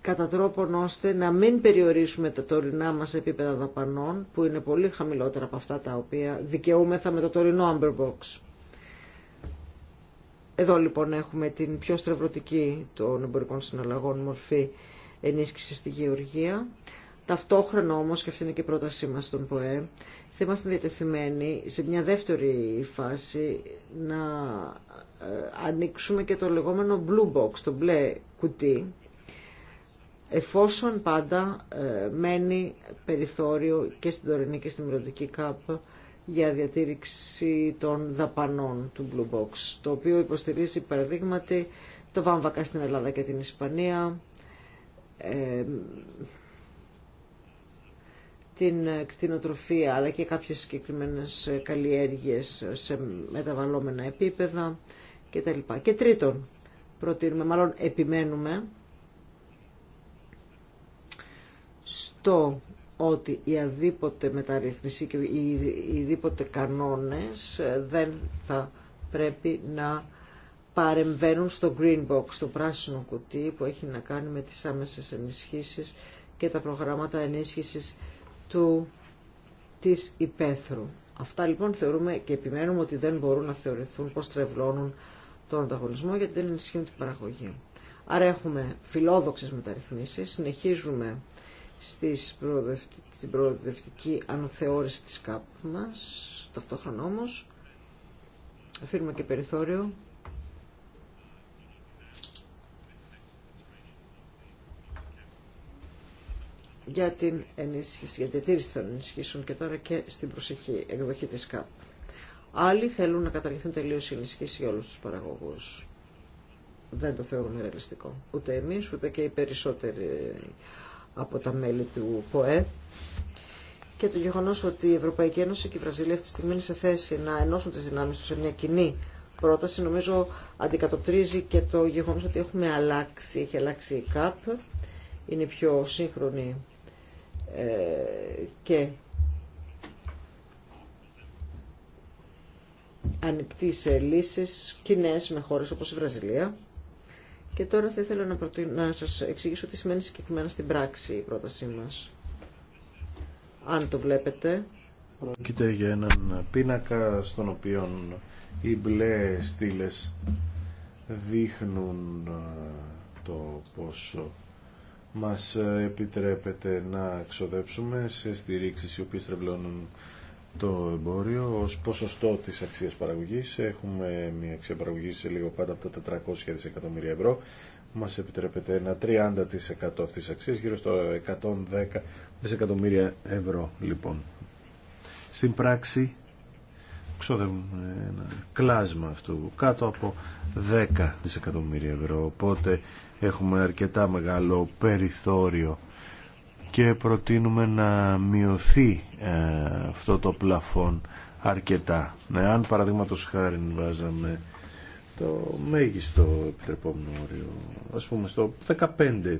κατά τρόπον ώστε να μην περιορίσουμε τα τωρινά μας επίπεδα δαπανών, που είναι πολύ χαμηλότερα από αυτά τα οποία δικαιούμεθα με το τωρινό Amberbox. Εδώ λοιπόν έχουμε την πιο στρεβρωτική των εμπορικών συναλλαγών μορφή ενίσχυση στη γεωργία. Ταυτόχρονα όμω και αυτή είναι και η πρότασή μα στον ΠΟΕ, θα είμαστε διατεθειμένοι σε μια δεύτερη φάση να ε, ανοίξουμε και το λεγόμενο blue box, το μπλε κουτί, εφόσον πάντα ε, μένει περιθώριο και στην τωρινή και στην μυρωδική ΚΑΠ για διατήρηξη των δαπανών του Blue Box, το οποίο υποστηρίζει παραδείγματι το Βάμβακα στην Ελλάδα και την Ισπανία, ε, την κτηνοτροφία αλλά και κάποιες συγκεκριμένες καλλιέργειες σε μεταβαλλόμενα επίπεδα κτλ. Και τρίτον, προτείνουμε, μάλλον επιμένουμε στο ότι η αδίποτε μεταρρύθμιση και οι δίποτε κανόνες δεν θα πρέπει να παρεμβαίνουν στο green box, το πράσινο κουτί που έχει να κάνει με τις άμεσες ενισχύσεις και τα προγράμματα ενίσχυσης του, της υπαίθρου. Αυτά λοιπόν θεωρούμε και επιμένουμε ότι δεν μπορούν να θεωρηθούν πως τρευλώνουν τον ανταγωνισμό γιατί δεν ενισχύουν την παραγωγή. Άρα έχουμε φιλόδοξες μεταρρυθμίσεις, συνεχίζουμε στις στην προοδευτική αναθεώρηση της ΚΑΠ μας, ταυτόχρονα όμως αφήνουμε και περιθώριο για την ενίσχυση, για τη διατήρηση των ενισχύσεων και τώρα και στην προσεχή εκδοχή της ΚΑΠ. Άλλοι θέλουν να καταργηθούν τελείω οι ενισχύσει για όλου του παραγωγού. Δεν το θεωρούν ρεαλιστικό. Ούτε εμεί, ούτε και οι περισσότεροι από τα μέλη του ΠΟΕ. Και το γεγονό ότι η Ευρωπαϊκή Ένωση και η Βραζιλία αυτή τη στιγμή είναι σε θέση να ενώσουν τι δυνάμει του σε μια κοινή πρόταση, νομίζω αντικατοπτρίζει και το γεγονό ότι έχουμε αλλάξει, έχει αλλάξει η ΚΑΠ. Είναι πιο σύγχρονη ε, και ανοιχτή σε λύσεις κοινέ με χώρες όπως η Βραζιλία. Και τώρα θα ήθελα να, σα να σας εξηγήσω τι σημαίνει συγκεκριμένα στην πράξη η πρότασή μας. Αν το βλέπετε... Πρόκειται για έναν πίνακα στον οποίο οι μπλε στήλες δείχνουν ε, το πόσο μας ε, επιτρέπεται να ξοδέψουμε σε στηρίξεις οι οποίες τρευλώνουν το εμπόριο ως ποσοστό της αξίας παραγωγής. Έχουμε μια αξία παραγωγής σε λίγο πάντα από τα 400 δισεκατομμύρια ευρώ. Μας επιτρέπεται ένα 30% αυτής της αξίας, γύρω στο 110 δισεκατομμύρια ευρώ λοιπόν. Στην πράξη ξοδεύουν ένα κλάσμα αυτού κάτω από 10 δισεκατομμύρια ευρώ οπότε έχουμε αρκετά μεγάλο περιθώριο και προτείνουμε να μειωθεί ε, αυτό το πλαφόν αρκετά. Ναι, αν παραδείγματος χάρη βάζαμε το μέγιστο επιτρεπόμενο όριο, ας πούμε στο 15%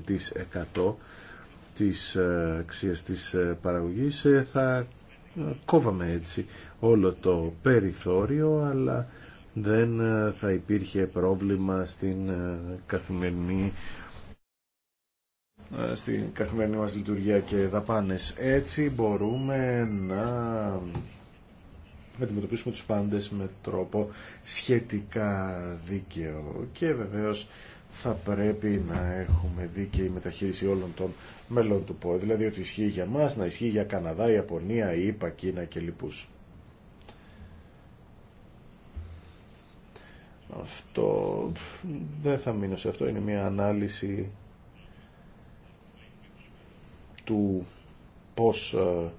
της ε, αξίας της ε, παραγωγής θα κόβαμε έτσι όλο το περιθώριο αλλά δεν ε, θα υπήρχε πρόβλημα στην ε, καθημερινή ε, στην καθημερινή μας λειτουργία και δαπάνες. Έτσι μπορούμε να αντιμετωπίσουμε τους πάντες με τρόπο σχετικά δίκαιο και βεβαίως θα πρέπει να έχουμε δίκαιη μεταχείριση όλων των μελών του ΠΟΕ. Δηλαδή ότι ισχύει για μας, να ισχύει για Καναδά, Ιαπωνία, ΙΠΑ, Κίνα και λοιπούς. Αυτό δεν θα μείνω σε αυτό. Είναι μια ανάλυση του πώς ε,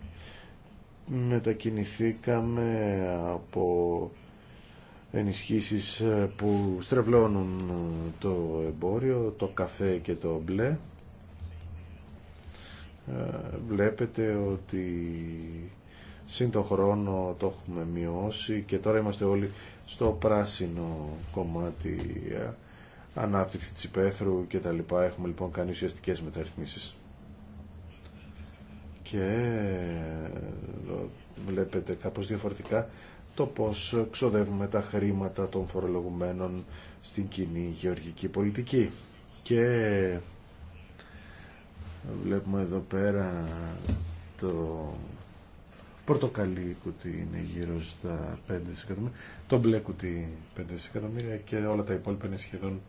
μετακινηθήκαμε από ενισχύσεις ε, που στρεβλώνουν ε, το εμπόριο, το καφέ και το μπλε. Ε, βλέπετε ότι σύν το χρόνο το έχουμε μειώσει και τώρα είμαστε όλοι στο πράσινο κομμάτι ανάπτυξη της υπαίθρου και τα λοιπά. Έχουμε λοιπόν κάνει ουσιαστικέ μεταρρυθμίσεις. Και βλέπετε κάπως διαφορετικά το πώς ξοδεύουμε τα χρήματα των φορολογουμένων στην κοινή γεωργική πολιτική. Και βλέπουμε εδώ πέρα το πορτοκαλί κουτί είναι γύρω στα 5 δισεκατομμύρια, το μπλε κουτί 5 δισεκατομμύρια και όλα τα υπόλοιπα είναι σχεδόν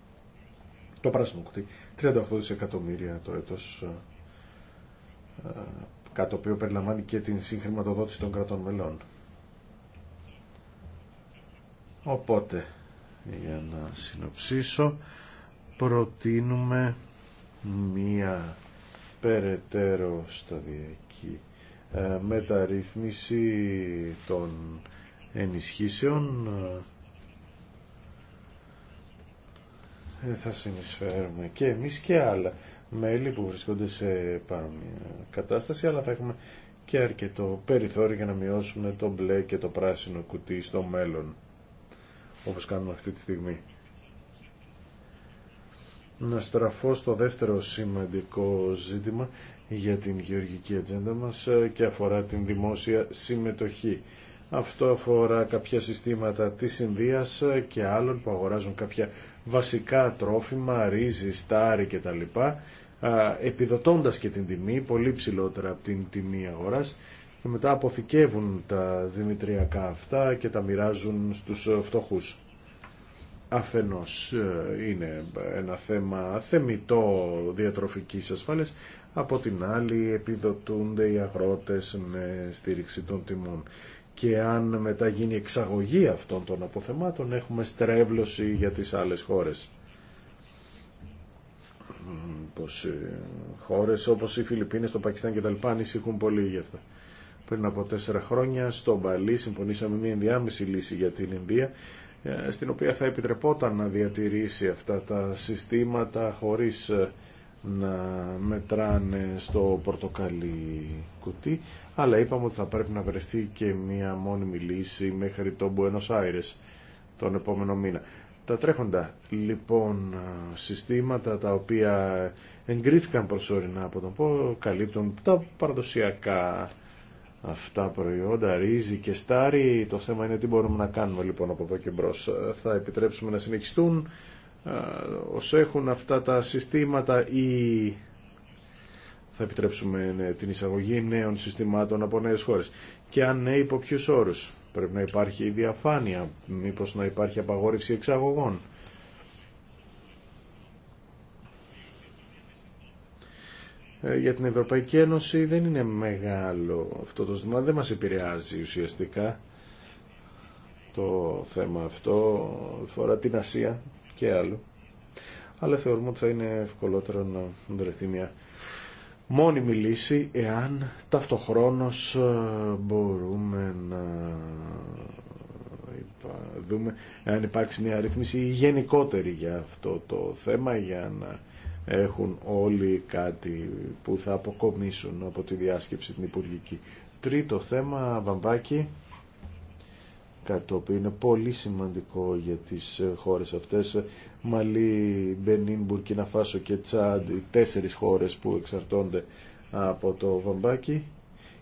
το πράσινο κουτί 38 δισεκατομμύρια το έτος ε, ε, κατά το οποίο περιλαμβάνει και την συγχρηματοδότηση των κρατών μελών. Οπότε, για να συνοψίσω, προτείνουμε μία περαιτέρω σταδιακή ε, μεταρρύθμιση των ενισχύσεων ε, θα συνεισφέρουμε και εμείς και άλλα μέλη που βρισκόνται σε παρόμοια κατάσταση αλλά θα έχουμε και αρκετό περιθώριο για να μειώσουμε το μπλε και το πράσινο κουτί στο μέλλον όπως κάνουμε αυτή τη στιγμή. Να στραφώ στο δεύτερο σημαντικό ζήτημα για την γεωργική ατζέντα μας και αφορά την δημόσια συμμετοχή. Αυτό αφορά κάποια συστήματα της Ινδίας και άλλων που αγοράζουν κάποια βασικά τρόφιμα, ρύζι, στάρι κτλ. Επιδοτώντας και την τιμή, πολύ ψηλότερα από την τιμή αγοράς και μετά αποθηκεύουν τα δημητριακά αυτά και τα μοιράζουν στους φτωχούς. Αφενός ε, είναι ένα θέμα θεμητό διατροφικής ασφάλειας, από την άλλη επιδοτούνται οι αγρότες με στήριξη των τιμών. Και αν μετά γίνει εξαγωγή αυτών των αποθεμάτων έχουμε στρέβλωση για τις άλλες χώρες πως ε, χώρες όπως οι Φιλιππίνες, το Πακιστάν και τα λοιπά ανησυχούν πολύ γι' αυτά πριν από τέσσερα χρόνια στο Μπαλί συμφωνήσαμε μια ενδιάμεση λύση για την Ινδία ε, στην οποία θα επιτρεπόταν να διατηρήσει αυτά τα συστήματα χωρίς ε, να μετράνε στο πορτοκαλί κουτί αλλά είπαμε ότι θα πρέπει να βρεθεί και μια μόνιμη λύση μέχρι το Buenos Aires τον επόμενο μήνα. Τα τρέχοντα λοιπόν συστήματα τα οποία εγκρίθηκαν προσωρινά από τον ΠΟ καλύπτουν τα παραδοσιακά αυτά προϊόντα, ρύζι και στάρι. Το θέμα είναι τι μπορούμε να κάνουμε λοιπόν από εδώ και μπρο. Θα επιτρέψουμε να συνεχιστούν όσο ε, έχουν αυτά τα συστήματα ή θα επιτρέψουμε ναι, την εισαγωγή νέων συστημάτων από νέες χώρες. Και αν ναι, υπό ποιους όρους. Πρέπει να υπάρχει η διαφάνεια, μήπως να υπάρχει απαγόρευση εξαγωγών. Ε, για την Ευρωπαϊκή Ένωση δεν είναι μεγάλο αυτό το ζήτημα, δεν μας επηρεάζει ουσιαστικά το θέμα αυτό, φορά την Ασία και άλλο. Αλλά θεωρούμε ότι θα είναι ευκολότερο να βρεθεί μια μόνιμη λύση εάν ταυτοχρόνως ε, μπορούμε να δούμε αν υπάρξει μια ρύθμιση γενικότερη για αυτό το θέμα για να έχουν όλοι κάτι που θα αποκομίσουν από τη διάσκεψη την Υπουργική. Τρίτο θέμα, βαμβάκι, κάτι το οποίο είναι πολύ σημαντικό για τις χώρες αυτές, Μαλή, Μπενίν, Μπουρκίνα Φάσο και Τσάντ, οι τέσσερις χώρες που εξαρτώνται από το Βαμβάκι.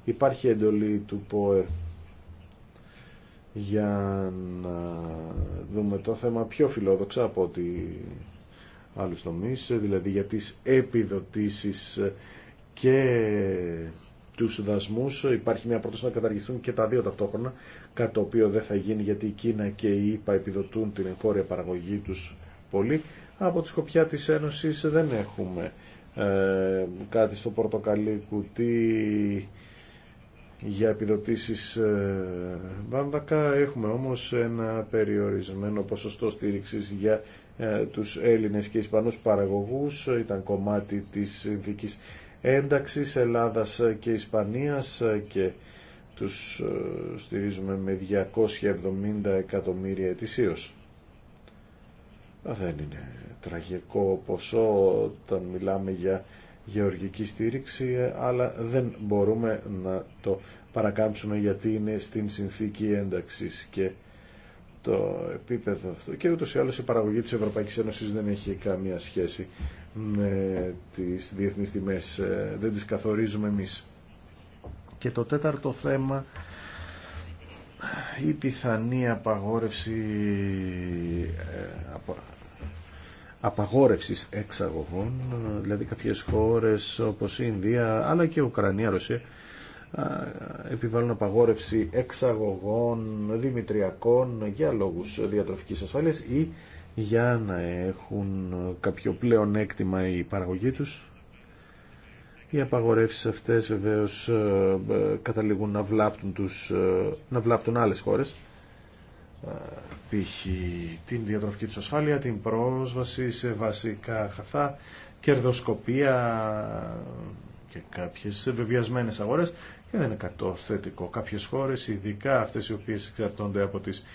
Υπάρχει εντολή του ΠΟΕ για να δούμε το θέμα πιο φιλόδοξα από ότι άλλους τομείς, δηλαδή για τις επιδοτήσεις και τους δασμούς. Υπάρχει μια πρόταση να καταργηθούν και τα δύο ταυτόχρονα, κάτι το οποίο δεν θα γίνει γιατί η Κίνα και η ΙΠΑ επιδοτούν την εγχώρια παραγωγή τους πολύ. Από τη σκοπιά της Ένωσης δεν έχουμε ε, κάτι στο πορτοκαλί κουτί για επιδοτήσεις ε, βάμβακα. Έχουμε όμως ένα περιορισμένο ποσοστό στήριξης για ε, τους Έλληνες και Ισπανούς παραγωγούς. Ήταν κομμάτι της συνθήκης ένταξης Ελλάδας και Ισπανίας και τους ε, στηρίζουμε με 270 εκατομμύρια ετησίως. Δεν είναι τραγικό ποσό όταν μιλάμε για γεωργική στήριξη, ε, αλλά δεν μπορούμε να το παρακάμψουμε γιατί είναι στην συνθήκη ένταξης και το επίπεδο αυτό. Και ούτως ή άλλως η παραγωγή της Ευρωπαϊκής Ένωσης δεν έχει καμία σχέση με τις διεθνείς τιμές, ε, δεν τις καθορίζουμε εμείς. Και το τέταρτο θέμα, η πιθανή απαγόρευση ε, απαγόρευσης εξαγωγών, δηλαδή κάποιες χώρες όπως η Ινδία αλλά και η Ουκρανία, Ρωσία επιβάλλουν απαγόρευση εξαγωγών δημητριακών για λόγους διατροφικής ασφάλειας ή για να έχουν κάποιο πλέον έκτημα η παραγωγή τους. Οι απαγορεύσεις αυτές βεβαίως ε, ε, καταλήγουν να βλάπτουν, τους, ε, να βλάπτουν άλλες χώρες π.χ. την διατροφική του ασφάλεια, την πρόσβαση σε βασικά χαθά, κερδοσκοπία και κάποιες βεβιασμένες αγορές και δεν είναι κατωθετικό. θετικό. Κάποιες χώρες, ειδικά αυτές οι οποίες εξαρτώνται από τις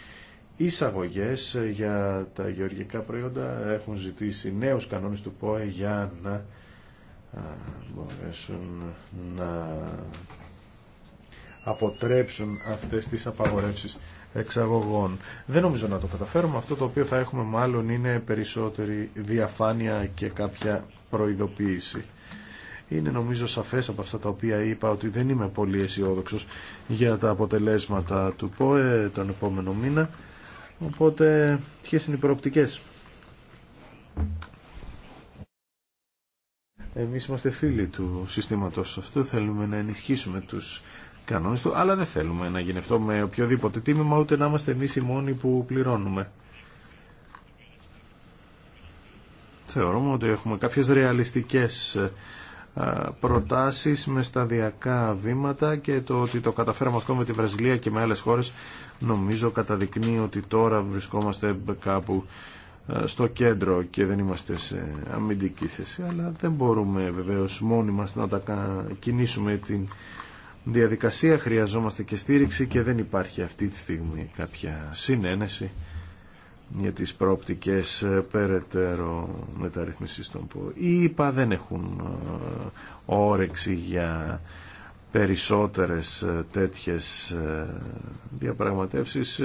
εισαγωγέ για τα γεωργικά προϊόντα, έχουν ζητήσει νέους κανόνες του ΠΟΕ για να μπορέσουν να αποτρέψουν αυτές τις απαγορεύσεις εξαγωγών. Δεν νομίζω να το καταφέρουμε. Αυτό το οποίο θα έχουμε μάλλον είναι περισσότερη διαφάνεια και κάποια προειδοποίηση. Είναι νομίζω σαφές από αυτά τα οποία είπα ότι δεν είμαι πολύ αισιόδοξο για τα αποτελέσματα του ΠΟΕ τον επόμενο μήνα. Οπότε, ποιε είναι οι προοπτικές. Εμείς είμαστε φίλοι του συστήματος αυτού, θέλουμε να ενισχύσουμε τους κανόνε αλλά δεν θέλουμε να γίνει αυτό με οποιοδήποτε τίμημα, ούτε να είμαστε εμείς οι μόνοι που πληρώνουμε. Θεωρούμε ότι έχουμε κάποιες ρεαλιστικές προτάσεις με σταδιακά βήματα και το ότι το καταφέραμε αυτό με τη Βραζιλία και με άλλες χώρες νομίζω καταδεικνύει ότι τώρα βρισκόμαστε κάπου στο κέντρο και δεν είμαστε σε αμυντική θέση αλλά δεν μπορούμε βεβαίως μόνοι μας να τα κινήσουμε την διαδικασία, χρειαζόμαστε και στήριξη και δεν υπάρχει αυτή τη στιγμή κάποια συνένεση για τις πρόπτικες ε, περαιτέρω μεταρρυθμίσεις των που Οι ΙΠΑ δεν έχουν ε, όρεξη για περισσότερες ε, τέτοιες διαπραγματεύσεις.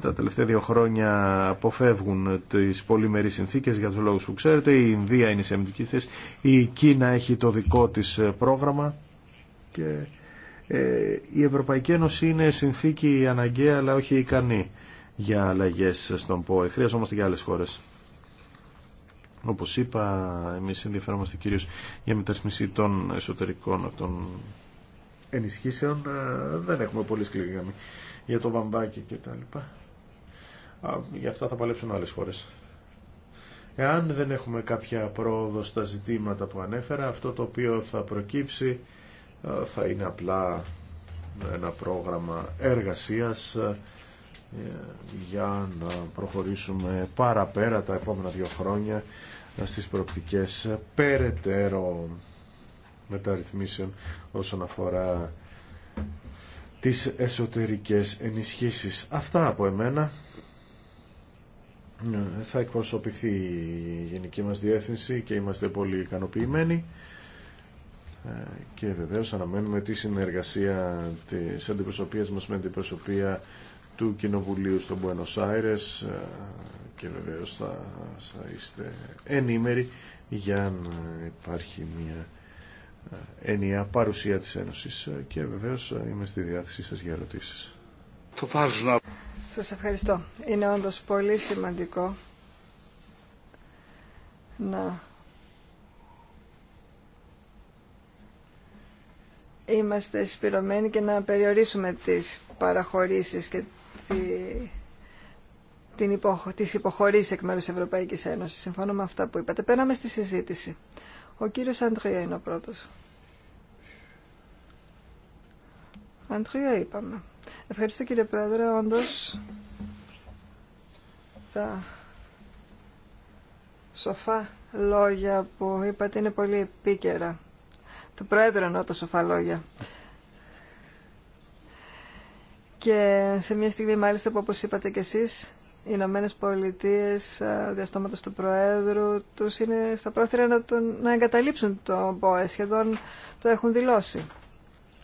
Τα τελευταία δύο χρόνια αποφεύγουν τις πολυμερείς συνθήκες για τους λόγους που ξέρετε. Η Ινδία είναι σε αμυντική θέση. Η Κίνα έχει το δικό της πρόγραμμα και, ε, η Ευρωπαϊκή Ένωση είναι συνθήκη αναγκαία αλλά όχι ικανή για αλλαγές στον ΠΟΕ. Χρειαζόμαστε και άλλες χώρες. Όπως είπα, εμείς ενδιαφέρομαστε κυρίως για μεταρρυθμίση των εσωτερικών αυτών ενισχύσεων. Ε, δεν έχουμε πολύ σκληρή για το βαμβάκι και Γι' αυτά θα παλέψουν άλλες χώρες. Εάν δεν έχουμε κάποια πρόοδο στα ζητήματα που ανέφερα, αυτό το οποίο θα προκύψει ε, θα είναι απλά ένα πρόγραμμα εργασίας ε, για να προχωρήσουμε παραπέρα τα επόμενα δύο χρόνια στις προοπτικές περαιτέρω μεταρρυθμίσεων όσον αφορά τις εσωτερικές ενισχύσεις. Αυτά από εμένα. Ε, θα εκπροσωπηθεί η γενική μας διεύθυνση και είμαστε πολύ ικανοποιημένοι. Ε, και βεβαίω αναμένουμε τη συνεργασία της αντιπροσωπείας μας με την προσωπία του Κοινοβουλίου στον Buenos Aires ε, και βεβαίω θα, θα είστε ενήμεροι για να υπάρχει μια ε, ενιαία παρουσία της Ένωσης και βεβαίω είμαι στη διάθεσή σας για ερωτήσεις. Σας ευχαριστώ. Είναι όντως πολύ σημαντικό να είμαστε σπηρωμένοι και να περιορίσουμε τις παραχωρήσεις και τη, την τις υποχωρήσεις εκ μέρους της Ευρωπαϊκής Ένωσης. Συμφωνώ με αυτά που είπατε. Πέραμε στη συζήτηση. Ο κύριος Αντρία είναι ο πρώτος. Αντρία είπαμε. Ευχαριστώ κύριε Πρόεδρε. Όντως τα σοφά λόγια που είπατε είναι πολύ επίκαιρα του Πρόεδρου εννοώ τόσο σοφαλόγια. Και σε μια στιγμή μάλιστα που όπως είπατε και εσείς, οι Ηνωμένε Πολιτείε ε, διαστόματο του Προέδρου του είναι στα πρόθυρα να, τον, να εγκαταλείψουν το ΠΟΕ. Σχεδόν το έχουν δηλώσει.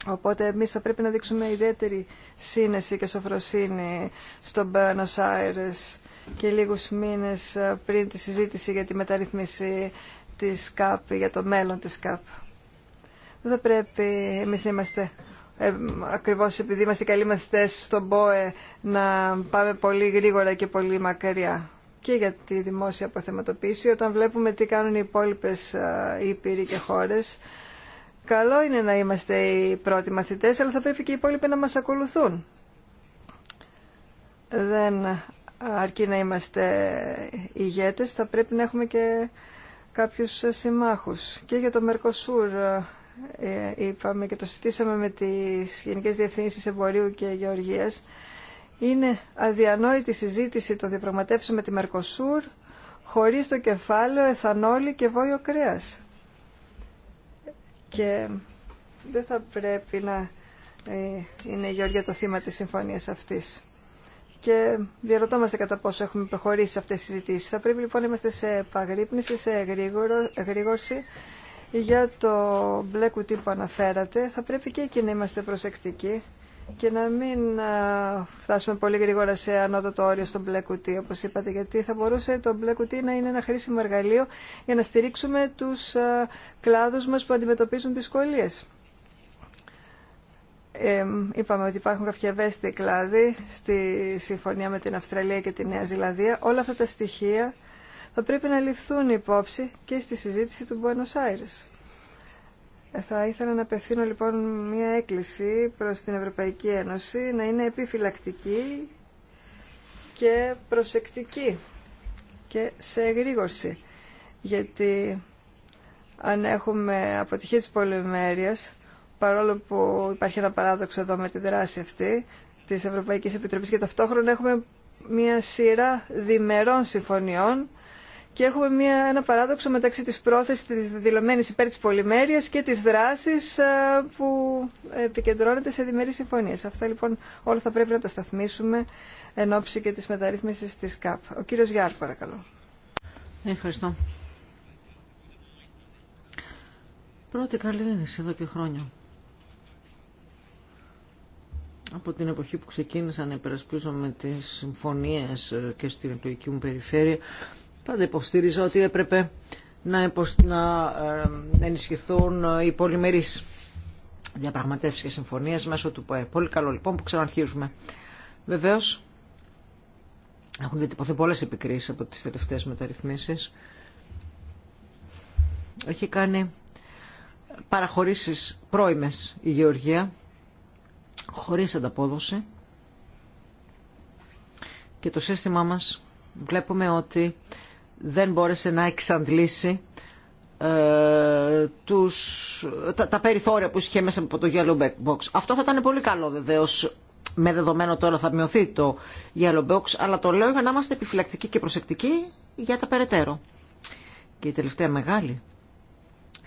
Οπότε εμεί θα πρέπει να δείξουμε ιδιαίτερη σύνεση και σοφροσύνη στον Buenos Aires και λίγους μήνες ε, πριν τη συζήτηση για τη μεταρρύθμιση της ΚΑΠ, για το μέλλον της ΚΑΠ. Δεν πρέπει εμείς να είμαστε ε, ακριβώς επειδή είμαστε καλοί μαθητές στον ΠΟΕ να πάμε πολύ γρήγορα και πολύ μακριά και για τη δημόσια αποθεματοποίηση όταν βλέπουμε τι κάνουν οι υπόλοιπες ε, ήπειροι και χώρες καλό είναι να είμαστε οι πρώτοι μαθητές αλλά θα πρέπει και οι υπόλοιποι να μας ακολουθούν δεν αρκεί να είμαστε ηγέτες θα πρέπει να έχουμε και κάποιους συμμάχους και για το Μερκοσούρ ε, είπαμε και το συζητήσαμε με τις Γενικές Διευθύνσεις Εμπορίου και Γεωργίας, είναι αδιανόητη συζήτηση το διαπραγματεύσεων με τη Μερκοσούρ χωρίς το κεφάλαιο εθανόλη και βόλιο κρέας. Και δεν θα πρέπει να ε, είναι η Γεωργία το θύμα της συμφωνίας αυτής. Και διαρωτόμαστε κατά πόσο έχουμε προχωρήσει σε αυτές τις συζητήσεις. Θα πρέπει λοιπόν να είμαστε σε επαγρύπνηση, σε εγρήγορση για το μπλε κουτί που αναφέρατε, θα πρέπει και εκεί να είμαστε προσεκτικοί και να μην φτάσουμε πολύ γρήγορα σε ανώτατο όριο στο μπλε κουτί, όπως είπατε, γιατί θα μπορούσε το μπλε κουτί να είναι ένα χρήσιμο εργαλείο για να στηρίξουμε τους κλάδους μας που αντιμετωπίζουν δυσκολίες. Ε, είπαμε ότι υπάρχουν κάποια ευαίσθητοι κλάδοι στη συμφωνία με την Αυστραλία και τη Νέα Ζηλανδία. Όλα αυτά τα στοιχεία θα πρέπει να ληφθούν υπόψη και στη συζήτηση του Buenos Aires. Ε, θα ήθελα να απευθύνω λοιπόν μια έκκληση προς την Ευρωπαϊκή Ένωση να είναι επιφυλακτική και προσεκτική και σε εγρήγορση. Γιατί αν έχουμε αποτυχία της πολυμέρειας, παρόλο που υπάρχει ένα παράδοξο εδώ με τη δράση αυτή της Ευρωπαϊκής Επιτροπής και ταυτόχρονα έχουμε μια σειρά διμερών συμφωνιών και έχουμε μια, ένα παράδοξο μεταξύ της πρόθεσης της δηλωμένης υπέρ της πολυμέρειας και της δράσης ε, που επικεντρώνεται σε διμερείς συμφωνίες. Αυτά λοιπόν όλα θα πρέπει να τα σταθμίσουμε εν ώψη και της μεταρρύθμισης της ΚΑΠ. Ο κύριος Γιάρ παρακαλώ. Ευχαριστώ. Πρώτη καλή είδηση εδώ και χρόνια. Από την εποχή που ξεκίνησα να υπερασπίζομαι τις συμφωνίες ε, και στην εκλογική μου περιφέρεια Πάντα υποστήριζα ότι έπρεπε να, να ε, ενισχυθούν οι πολυμερείς διαπραγματεύσεις και συμφωνίες μέσω του ΠΟΕ. Πολύ καλό λοιπόν που ξαναρχίζουμε. Βεβαίως έχουν διατυπωθεί πολλές επικρίσεις από τις τελευταίες μεταρρυθμίσεις. Έχει κάνει παραχωρήσεις πρώιμες η Γεωργία χωρίς ανταπόδοση και το σύστημά μας βλέπουμε ότι δεν μπόρεσε να εξαντλήσει ε, τους, τα, περιθώρια που είχε μέσα από το Yellow Box. Αυτό θα ήταν πολύ καλό βεβαίως με δεδομένο τώρα θα μειωθεί το Yellow Box, αλλά το λέω για να είμαστε επιφυλακτικοί και προσεκτικοί για τα περαιτέρω. Και η τελευταία μεγάλη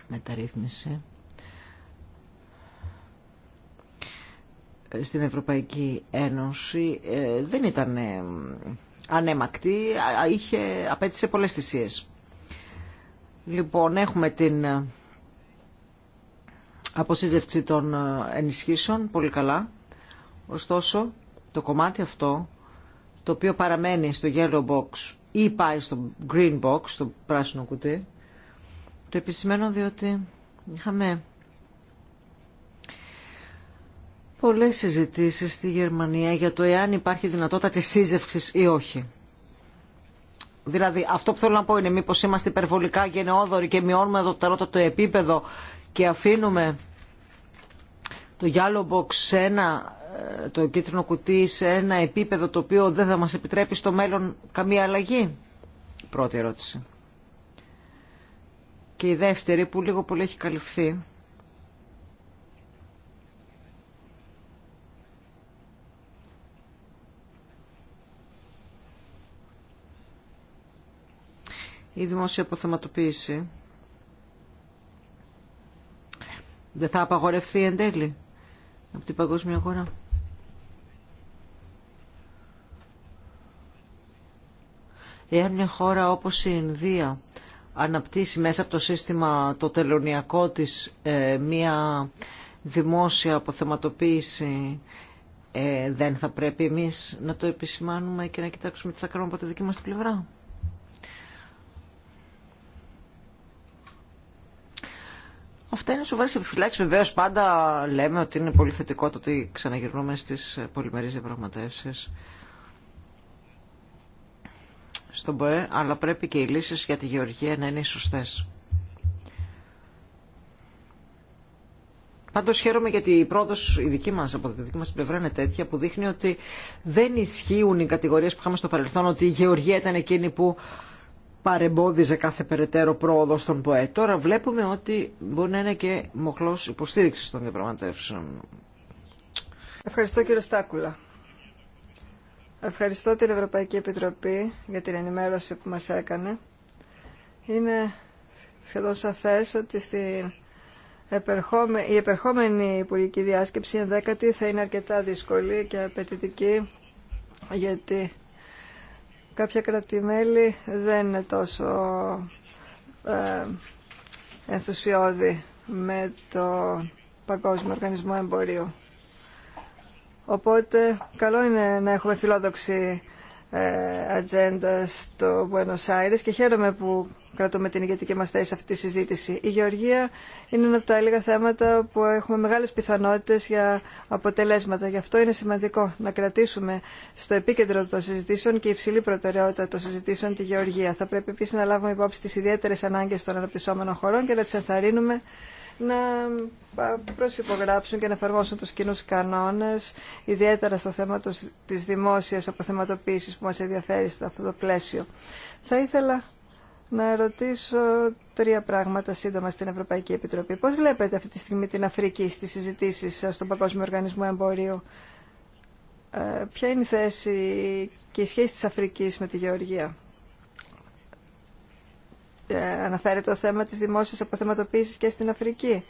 μεταρρύθμιση ε, στην Ευρωπαϊκή Ένωση ε, δεν ήταν ε, ανέμακτη, είχε, απέτησε πολλές θυσίε. Λοιπόν, έχουμε την ε, αποσύζευξη των ε, ενισχύσεων, πολύ καλά. Ωστόσο, το κομμάτι αυτό, το οποίο παραμένει στο yellow box ή πάει στο green box, στο πράσινο κουτί, το επισημαίνω διότι είχαμε πολλές συζητήσεις στη Γερμανία για το εάν υπάρχει δυνατότητα της σύζευξης ή όχι. Δηλαδή αυτό που θέλω να πω είναι μήπως είμαστε υπερβολικά γενναιόδοροι και μειώνουμε το τερότατο επίπεδο και αφήνουμε το Yellow Box σε ένα, ε, το κίτρινο κουτί σε ένα επίπεδο το οποίο δεν θα μας επιτρέπει στο μέλλον καμία αλλαγή. Πρώτη ερώτηση. Και η δεύτερη που λίγο πολύ έχει καλυφθεί η δημόσια αποθεματοποίηση δεν θα απαγορευτεί εν τέλει από την παγκόσμια αγορά. Εάν μια χώρα όπως η Ινδία αναπτύσσει μέσα από το σύστημα το τελωνιακό της ε, μια δημόσια αποθεματοποίηση ε, δεν θα πρέπει εμείς να το επισημάνουμε και να κοιτάξουμε τι θα κάνουμε από τη δική μας την πλευρά. Αυτά είναι σοβαρέ επιφυλάξει. Βεβαίω, πάντα λέμε ότι είναι πολύ θετικό το ότι ξαναγυρνούμε στι πολυμερεί διαπραγματεύσει στον ΠΟΕ, αλλά πρέπει και οι λύσει για τη γεωργία να είναι οι σωστέ. Πάντω χαίρομαι γιατί η πρόοδο η δική μα από τη δική μα πλευρά είναι τέτοια που δείχνει ότι δεν ισχύουν οι κατηγορίε που είχαμε στο παρελθόν ότι η γεωργία ήταν εκείνη που παρεμπόδιζε κάθε περαιτέρω πρόοδο στον ΠΟΕΤ. Τώρα βλέπουμε ότι μπορεί να είναι και μοχλός υποστήριξης των διαπραγματεύσεων. Ευχαριστώ κύριο Στάκουλα. Ευχαριστώ την Ευρωπαϊκή Επιτροπή για την ενημέρωση που μας έκανε. Είναι σχεδόν σαφές ότι στην η επερχόμενη υπουργική διάσκεψη ενδέκατη θα είναι αρκετά δύσκολη και απαιτητική γιατί κάποια κρατημέλη δεν είναι τόσο ε, ενθουσιώδη με το Παγκόσμιο Οργανισμό Εμπορίου. Οπότε καλό είναι να έχουμε φιλόδοξη ε, ατζέντα στο Buenos Aires και χαίρομαι που κρατούμε την ηγετική μας θέση σε αυτή τη συζήτηση. Η γεωργία είναι ένα από τα λίγα θέματα που έχουμε μεγάλες πιθανότητες για αποτελέσματα. Γι' αυτό είναι σημαντικό να κρατήσουμε στο επίκεντρο των συζητήσεων και υψηλή προτεραιότητα των συζητήσεων τη γεωργία. Θα πρέπει επίσης να λάβουμε υπόψη τις ιδιαίτερες ανάγκες των αναπτυσσόμενων χωρών και να τι ενθαρρύνουμε να προσυπογράψουν και να εφαρμόσουν τους κοινού κανόνες, ιδιαίτερα στο θέμα της δημόσιας αποθεματοποίηση που μας ενδιαφέρει σε αυτό το πλαίσιο. Θα ήθελα να ρωτήσω τρία πράγματα σύντομα στην Ευρωπαϊκή Επιτροπή. Πώς βλέπετε αυτή τη στιγμή την Αφρική στις συζητήσεις στον Παγκόσμιο Οργανισμό Εμπορίου. Ε, ποια είναι η θέση και η σχέση της Αφρικής με τη Γεωργία. Ε, αναφέρεται το θέμα της δημόσιας αποθεματοποίησης και στην Αφρική.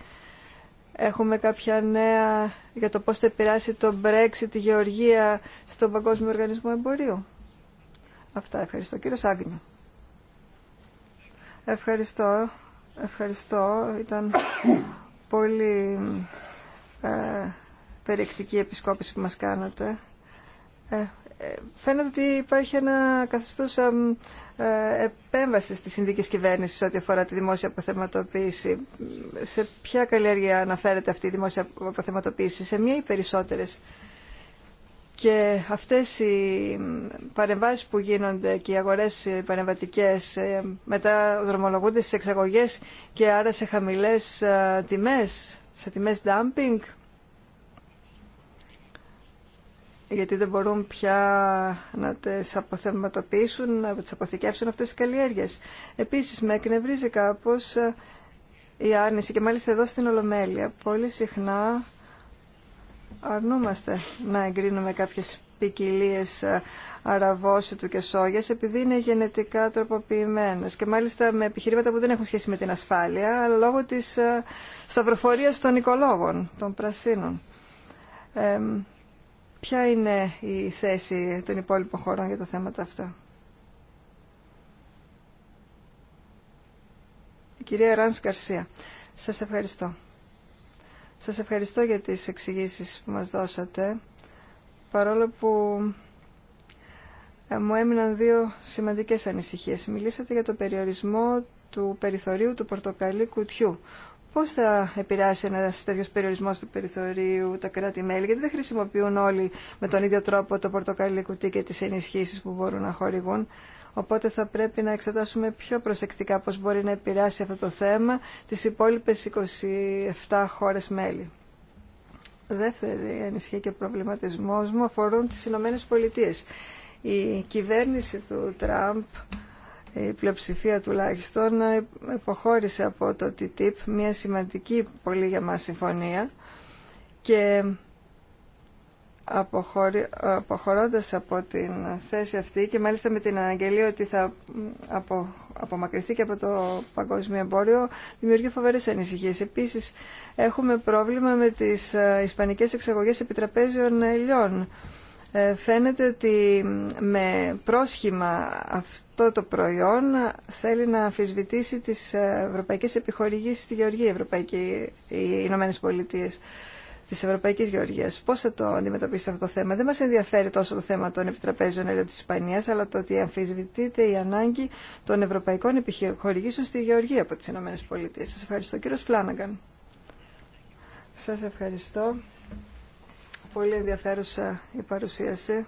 Έχουμε κάποια νέα για το πώς θα επηρεάσει το Brexit τη Γεωργία στον Παγκόσμιο Οργανισμό Εμπορίου. Αυτά ευχαριστώ. Κύριο Ευχαριστώ. Ευχαριστώ. Ήταν πολύ ε, περιεκτική επισκόπηση που μας κάνατε. Ε, ε, φαίνεται ότι υπάρχει ένα καθεστώς ε, επέμβαση στις συνδίκες κυβέρνησης ό,τι αφορά τη δημόσια αποθεματοποίηση. Σε ποια καλλιέργεια αναφέρεται αυτή η δημόσια αποθεματοποίηση, σε μία ή περισσότερες και αυτές οι παρεμβάσεις που γίνονται και οι αγορές παρεμβατικές ε, μετά δρομολογούνται στις εξαγωγές και άρα σε χαμηλές ε, τιμές, σε τιμές dumping. Γιατί δεν μπορούν πια να τις αποθεματοποιήσουν, να τις αποθηκεύσουν αυτές τις καλλιέργειες. Επίσης με εκνευρίζει κάπως ε, η άρνηση και μάλιστα εδώ στην Ολομέλεια. Πολύ συχνά αρνούμαστε να εγκρίνουμε κάποιες ποικιλίε ε, του και σόγιας επειδή είναι γενετικά τροποποιημένες και μάλιστα με επιχειρήματα που δεν έχουν σχέση με την ασφάλεια αλλά λόγω της ε, σταυροφορίας των οικολόγων, των πρασίνων. ποια είναι η θέση των υπόλοιπων χωρών για τα θέματα αυτά. Η κυρία Ράνς Γκαρσία. Σας ευχαριστώ. Σας ευχαριστώ για τις εξηγήσεις που μας δώσατε, παρόλο που ε, μου έμειναν δύο σημαντικές ανησυχίες. Μιλήσατε για το περιορισμό του περιθωρίου του πορτοκαλί κουτιού. Πώς θα επηρεάσει ένα τέτοιο περιορισμό του περιθωρίου τα κράτη-μέλη, γιατί δεν χρησιμοποιούν όλοι με τον ίδιο τρόπο το πορτοκαλί κουτί και τις ενισχύσεις που μπορούν να χορηγούν. Οπότε θα πρέπει να εξετάσουμε πιο προσεκτικά πώς μπορεί να επηρεάσει αυτό το θέμα τις υπόλοιπες 27 χώρες μέλη. Δεύτερη ανησυχία και προβληματισμός μου αφορούν τις Ηνωμένες Πολιτείες. Η κυβέρνηση του Τραμπ η πλειοψηφία τουλάχιστον υποχώρησε από το TTIP μια σημαντική πολύ για μας συμφωνία και αποχωρώντας από την θέση αυτή και μάλιστα με την αναγγελία ότι θα απο, απομακρυνθεί και από το παγκόσμιο εμπόριο δημιουργεί φοβέρε ανησυχίες. Επίσης έχουμε πρόβλημα με τις ε, ισπανικές εξαγωγές επιτραπέζιων ελιών. Ε, φαίνεται ότι με πρόσχημα αυτό το προϊόν θέλει να αμφισβητήσει τις ε, ευρωπαϊκές επιχορηγήσεις στη Γεωργία, οι Ηνωμένες Τη Ευρωπαϊκή Γεωργία. Πώ θα το αντιμετωπίσετε αυτό το θέμα. Δεν μα ενδιαφέρει τόσο το θέμα των επιτραπέζων έργων της Ισπανίας, αλλά το ότι αμφισβητείται η ανάγκη των ευρωπαϊκών επιχορηγήσεων στη Γεωργία από τις ΗΠΑ. Σα ευχαριστώ. Κύριο φλανναγκαν Σα ευχαριστώ. Πολύ ενδιαφέρουσα η παρουσίαση,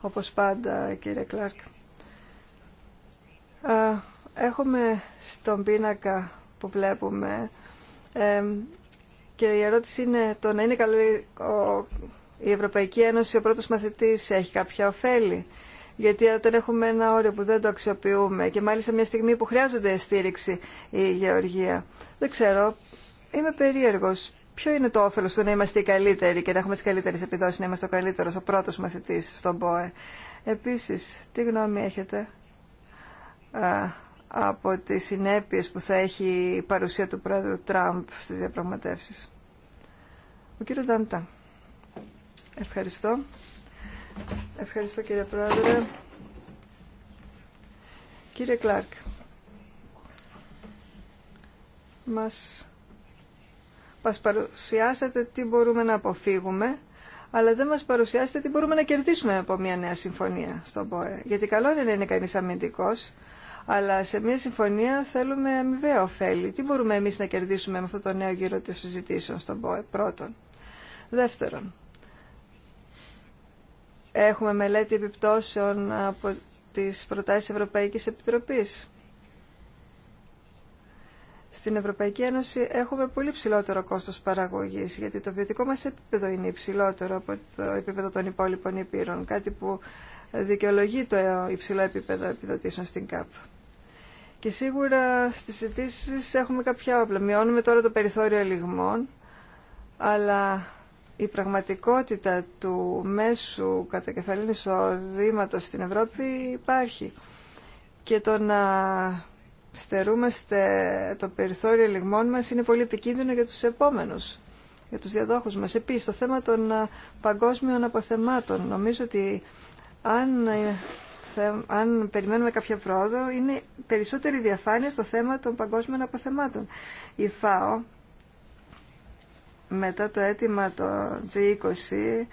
όπως πάντα κύριε Κλάρκ. Έχουμε στον πίνακα που βλέπουμε και η ερώτηση είναι το να είναι καλή η Ευρωπαϊκή Ένωση ο πρώτος μαθητής έχει κάποια ωφέλη. Γιατί όταν έχουμε ένα όριο που δεν το αξιοποιούμε και μάλιστα μια στιγμή που χρειάζονται στήριξη η γεωργία. Δεν ξέρω, είμαι περίεργος. Ποιο είναι το όφελος του να είμαστε οι καλύτεροι και να έχουμε τις καλύτερες επιδόσεις, να είμαστε ο καλύτερος, ο πρώτος μαθητής στον ΠΟΕ. Επίσης, τι γνώμη έχετε από τις συνέπειες που θα έχει η παρουσία του πρόεδρου Τραμπ στις διαπραγματεύσεις. Ο κύριος Δάντα Ευχαριστώ. Ευχαριστώ κύριε πρόεδρε. Κύριε Κλάρκ. Μας, μας παρουσιάσατε τι μπορούμε να αποφύγουμε αλλά δεν μας παρουσιάσετε τι μπορούμε να κερδίσουμε από μια νέα συμφωνία στον ΠΟΕ. Γιατί καλό είναι να είναι κανείς αμυντικός, αλλά σε μια συμφωνία θέλουμε αμοιβαία ωφέλη. Τι μπορούμε εμείς να κερδίσουμε με αυτό το νέο γύρο της συζητήσεων στον ΠΟΕ, πρώτον. Δεύτερον, έχουμε μελέτη επιπτώσεων από τις προτάσεις Ευρωπαϊκής Επιτροπής. Στην Ευρωπαϊκή Ένωση έχουμε πολύ ψηλότερο κόστος παραγωγής, γιατί το βιωτικό μας επίπεδο είναι υψηλότερο από το επίπεδο των υπόλοιπων υπήρων, κάτι που δικαιολογεί το υψηλό επίπεδο επιδοτήσεων στην ΚΑΠ. Και σίγουρα στις αιτήσει έχουμε κάποια όπλα. Μειώνουμε τώρα το περιθώριο ελιγμών, αλλά η πραγματικότητα του μέσου κατακεφαλήν εισοδήματος στην Ευρώπη υπάρχει. Και το να στερούμαστε το περιθώριο ελιγμών μας είναι πολύ επικίνδυνο για τους επόμενους, για τους διαδόχους μας. Επίσης, το θέμα των παγκόσμιων αποθεμάτων. Νομίζω ότι αν αν περιμένουμε κάποια πρόοδο, είναι περισσότερη διαφάνεια στο θέμα των παγκόσμιων αποθεμάτων. Η ΦΑΟ, μετά το αίτημα το G20,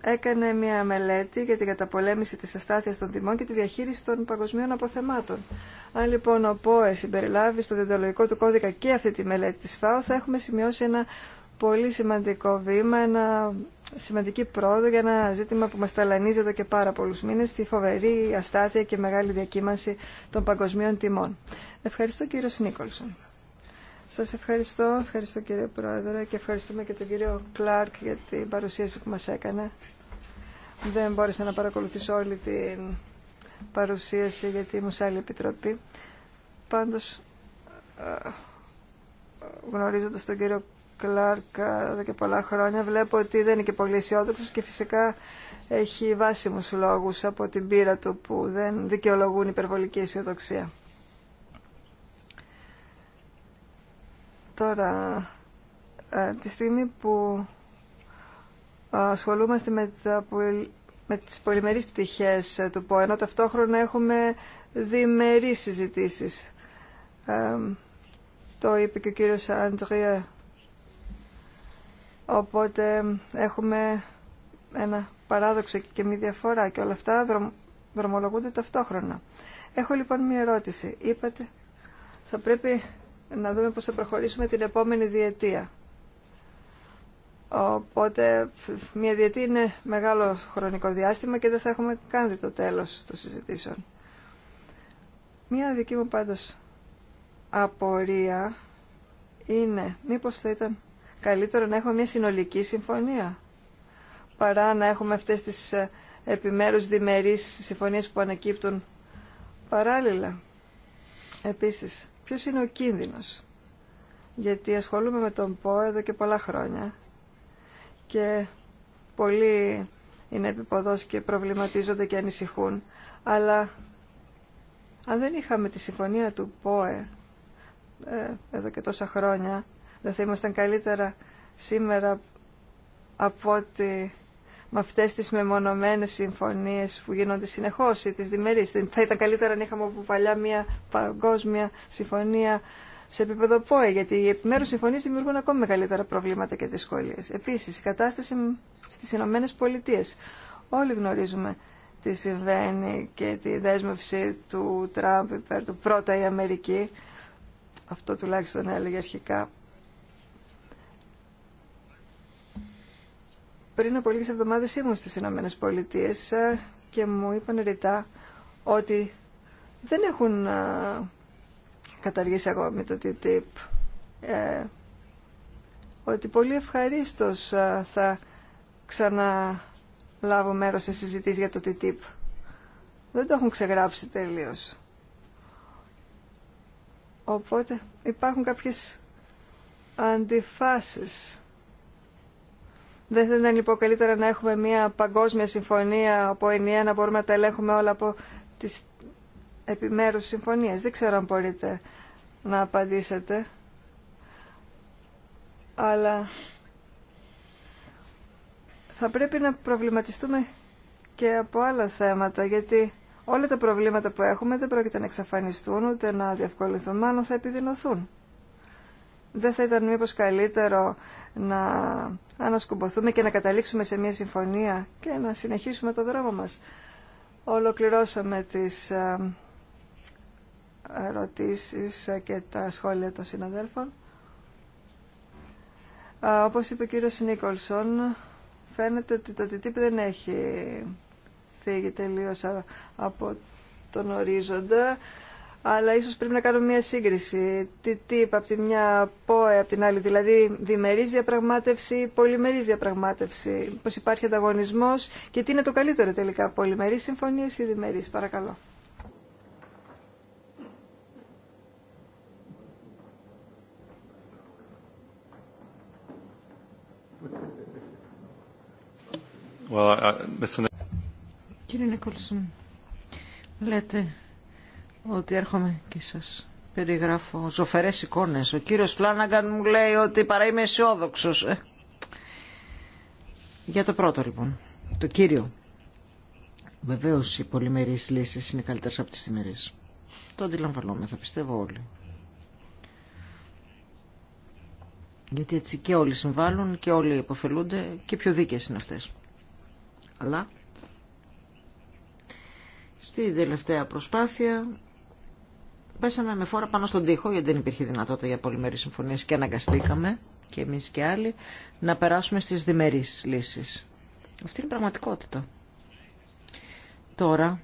έκανε μια μελέτη για την καταπολέμηση της αστάθειας των τιμών και τη διαχείριση των παγκοσμίων αποθεμάτων. Αν λοιπόν ο ΠΟΕ συμπεριλάβει στο διεντολογικό του κώδικα και αυτή τη μελέτη της ΦΑΟ, θα έχουμε σημειώσει ένα πολύ σημαντικό βήμα, ένα σημαντική πρόοδο για ένα ζήτημα που μας ταλανίζει εδώ και πάρα πολλούς μήνες, τη φοβερή αστάθεια και μεγάλη διακύμανση των παγκοσμίων τιμών. Ευχαριστώ κύριο Νίκολσον. Σας ευχαριστώ, ευχαριστώ κύριε Πρόεδρε και ευχαριστούμε και τον κύριο Κλάρκ για την παρουσίαση που μας έκανε. Δεν μπόρεσα να παρακολουθήσω όλη την παρουσίαση γιατί ήμουν σε άλλη επιτροπή. Πάντως, ε, γνωρίζοντας τον κύριο Κλάρκ εδώ και πολλά χρόνια βλέπω ότι δεν είναι και πολύ αισιόδοξο και φυσικά έχει βάσιμου λόγου από την πείρα του που δεν δικαιολογούν υπερβολική αισιοδοξία. Τώρα, ε, τη στιγμή που ασχολούμαστε με, τα, με τις πολυμερείς πτυχές ε, του ΠΟΕΝΟ, ταυτόχρονα έχουμε διμερείς συζητήσεις. Ε, το είπε και ο κύριος Αντρία Οπότε έχουμε ένα παράδοξο και μη διαφορά και όλα αυτά δρομολογούνται ταυτόχρονα. Έχω λοιπόν μία ερώτηση. Είπατε, θα πρέπει να δούμε πώς θα προχωρήσουμε την επόμενη διετία. Οπότε μία διετία είναι μεγάλο χρονικό διάστημα και δεν θα έχουμε καν δει το τέλος των συζητήσεων. Μία δική μου πάντως απορία είναι μήπως θα ήταν καλύτερο να έχουμε μια συνολική συμφωνία παρά να έχουμε αυτές τις ε, επιμέρους διμερείς συμφωνίες που ανακύπτουν παράλληλα. Επίσης, ποιος είναι ο κίνδυνος. Γιατί ασχολούμαι με τον ΠΟ εδώ και πολλά χρόνια και πολλοί είναι επιποδός και προβληματίζονται και ανησυχούν. Αλλά αν δεν είχαμε τη συμφωνία του ΠΟΕ ε, εδώ και τόσα χρόνια δεν θα ήμασταν καλύτερα σήμερα από ότι με αυτέ τι μεμονωμένε συμφωνίε που γίνονται συνεχώ ή τι διμερεί. Θα ήταν καλύτερα αν είχαμε από παλιά μια παγκόσμια συμφωνία σε επίπεδο ΠΟΕ, γιατί οι επιμέρου συμφωνίε δημιουργούν ακόμη μεγαλύτερα προβλήματα και δυσκολίε. Επίση, η κατάσταση στι Ηνωμένε Πολιτείε. Όλοι γνωρίζουμε τι συμβαίνει και τη δέσμευση του Τραμπ υπέρ του πρώτα η Αμερική. Αυτό τουλάχιστον έλεγε αρχικά. Πριν από λίγες εβδομάδες ήμουν στις Ηνωμένες Πολιτείες ε, και μου είπαν ρητά ότι δεν έχουν ε, καταργήσει ακόμη το TTIP. Ε, ότι πολύ ευχαρίστως θα ξαναλάβω μέρος σε συζητήσεις για το TTIP. Δεν το έχουν ξεγράψει τελείως. Οπότε υπάρχουν κάποιες αντιφάσεις δεν θα ήταν λοιπόν καλύτερα να έχουμε μια παγκόσμια συμφωνία από ενιαία να μπορούμε να τα ελέγχουμε όλα από τις επιμέρους συμφωνίες. Δεν ξέρω αν μπορείτε να απαντήσετε. Αλλά θα πρέπει να προβληματιστούμε και από άλλα θέματα, γιατί όλα τα προβλήματα που έχουμε δεν πρόκειται να εξαφανιστούν ούτε να διευκολυνθούν, μάλλον θα επιδεινωθούν. Δεν θα ήταν μήπως καλύτερο να ανασκουμποθούμε και να καταλήξουμε σε μια συμφωνία και να συνεχίσουμε το δρόμο μας. Ολοκληρώσαμε τις ε, ερωτήσεις και τα σχόλια των συναδέλφων. Όπως είπε ο κύριος Νίκολσον, φαίνεται ότι το TTIP δεν έχει φύγει τελείως από τον ορίζοντα αλλά ίσως πρέπει να κάνουμε μια σύγκριση. Τι είπα από τη μια ΠΟΕ, από την άλλη, δηλαδή διμερής διαπραγμάτευση, πολυμερής διαπραγμάτευση, πως υπάρχει ανταγωνισμός και τι είναι το καλύτερο τελικά, πολυμερής συμφωνίες ή διμερής, παρακαλώ. Κύριε Νίκολσον, λέτε ότι έρχομαι και σα περιγράφω ζωφερές εικόνες. Ο κύριος Φλάναγκαν μου λέει ότι παρά είμαι αισιόδοξο. Ε, για το πρώτο λοιπόν, το κύριο. Βεβαίω οι πολυμερείς λύσεις είναι καλύτερες από τις ημερείς. Το αντιλαμβανόμαι, θα πιστεύω όλοι. Γιατί έτσι και όλοι συμβάλλουν και όλοι υποφελούνται και πιο δίκαιες είναι αυτές. Αλλά στη τελευταία προσπάθεια πέσαμε με φόρα πάνω στον τοίχο γιατί δεν υπήρχε δυνατότητα για πολυμερείς συμφωνίες και αναγκαστήκαμε και εμείς και άλλοι να περάσουμε στις διμερείς λύσεις. Αυτή είναι η πραγματικότητα. Τώρα,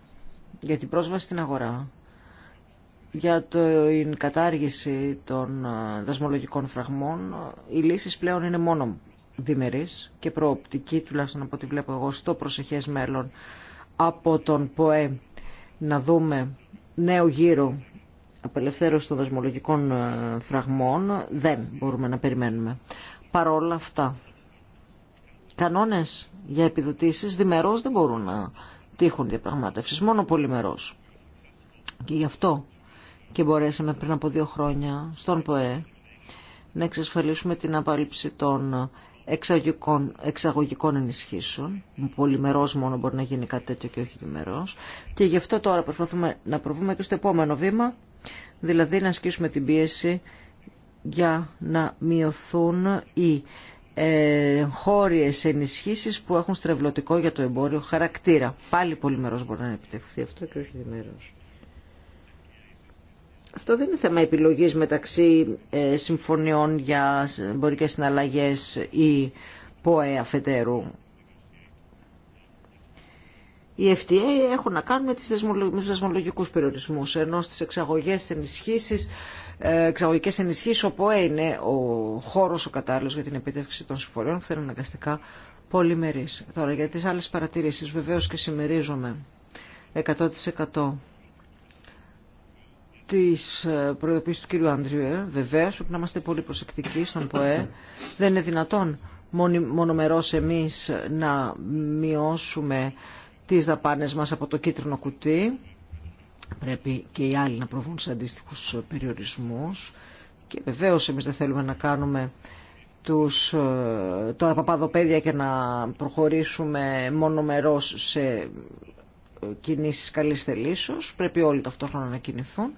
για την πρόσβαση στην αγορά, για την κατάργηση των ε, δασμολογικών φραγμών, οι λύσει πλέον είναι μόνο διμερείς και προοπτική, τουλάχιστον από ό,τι βλέπω εγώ, στο προσεχές μέλλον από τον ΠΟΕ να δούμε νέο γύρο απελευθέρωση των δασμολογικών ε, φραγμών δεν μπορούμε να περιμένουμε. Παρόλα αυτά, κανόνες για επιδοτήσεις διμερώς δεν μπορούν να τύχουν διαπραγμάτευσης μόνο πολυμερώς. Και γι' αυτό και μπορέσαμε πριν από δύο χρόνια στον ΠΟΕ να εξασφαλίσουμε την απάλληψη των εξαγωγικών, εξαγωγικών ενισχύσεων. Πολυμερό μόνο μπορεί να γίνει κάτι τέτοιο και όχι διμερό. Και γι' αυτό τώρα προσπαθούμε να προβούμε και στο επόμενο βήμα, δηλαδή να ασκήσουμε την πίεση για να μειωθούν οι ε, χώριες ενισχύσεις που έχουν στρεβλωτικό για το εμπόριο χαρακτήρα. Πάλι πολυμερός μπορεί να επιτευχθεί αυτό και όχι διμερός. Αυτό δεν είναι θέμα επιλογής μεταξύ ε, συμφωνιών για εμπορικές συναλλαγές ή ΠΟΕ αφετέρου. Οι FTA έχουν να κάνουν με τους δεσμολογικούς περιορισμούς, ενώ στις εξαγωγές ενισχύσεις, ε, εξαγωγικές ενισχύσεις, ο ΠΟΕ είναι ο χώρος ο κατάλληλος για την επίτευξη των συμφωνιών που θέλουν αναγκαστικά πολυμερείς. Τώρα για τις άλλες παρατηρήσεις βεβαίως και συμμερίζομαι 100% της ε, προεδοποίησης του κύριου Άντριου, ε, βεβαίως πρέπει να είμαστε πολύ προσεκτικοί στον ΠΟΕ. Δεν είναι δυνατόν μονομερός εμείς να μειώσουμε τις δαπάνες μας από το κίτρινο κουτί. Πρέπει και οι άλλοι να προβούν σε αντίστοιχους περιορισμούς. Και βεβαίως εμείς δεν θέλουμε να κάνουμε τους, ε, τα παπαδοπαίδια και να προχωρήσουμε μονομερός σε κινήσεις καλής θελήσεως, πρέπει όλοι ταυτόχρονα να κινηθούν.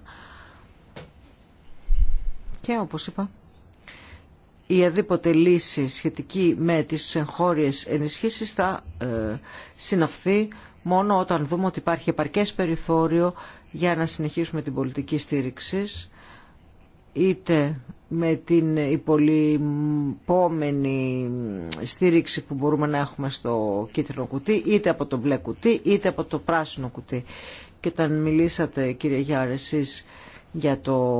Και όπως είπα, η αδίποτε λύση σχετική με τις εγχώριες ενισχύσεις θα ε, συναυθεί μόνο όταν δούμε ότι υπάρχει επαρκές περιθώριο για να συνεχίσουμε την πολιτική στήριξη είτε με την υπολοιπόμενη στήριξη που μπορούμε να έχουμε στο κίτρινο κουτί, είτε από το μπλε κουτί, είτε από το πράσινο κουτί. Και όταν μιλήσατε, κύριε Γιάρ, εσείς, για, το,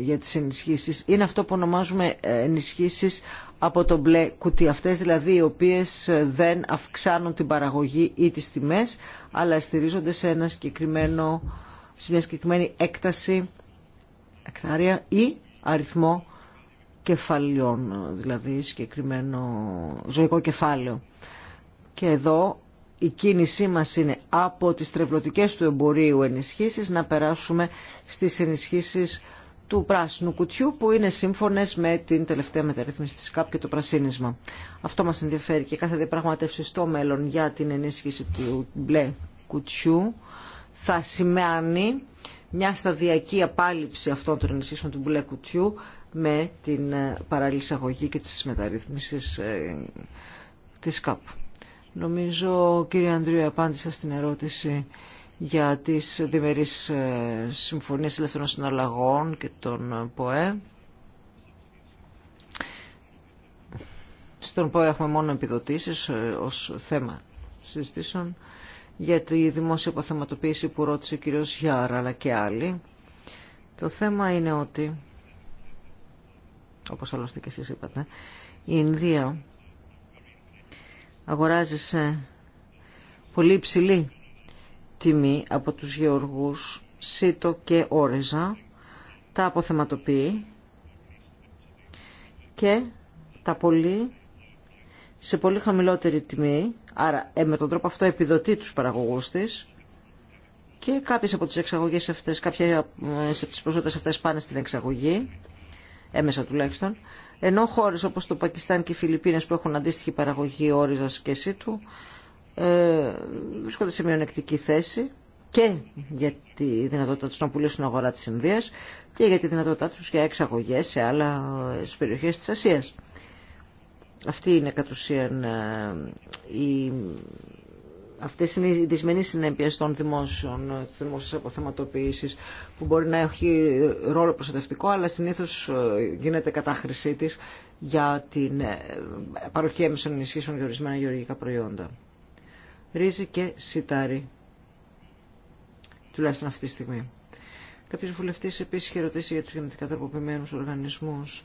για τις ενισχύσεις, είναι αυτό που ονομάζουμε ε, ενισχύσεις από το μπλε κουτί. Αυτές δηλαδή οι οποίες ε, δεν αυξάνουν την παραγωγή ή τις τιμές, αλλά στηρίζονται σε, ένα σε μια συγκεκριμένη έκταση εκτάρια ή αριθμό κεφαλιών, δηλαδή συγκεκριμένο ζωικό κεφάλαιο. Και εδώ η κίνησή μας είναι από τις τρευλωτικές του εμπορίου ενισχύσεις να περάσουμε στις ενισχύσεις του πράσινου κουτιού που είναι σύμφωνες με την τελευταία μεταρρύθμιση της ΚΑΠ και το πρασίνισμα. Αυτό μας ενδιαφέρει και κάθε διαπραγματεύση στο μέλλον για την ενίσχυση του μπλε κουτιού θα σημαίνει μια σταδιακή απάλληψη αυτών των ενισχύσεων του μπλε κουτιού με την ε, παράλληλη και τις μεταρρύθμισεις ε, της ΚΑΠ. Νομίζω, κύριε Ανδρίου, απάντησα στην ερώτηση για τις διμερείς ε, συμφωνίες ελεύθερων συναλλαγών και τον ΠΟΕ. Στον ΠΟΕ έχουμε μόνο επιδοτήσεις ως θέμα συζητήσεων για τη δημόσια αποθεματοποίηση που ρώτησε ο κύριος Γιάρα αλλά και άλλοι. Το θέμα είναι ότι, όπως άλλωστε και εσείς είπατε, η Ινδία αγοράζει σε πολύ υψηλή τιμή από τους γεωργούς σίτο και όριζα, τα αποθεματοποιεί και τα πολύ σε πολύ χαμηλότερη τιμή, άρα ε, με τον τρόπο αυτό επιδοτεί τους παραγωγούς της και κάποιες από τις εξαγωγές αυτές, κάποια από ε, τις προσότητες αυτές πάνε στην εξαγωγή, έμεσα τουλάχιστον, ενώ χώρες όπως το Πακιστάν και οι Φιλιππίνες που έχουν αντίστοιχη παραγωγή όριζας και σύτου, ε, βρίσκονται σε μειονεκτική θέση και για τη δυνατότητα του να πουλήσουν αγορά της Ινδίας και για τη δυνατότητά τους για εξαγωγές σε άλλες περιοχές της Ασίας. Αυτή είναι κατ' ουσίαν ε, η... Αυτές είναι οι δυσμενείς συνέπειες των δημόσιων, ε, της δημόσιας αποθεματοποίησης που μπορεί να έχει ρόλο προστατευτικό αλλά συνήθως ε, γίνεται κατάχρησή της για την παροχή έμεσων ενισχύσεων για ορισμένα γεωργικά προϊόντα. Ρύζι και σιτάρι, τουλάχιστον αυτή τη στιγμή. Κάποιος βουλευτής επίσης είχε ρωτήσει για τους γενετικά τροποποιημένους οργανισμούς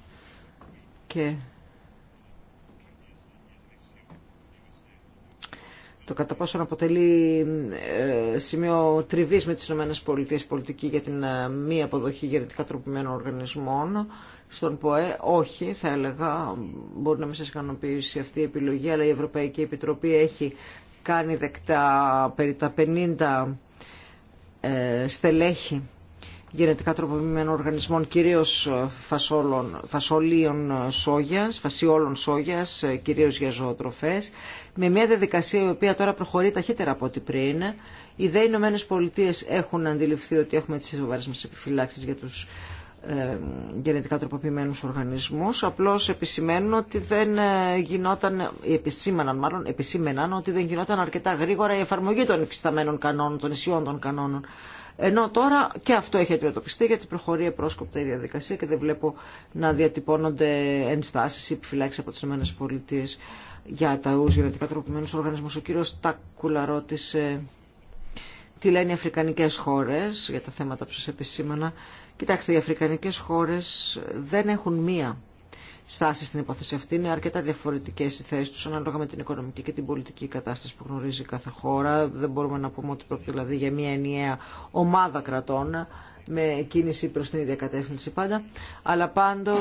και το κατά πόσον αποτελεί ε, σημείο τριβής με τις ΗΠΑ πολιτική για την ε, μη αποδοχή γενετικά τροποποιημένων οργανισμών στον ΠΟΕ, όχι, θα έλεγα, μπορεί να μην σα ικανοποιήσει αυτή η επιλογή, αλλά η Ευρωπαϊκή Επιτροπή έχει κάνει δεκτά περί τα 50 ε, στελέχη γενετικά τροποποιημένων οργανισμών, κυρίως ε, φασόλων, φασολίων ε, σόγιας, φασιόλων σόγιας, ε, κυρίως για ζωοτροφές, με μια διαδικασία η οποία τώρα προχωρεί ταχύτερα από ό,τι πριν. Οι ΔΕΗ Ηνωμένε έχουν αντιληφθεί ότι έχουμε τις σοβαρές μας επιφυλάξεις για τους γενετικά τροποποιημένους οργανισμούς. Απλώς επισημαίνουν ότι δεν γινόταν, επισήμαναν μάλλον, επισήμεναν ότι δεν γινόταν αρκετά γρήγορα η εφαρμογή των υφισταμένων κανόνων, των ισιών των κανόνων. Ενώ τώρα και αυτό έχει αντιμετωπιστεί γιατί προχωρεί επρόσκοπτα η διαδικασία και δεν βλέπω να διατυπώνονται ενστάσεις ή επιφυλάξεις από τις ΗΠΑ για τα ους γενετικά τροποποιημένους οργανισμούς. Ο κύριος Τάκουλα ρώτησε τι λένε οι αφρικανικές χώρες για τα θέματα που σας επισήμανα. Κοιτάξτε, οι αφρικανικές χώρες δεν έχουν μία Στάσει στην υπόθεση αυτή. Είναι αρκετά διαφορετικέ οι θέσει του ανάλογα με την οικονομική και την πολιτική κατάσταση που γνωρίζει κάθε χώρα. Δεν μπορούμε να πούμε ότι πρόκειται δηλαδή για μια ενιαία ομάδα κρατών με κίνηση προ την ίδια κατεύθυνση πάντα. Αλλά πάντω.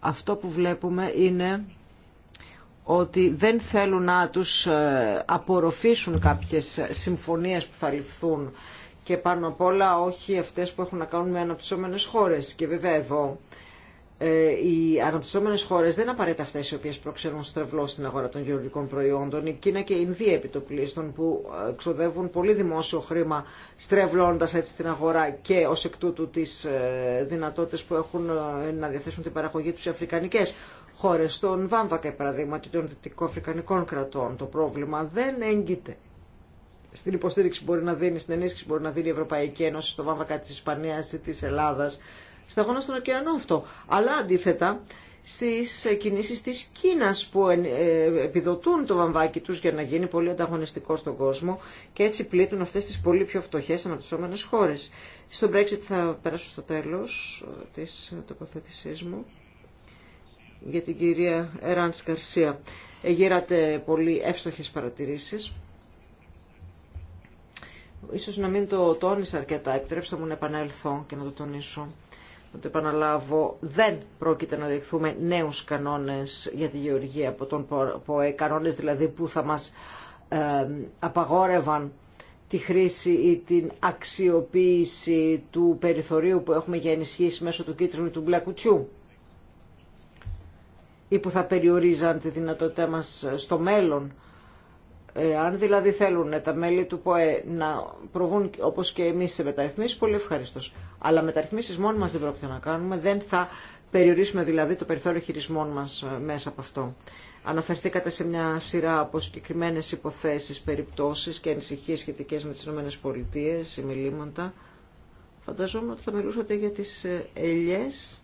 Αυτό που βλέπουμε είναι ότι δεν θέλουν να τους ε, απορροφήσουν κάποιες συμφωνίες που θα ληφθούν και πάνω απ' όλα όχι αυτές που έχουν να κάνουν με αναπτυσσόμενες χώρες. Και βέβαια εδώ ε, οι αναπτυσσόμενες χώρες δεν είναι απαραίτητα αυτές οι οποίες προξενούν στρεβλό στην αγορά των γεωργικών προϊόντων. Η Κίνα και η Ινδία επιτοπλίστων που ξοδεύουν πολύ δημόσιο χρήμα στρεβλώντας έτσι την αγορά και ως εκ τούτου τις ε, δυνατότητες που έχουν ε, να διαθέσουν την παραγωγή τους οι αφρικανικές χώρες. Στον Βάμβακα, παραδείγματι, των δυτικοαφρικανικών κρατών το πρόβλημα δεν έγκυται στην υποστήριξη μπορεί να δίνει, στην ενίσχυση μπορεί να δίνει η Ευρωπαϊκή Ένωση στο βάμβακα τη Ισπανία ή τη Ελλάδα, στα γόνα στον ωκεανό αυτό. Αλλά αντίθετα, στι κινήσει τη κίνα που ε, επιδοτούν το βαμβάκι του για να γίνει πολύ ανταγωνιστικό στον κόσμο και έτσι πλήττουν αυτέ τι πολύ πιο φτωχέ αναπτυσσόμενε χώρε. Στο Brexit θα περάσω στο τέλο ε, τη τοποθέτησή μου για την κυρία Εράντς Καρσία. Ε, γύρατε πολύ εύστοχες παρατηρήσεις ίσως να μην το τόνισα αρκετά, επιτρέψτε μου να επανέλθω και να το τονίσω, να το επαναλάβω, δεν πρόκειται να δεχθούμε νέους κανόνες για τη γεωργία από τον ΠΟΕ, κανόνες δηλαδή που θα μας απαγόρευαν τη χρήση ή την αξιοποίηση του περιθωρίου που έχουμε για ενισχύσει μέσω του κίτρινου του μπλε κουτιού ή που θα περιορίζαν τη δυνατότητά μας στο μέλλον ε, αν δηλαδή θέλουν τα μέλη του ΠΟΕ να προβούν όπως και εμείς σε μεταρρυθμίσεις, πολύ ευχαριστώ. Αλλά μεταρρυθμίσεις μόνοι μας δεν πρόκειται να κάνουμε, δεν θα περιορίσουμε δηλαδή το περιθώριο χειρισμών μας ε, μέσα από αυτό. Αναφερθήκατε σε μια σειρά από συγκεκριμένε υποθέσεις, περιπτώσεις και ανησυχίε σχετικές με τις ΗΠΑ, ημιλήματα. Φανταζόμαι ότι θα μιλούσατε για τις ε, ελιές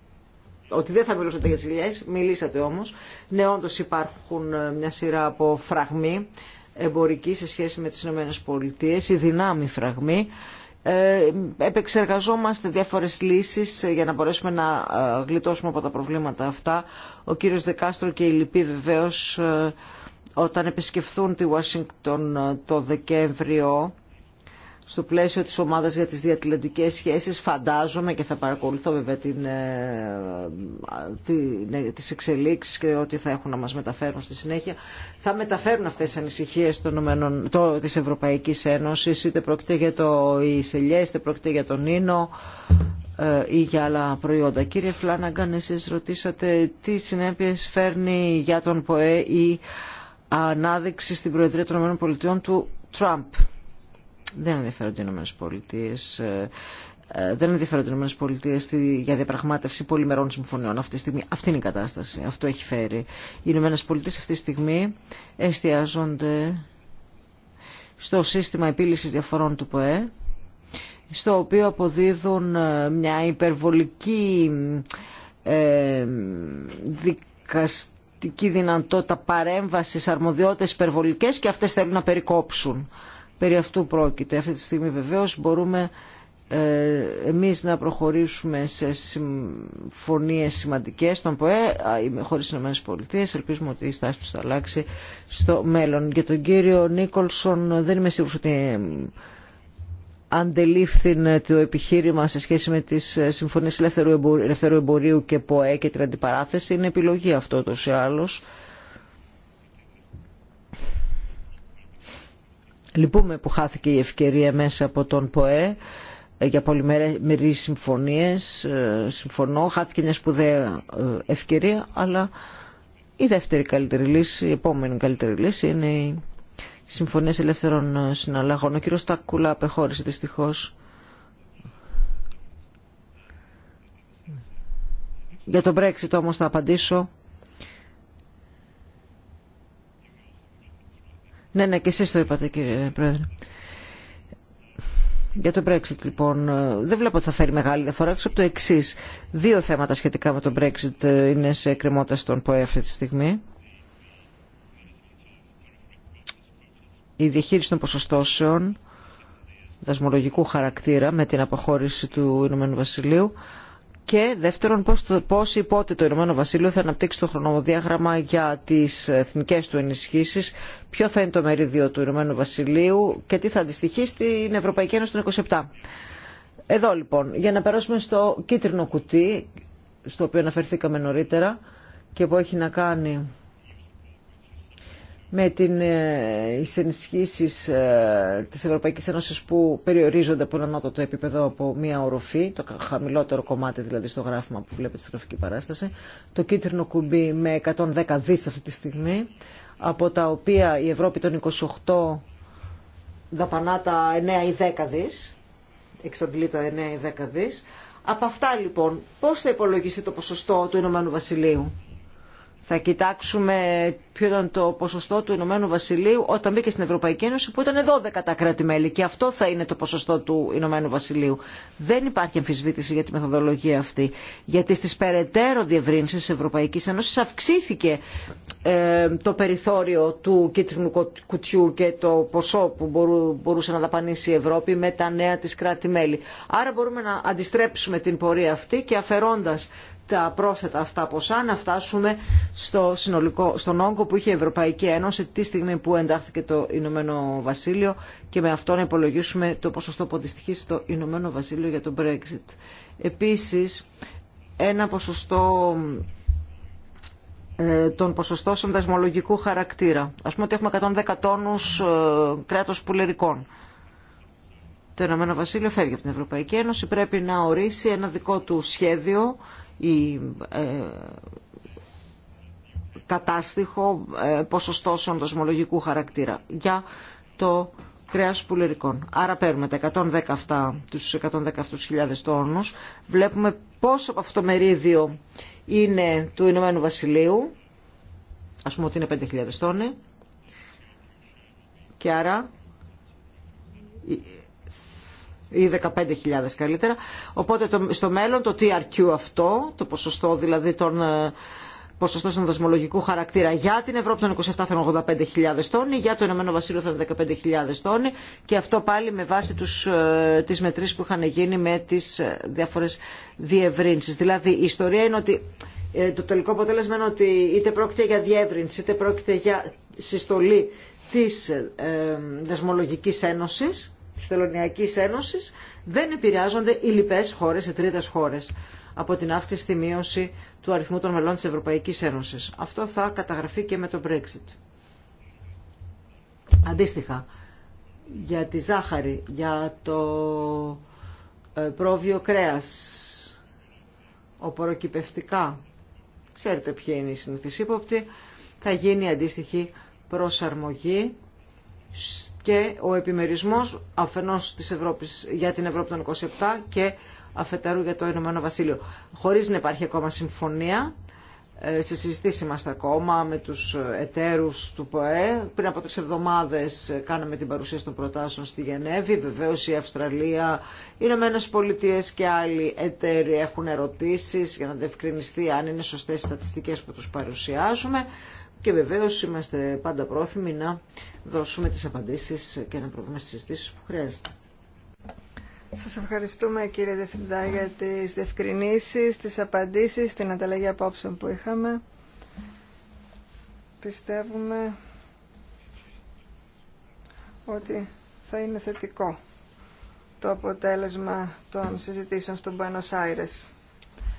ότι δεν θα μιλούσατε για τις ελιές, μιλήσατε όμως. Ναι, όντως υπάρχουν μια σειρά από φραγμοί εμπορική σε σχέση με τις Ηνωμένες Πολιτείες, η δυνάμη φραγμή. Ε, επεξεργαζόμαστε διάφορες λύσεις ε, για να μπορέσουμε να ε, γλιτώσουμε από τα προβλήματα αυτά. Ο κύριος Δεκάστρο και η Λυπή βεβαίως όταν επισκεφθούν τη Ουάσιγκτον το Δεκέμβριο στο πλαίσιο της ομάδας για τις διατλαντικές σχέσεις φαντάζομαι και θα παρακολουθώ βέβαια την, ε, την, ε, τις εξελίξεις και ό,τι θα έχουν να μας μεταφέρουν στη συνέχεια θα μεταφέρουν αυτές τις ανησυχίες των, το, της Ευρωπαϊκής Ένωσης είτε πρόκειται για το Ισελιέ είτε πρόκειται για τον Νίνο ε, ή για άλλα προϊόντα. Κύριε Φλάναγκαν, εσείς ρωτήσατε τι συνέπειες φέρνει για τον ΠΟΕ η ανάδειξη στην Προεδρία των ΗΠΑ του Τραμπ δεν ενδιαφέρονται οι Ηνωμένες Πολιτείες ε, ε, δεν ενδιαφέρονται οι ΗΠΑ για διαπραγμάτευση πολυμερών συμφωνιών αυτή τη στιγμή. Αυτή είναι η κατάσταση. Αυτό έχει φέρει. Οι ΗΠΑ αυτή τη στιγμή εστιάζονται στο σύστημα επίλυσης διαφορών του ΠΟΕ, στο οποίο αποδίδουν ε, μια υπερβολική δικαστική δυνατότητα παρέμβασης αρμοδιότητες υπερβολικές και αυτές θέλουν να περικόψουν. Περί αυτού πρόκειται. Αυτή τη στιγμή βεβαίως μπορούμε ε, εμείς να προχωρήσουμε σε συμφωνίες σημαντικές στον ΠΟΕ χωρίς τις ΗΠΑ ελπίζουμε ότι η στάση τους θα αλλάξει στο μέλλον για τον κύριο Νίκολσον δεν είμαι σίγουρος ότι ε, αντελήφθηνε το επιχείρημα σε σχέση με τις ε, συμφωνίες ελεύθερου εμπορίου και ΠΟΕ και την αντιπαράθεση είναι επιλογή αυτό τόσο ή άλλως Λυπούμε που χάθηκε η ευκαιρία μέσα από τον ΠΟΕ ε, για πολυμερει συμφωνίες. Ε, συμφωνώ, χάθηκε μια σπουδαία ε, ευκαιρία, αλλά η δεύτερη καλύτερη λύση, η επόμενη καλύτερη λύση είναι οι συμφωνίες ελεύθερων συναλλαγών. Ο κύριος Τακούλα απεχώρησε δυστυχώς. Για τον Brexit όμως θα απαντήσω Ναι, ναι, και εσείς το είπατε κύριε Πρόεδρε. Για το Brexit λοιπόν ε, δεν βλέπω ότι θα φέρει μεγάλη διαφορά από το εξή. Δύο θέματα σχετικά με το Brexit ε, είναι σε κρεμότητα στον ΠΟΕ αυτή τη στιγμή. Η διαχείριση των ποσοστώσεων δασμολογικού χαρακτήρα με την αποχώρηση του Ηνωμένου Βασιλείου και δεύτερον, πώς ή πότε το Ηνωμένο Βασίλειο θα αναπτύξει το χρονοδιάγραμμα για τις εθνικές του ενισχύσεις, ποιο θα είναι το μερίδιο του Ηνωμένου Βασιλείου και τι θα αντιστοιχεί στην Ευρωπαϊκή Ένωση των 27. Εδώ λοιπόν, για να περάσουμε στο κίτρινο κουτί, στο οποίο αναφερθήκαμε νωρίτερα και που έχει να κάνει με την, ε, τις ενισχύσεις ε, της Ευρωπαϊκής Ένωσης που περιορίζονται από έναν το επίπεδο από μία οροφή, το χαμηλότερο κομμάτι δηλαδή στο γράφημα που βλέπετε στη γραφική παράσταση, το κίτρινο κουμπί με 110 δις αυτή τη στιγμή, από τα οποία η Ευρώπη των 28 δαπανά τα 9 ή 10 δις, εξαντλεί τα 9 ή 10 Από αυτά λοιπόν πώς θα υπολογιστεί το ποσοστό του Ηνωμένου Βασιλείου. Θα κοιτάξουμε ποιο ήταν το ποσοστό του Ηνωμένου Βασιλείου όταν μπήκε στην Ευρωπαϊκή Ένωση που ήταν 12 τα κράτη-μέλη και αυτό θα είναι το ποσοστό του Ηνωμένου Βασιλείου. Δεν υπάρχει αμφισβήτηση για τη μεθοδολογία αυτή. Γιατί στις περαιτέρω διευρύνσεις της Ευρωπαϊκής Ένωσης αυξήθηκε ε, το περιθώριο του κίτρινου κουτιού και το ποσό που μπορούσε να δαπανίσει η Ευρώπη με τα νέα της κράτη-μέλη. Άρα μπορούμε να αντιστρέψουμε την πορεία αυτή και αφαιρώντας τα πρόσθετα αυτά ποσά να φτάσουμε στο συνολικό, στον όγκο που είχε η Ευρωπαϊκή Ένωση τη στιγμή που εντάχθηκε το Ηνωμένο Βασίλειο και με αυτό να υπολογίσουμε το ποσοστό που αντιστοιχεί στο Ηνωμένο Βασίλειο για το Brexit. Επίσης, ένα ποσοστό ε, των ποσοστών δασμολογικού χαρακτήρα. Ας πούμε ότι έχουμε 110 τόνους ε, κράτος πουλερικών. Το Ηνωμένο Βασίλειο φεύγει από την Ευρωπαϊκή Ένωση, πρέπει να ορίσει ένα δικό του σχέδιο ή ε, κατάστοιχο ε, ποσοστό οντοσμολογικού χαρακτήρα για το κρέας πουλερικών. Άρα παίρνουμε τα 110 αυτά, τους 110.000 τόνους, βλέπουμε πόσο από αυτό το μερίδιο είναι του Ηνωμένου Βασιλείου, ας πούμε ότι είναι 5.000 τόνοι, και άρα ή 15.000 καλύτερα. Οπότε το, στο μέλλον το TRQ αυτό, το ποσοστό δηλαδή των ε, ποσοστό συνδεσμολογικού χαρακτήρα για την Ευρώπη των 27 θα είναι 85.000 τόνοι, για το Ηνωμένο Βασίλειο θα είναι 15.000 τόνοι και αυτό πάλι με βάση τους, ε, τις μετρήσεις που είχαν γίνει με τις ε, διάφορες διευρύνσεις. Δηλαδή η ιστορία είναι ότι το τελικό αποτέλεσμα είναι ότι είτε πρόκειται για διεύρυνση είτε πρόκειται για συστολή της ε, Δεσμολογικής Ένωσης της Θελωνιακής Ένωσης δεν επηρεάζονται οι λοιπές χώρες, οι τρίτες χώρες από την αύξηση στη μείωση του αριθμού των μελών της Ευρωπαϊκής Ένωσης. Αυτό θα καταγραφεί και με το Brexit. Αντίστοιχα, για τη ζάχαρη, για το ε, πρόβιο κρέας, οποροκυπευτικά, ξέρετε ποια είναι η ύποπτοι, θα γίνει αντίστοιχη προσαρμογή και ο επιμερισμός αφενός της Ευρώπης, για την Ευρώπη των 27 και αφετέρου για το Ηνωμένο Βασίλειο. Χωρίς να υπάρχει ακόμα συμφωνία, ε, σε συζητήσει είμαστε ακόμα με τους εταίρους του ΠΟΕ. Πριν από τρεις εβδομάδες ε, κάναμε την παρουσίαση των προτάσεων στη Γενέβη. Βεβαίως η Αυστραλία, οι Ηνωμένες Πολιτείες και άλλοι εταίροι έχουν ερωτήσεις για να δευκρινιστεί αν είναι σωστές οι στατιστικές που τους παρουσιάζουμε και βεβαίως είμαστε πάντα πρόθυμοι να δώσουμε τις απαντήσεις και να προβούμε στις συζητήσεις που χρειάζεται. Σας ευχαριστούμε κύριε Δευθυντά για τις διευκρινήσεις, τις απαντήσεις, την ανταλλαγή απόψεων που είχαμε. Πιστεύουμε ότι θα είναι θετικό το αποτέλεσμα των συζητήσεων στον Buenos Aires.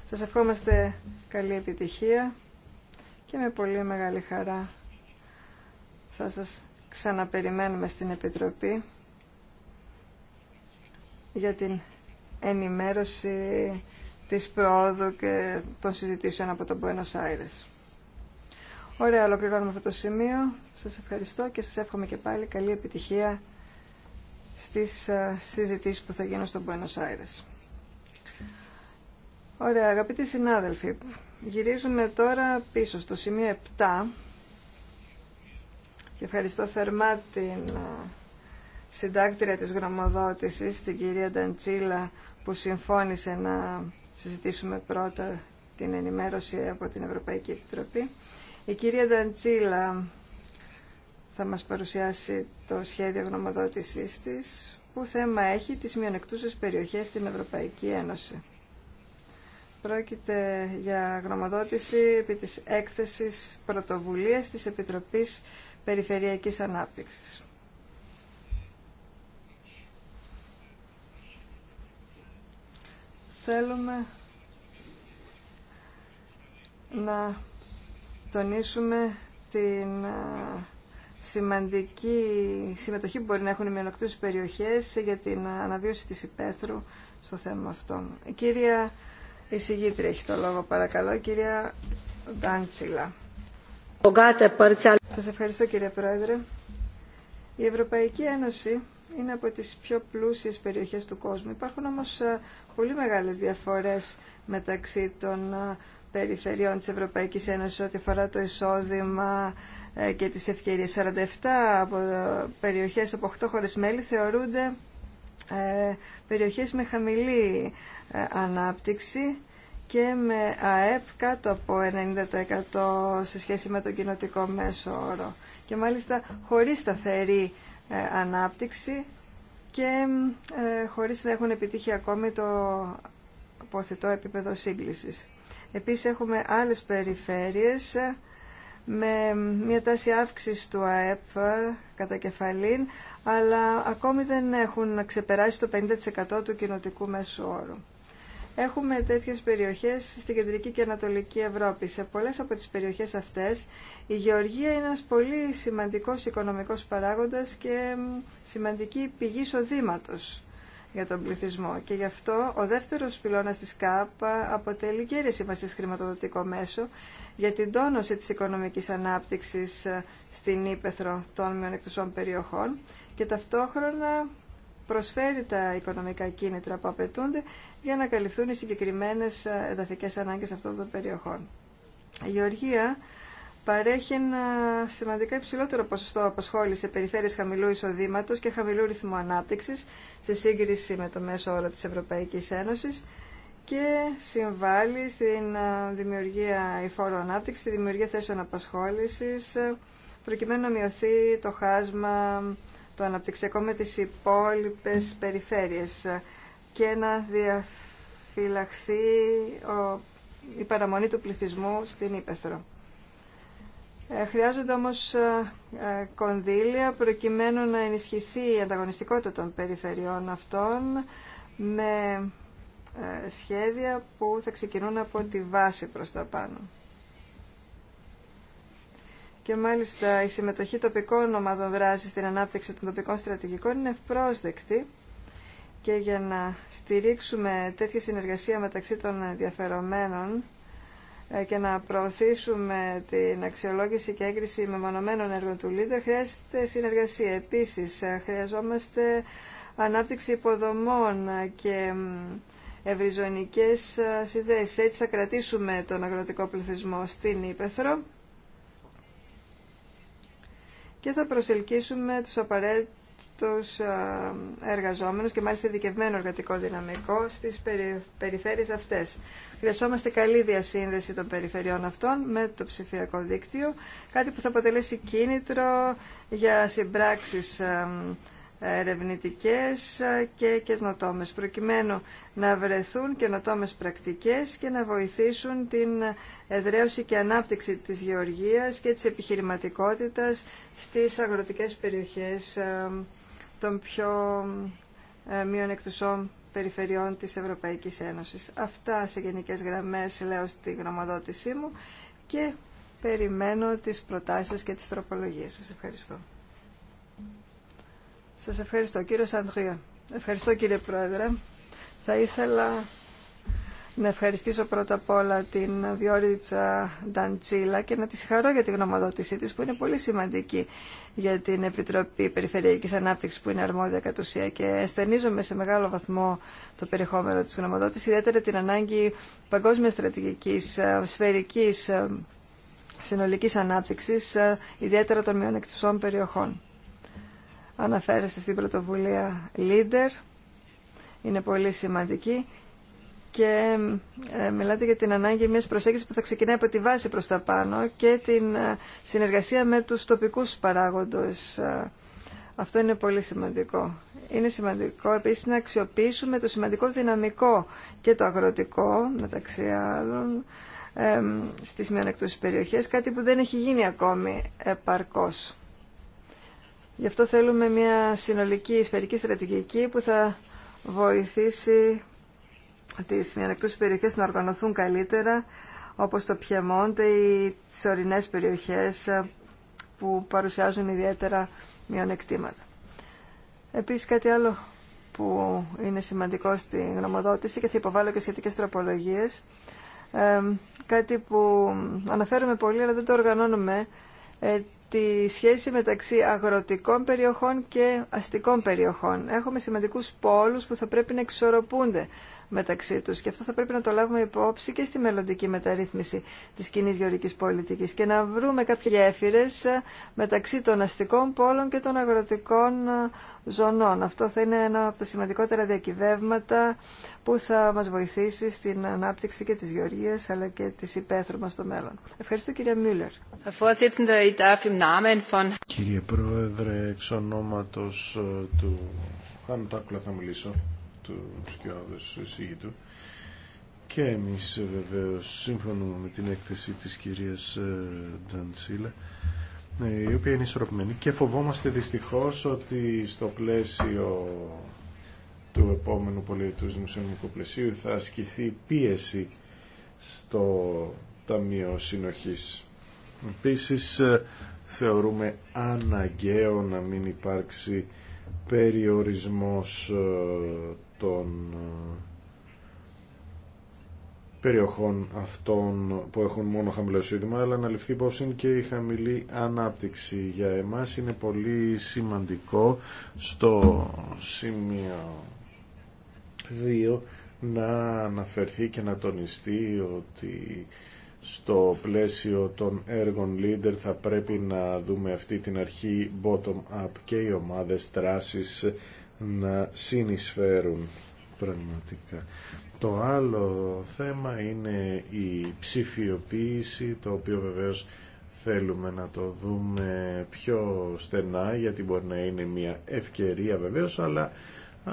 Σας ευχόμαστε καλή επιτυχία και με πολύ μεγάλη χαρά θα σας ξαναπεριμένουμε στην Επιτροπή για την ενημέρωση της πρόοδου και των συζητήσεων από τον Buenos Aires. Ωραία, ολοκληρώνουμε αυτό το σημείο. Σας ευχαριστώ και σας εύχομαι και πάλι καλή επιτυχία στις ε, συζητήσεις που θα γίνουν στον Buenos Aires. Ωραία, αγαπητοί συνάδελφοι, Γυρίζουμε τώρα πίσω στο σημείο 7 και ευχαριστώ θερμά την ε, συντάκτρια της γνωμοδότησης, την κυρία Νταντσίλα, που συμφώνησε να συζητήσουμε πρώτα την ενημέρωση από την Ευρωπαϊκή Επιτροπή. Η κυρία Νταντσίλα θα μας παρουσιάσει το σχέδιο γνωμοδότησής της, που θέμα έχει τις μειονεκτούσες περιοχές στην Ευρωπαϊκή Ένωση. Πρόκειται για γνωμοδότηση επί της έκθεσης πρωτοβουλίας της Επιτροπής Περιφερειακής Ανάπτυξης. Θέλουμε να τονίσουμε την σημαντική συμμετοχή που μπορεί να έχουν οι μενοκτούς περιοχές για την αναβίωση της υπαίθρου στο θέμα αυτό. κυρία η συγγήτρια έχει το λόγο παρακαλώ, κυρία Ντάντσιλα. Σας ευχαριστώ κύριε Πρόεδρε. Η Ευρωπαϊκή Ένωση είναι από τις πιο πλούσιες περιοχές του κόσμου. Υπάρχουν όμως ε, πολύ μεγάλες διαφορές μεταξύ των ε, περιφερειών της Ευρωπαϊκής Ένωσης ό,τι αφορά το εισόδημα ε, και τις ευκαιρίες. 47 από περιοχές από 8 χώρες μέλη θεωρούνται ε, περιοχές με χαμηλή ε, ανάπτυξη και με ΑΕΠ κάτω από 90% σε σχέση με το κοινοτικό μέσο όρο και μάλιστα χωρίς σταθερή ε, ανάπτυξη και χωρίς να έχουν επιτύχει ακόμη το αποθετό επίπεδο σύγκλησης. Επίσης έχουμε άλλες περιφέρειες με μια τάση αύξηση του ΑΕΠ κατά κεφαλήν, αλλά ακόμη δεν έχουν ξεπεράσει το 50% του κοινοτικού μέσου όρου. Έχουμε τέτοιες περιοχές στην Κεντρική και Ανατολική Ευρώπη. Σε πολλές από τις περιοχές αυτές η γεωργία είναι ένας πολύ σημαντικός οικονομικός παράγοντας και σημαντική πηγή εισοδήματο για τον πληθυσμό. Και γι' αυτό ο δεύτερος πυλώνας της ΚΑΠ αποτελεί κέρια σημασία χρηματοδοτικό μέσο για την τόνωση της οικονομικής ανάπτυξης ε, στην ύπεθρο των μειονεκτουσών περιοχών και ταυτόχρονα προσφέρει τα οικονομικά κίνητρα που απαιτούνται για να καλυφθούν οι συγκεκριμένες ε, εδαφικές ανάγκες αυτών των περιοχών. Η Γεωργία παρέχει ένα σημαντικά υψηλότερο ποσοστό απασχόληση σε περιφέρειες χαμηλού εισοδήματος και χαμηλού ρυθμού ανάπτυξης σε σύγκριση με το μέσο όρο της Ευρωπαϊκής Ένωσης και συμβάλλει στην ε, δημιουργία υφόρου ανάπτυξη, στη δημιουργία θέσεων απασχόλησης, ε, προκειμένου να μειωθεί το χάσμα το αναπτυξιακό με τις υπόλοιπες περιφέρειες και να διαφυλαχθεί η παραμονή του πληθυσμού στην Ήπεθρο. Ε, χρειάζονται όμως ε, ε, κονδύλια προκειμένου να ενισχυθεί η ανταγωνιστικότητα των περιφερειών αυτών με σχέδια που θα ξεκινούν από τη βάση προς τα πάνω. Και μάλιστα η συμμετοχή τοπικών ομάδων δράση στην ανάπτυξη των τοπικών στρατηγικών είναι ευπρόσδεκτη και για να στηρίξουμε τέτοια συνεργασία μεταξύ των ενδιαφερομένων ε, και να προωθήσουμε την αξιολόγηση και έγκριση μεμονωμένων έργων του Λίδερ χρειάζεται συνεργασία. Επίσης, ε, χρειαζόμαστε ανάπτυξη υποδομών και ευρυζωνικές ε, συνδέσεις. Έτσι θα κρατήσουμε τον αγροτικό πληθυσμό στην Ήπεθρο και θα προσελκύσουμε τους απαραίτητους εργαζόμενους και μάλιστα ειδικευμένο εργατικό δυναμικό στις περιφέρειες αυτές. Χρειαζόμαστε καλή διασύνδεση των περιφερειών αυτών με το ψηφιακό δίκτυο, κάτι που θα αποτελέσει κίνητρο για συμπράξεις ερευνητικές και καινοτόμες, προκειμένου να βρεθούν καινοτόμε πρακτικές και να βοηθήσουν την εδραίωση και ανάπτυξη της γεωργίας και της επιχειρηματικότητας στις αγροτικές περιοχές ε, των πιο ε, μειονεκτουσών περιφερειών της Ευρωπαϊκής Ένωσης. Αυτά σε γενικές γραμμές λέω στη γνωμοδότησή μου και περιμένω τις προτάσεις και τις τροπολογίες. Σας ευχαριστώ. Σας ευχαριστώ κύριο Σαντρία. Ευχαριστώ κύριε Πρόεδρε. Θα ήθελα να ευχαριστήσω πρώτα απ' όλα την Βιόριτσα Νταντσίλα και να τη συγχαρώ για τη γνωμοδότησή της που είναι πολύ σημαντική για την Επιτροπή Περιφερειακής Ανάπτυξης που είναι αρμόδια κατ' ουσία και αισθενίζομαι σε μεγάλο βαθμό το περιεχόμενο της γνωμοδότησης, ιδιαίτερα την ανάγκη Παγκόσμια στρατηγικής, ε, σφαιρικής, ε, συνολικής ανάπτυξης, ε, ιδιαίτερα των μειονεκτησών περιοχών. Αναφέρεστε στην πρωτοβουλία Leader, είναι πολύ σημαντική και ε, μιλάτε για την ανάγκη μιας προσέγγισης που θα ξεκινάει από τη βάση προς τα πάνω και την ε, συνεργασία με τους τοπικούς παράγοντες. Ε, αυτό είναι πολύ σημαντικό. Είναι σημαντικό επίσης να αξιοποιήσουμε το σημαντικό δυναμικό και το αγροτικό, μεταξύ άλλων, στις μειονεκτούς περιοχές, κάτι που δεν έχει γίνει ακόμη επαρκώς. Γι' αυτό θέλουμε μια συνολική σφαιρική στρατηγική που θα βοηθήσει τις μειονεκτούς περιοχές να οργανωθούν καλύτερα, όπως το Πιεμόντε ή τις ορεινές περιοχές ε, που παρουσιάζουν ιδιαίτερα μειονεκτήματα. Επίσης κάτι άλλο που είναι σημαντικό στη γνωμοδότηση και θα υποβάλλω και σχετικές τροπολογίες, ε, κάτι που αναφέρουμε πολύ αλλά δεν το οργανώνουμε, ε, τη σχέση μεταξύ αγροτικών περιοχών και αστικών περιοχών. Έχουμε σημαντικούς πόλους που θα πρέπει να εξορροπούνται μεταξύ τους και αυτό θα πρέπει να το λάβουμε υπόψη και στη μελλοντική μεταρρύθμιση της κοινή γεωρικής πολιτικής και να βρούμε κάποιες γέφυρες μεταξύ των αστικών πόλων και των αγροτικών ζωνών. Αυτό θα είναι ένα από τα σημαντικότερα διακυβεύματα που θα μας βοηθήσει στην ανάπτυξη και της γεωργίας αλλά και της υπαίθρου μας στο μέλλον. Ευχαριστώ κυρία Μίουλερ. Κύριε Πρόεδρε, εξ ονόματος ε, του Χαντάκουλα θα μιλήσω, του Σκιώδους Συγητού. Και εμείς ε, βεβαίως σύμφωνο με την έκθεση της κυρίας ε, Τζαντσίλα, η οποία είναι ισορροπημένη και φοβόμαστε δυστυχώς ότι στο πλαίσιο του επόμενου πολιτικού δημοσιονομικού πλαισίου θα ασκηθεί πίεση στο Ταμείο Συνοχής Επίσης ε, θεωρούμε αναγκαίο να μην υπάρξει περιορισμός ε, των ε, περιοχών αυτών που έχουν μόνο χαμηλό σύνδημα, αλλά να ληφθεί υπόψη και η χαμηλή ανάπτυξη για εμάς είναι πολύ σημαντικό στο σημείο 2 να αναφερθεί και να τονιστεί ότι στο πλαίσιο των έργων leader θα πρέπει να δούμε αυτή την αρχή bottom-up και οι ομάδες δράσης να συνεισφέρουν πραγματικά. Το άλλο θέμα είναι η ψηφιοποίηση, το οποίο βεβαίως θέλουμε να το δούμε πιο στενά, γιατί μπορεί να είναι μια ευκαιρία βεβαίως, αλλά α,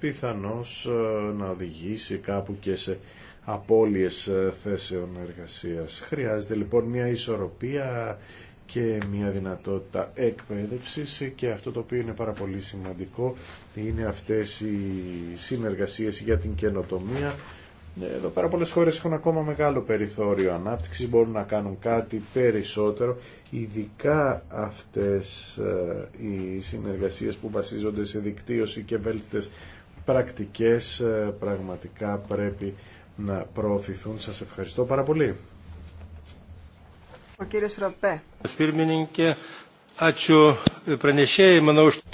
πιθανώς ε, να οδηγήσει κάπου και σε απώλειες ε, θέσεων εργασίας. Χρειάζεται λοιπόν μια ισορροπία και μια δυνατότητα εκπαίδευσης και αυτό το οποίο είναι πάρα πολύ σημαντικό είναι αυτές οι συνεργασίες για την καινοτομία. Ε, εδώ πάρα πολλές χώρες έχουν ακόμα μεγάλο περιθώριο ανάπτυξης, μπορούν να κάνουν κάτι περισσότερο, ειδικά αυτές ε, οι συνεργασίες που βασίζονται σε δικτύωση και βέλτιστες πρακτικές πραγματικά πρέπει να προωθηθούν. Σας ευχαριστώ πάρα πολύ. Ο κύριος Ροπέ.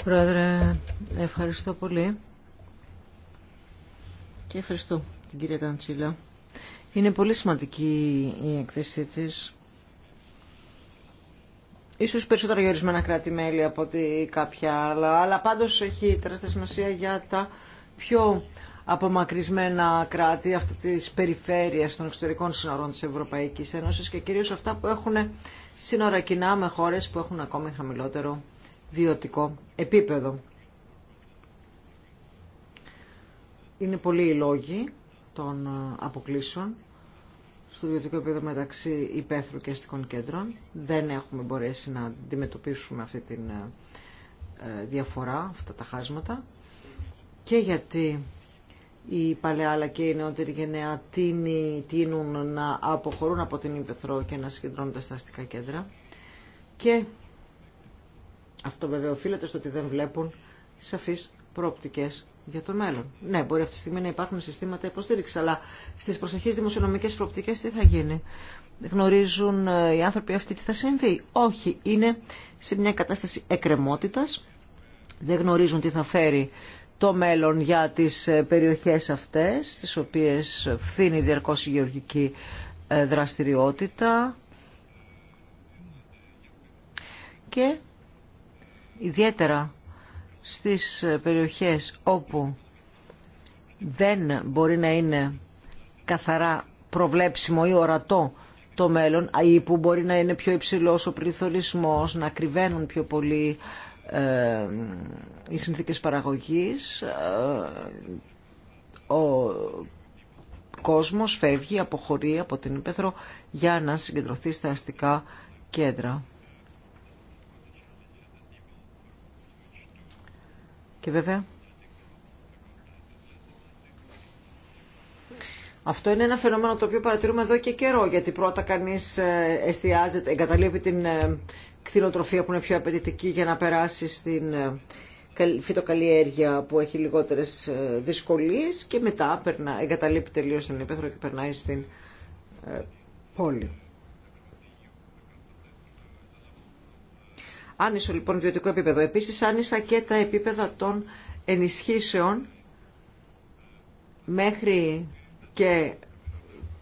Πρόεδρε, ευχαριστώ πολύ και ευχαριστώ την κυρία Ταντσίλα. Είναι πολύ σημαντική η εκθέσή της. Ίσως περισσότερο για ορισμένα κράτη-μέλη από ότι κάποια άλλα, αλλά πάντως έχει τεράστια σημασία για τα πιο απομακρυσμένα κράτη, αυτή της περιφέρειας των εξωτερικών σύνορων της Ευρωπαϊκής Ένωσης και κυρίως αυτά που έχουν σύνορα κοινά με χώρες που έχουν ακόμη χαμηλότερο βιωτικό επίπεδο. Είναι πολλοί οι λόγοι των αποκλήσεων στο βιωτικό επίπεδο μεταξύ υπαίθρου και αστικών κέντρων. Δεν έχουμε μπορέσει να αντιμετωπίσουμε αυτή τη ε, διαφορά, αυτά τα χάσματα. Και γιατί η παλαιά αλλά και η νεότερη γενναία τίνει, τίνουν να αποχωρούν από την Ήπεθρο και να συγκεντρώνονται στα αστικά κέντρα. Και αυτό βέβαια οφείλεται στο ότι δεν βλέπουν σαφείς προοπτικές για το μέλλον. Ναι, μπορεί αυτή τη στιγμή να υπάρχουν συστήματα υποστήριξη, αλλά στι προσεχεί δημοσιονομικέ προοπτικέ τι θα γίνει. Γνωρίζουν ε, οι άνθρωποι αυτοί τι θα συμβεί. Όχι, είναι σε μια κατάσταση εκκρεμότητα. Δεν γνωρίζουν τι θα φέρει το μέλλον για τις ε, περιοχές αυτές, τις οποίες φθήνει διαρκώς η γεωργική ε, δραστηριότητα και ιδιαίτερα στις ε, περιοχές όπου δεν μπορεί να είναι καθαρά προβλέψιμο ή ορατό το μέλλον, ή που μπορεί να είναι πιο υψηλός ο πληθωρισμός, να κρυβαίνουν πιο πολύ ε, οι συνθήκες παραγωγής, ε, ο κόσμος φεύγει, αποχωρεί από την Ήπεθρο για να συγκεντρωθεί στα αστικά κέντρα. Και βέβαια, Αυτό είναι ένα φαινόμενο το οποίο παρατηρούμε εδώ και καιρό, γιατί πρώτα κανείς ε, εστιάζεται, εγκαταλείπει την κτηνοτροφία που είναι πιο απαιτητική για να περάσει στην ε, φυτοκαλλιέργεια που έχει λιγότερες ε, δυσκολίες και μετά περνά, εγκαταλείπει τελείω την υπαίθρο και περνάει στην ε, πόλη. Άνισο λοιπόν βιωτικό επίπεδο. Επίσης άνισα και τα επίπεδα των ενισχύσεων μέχρι και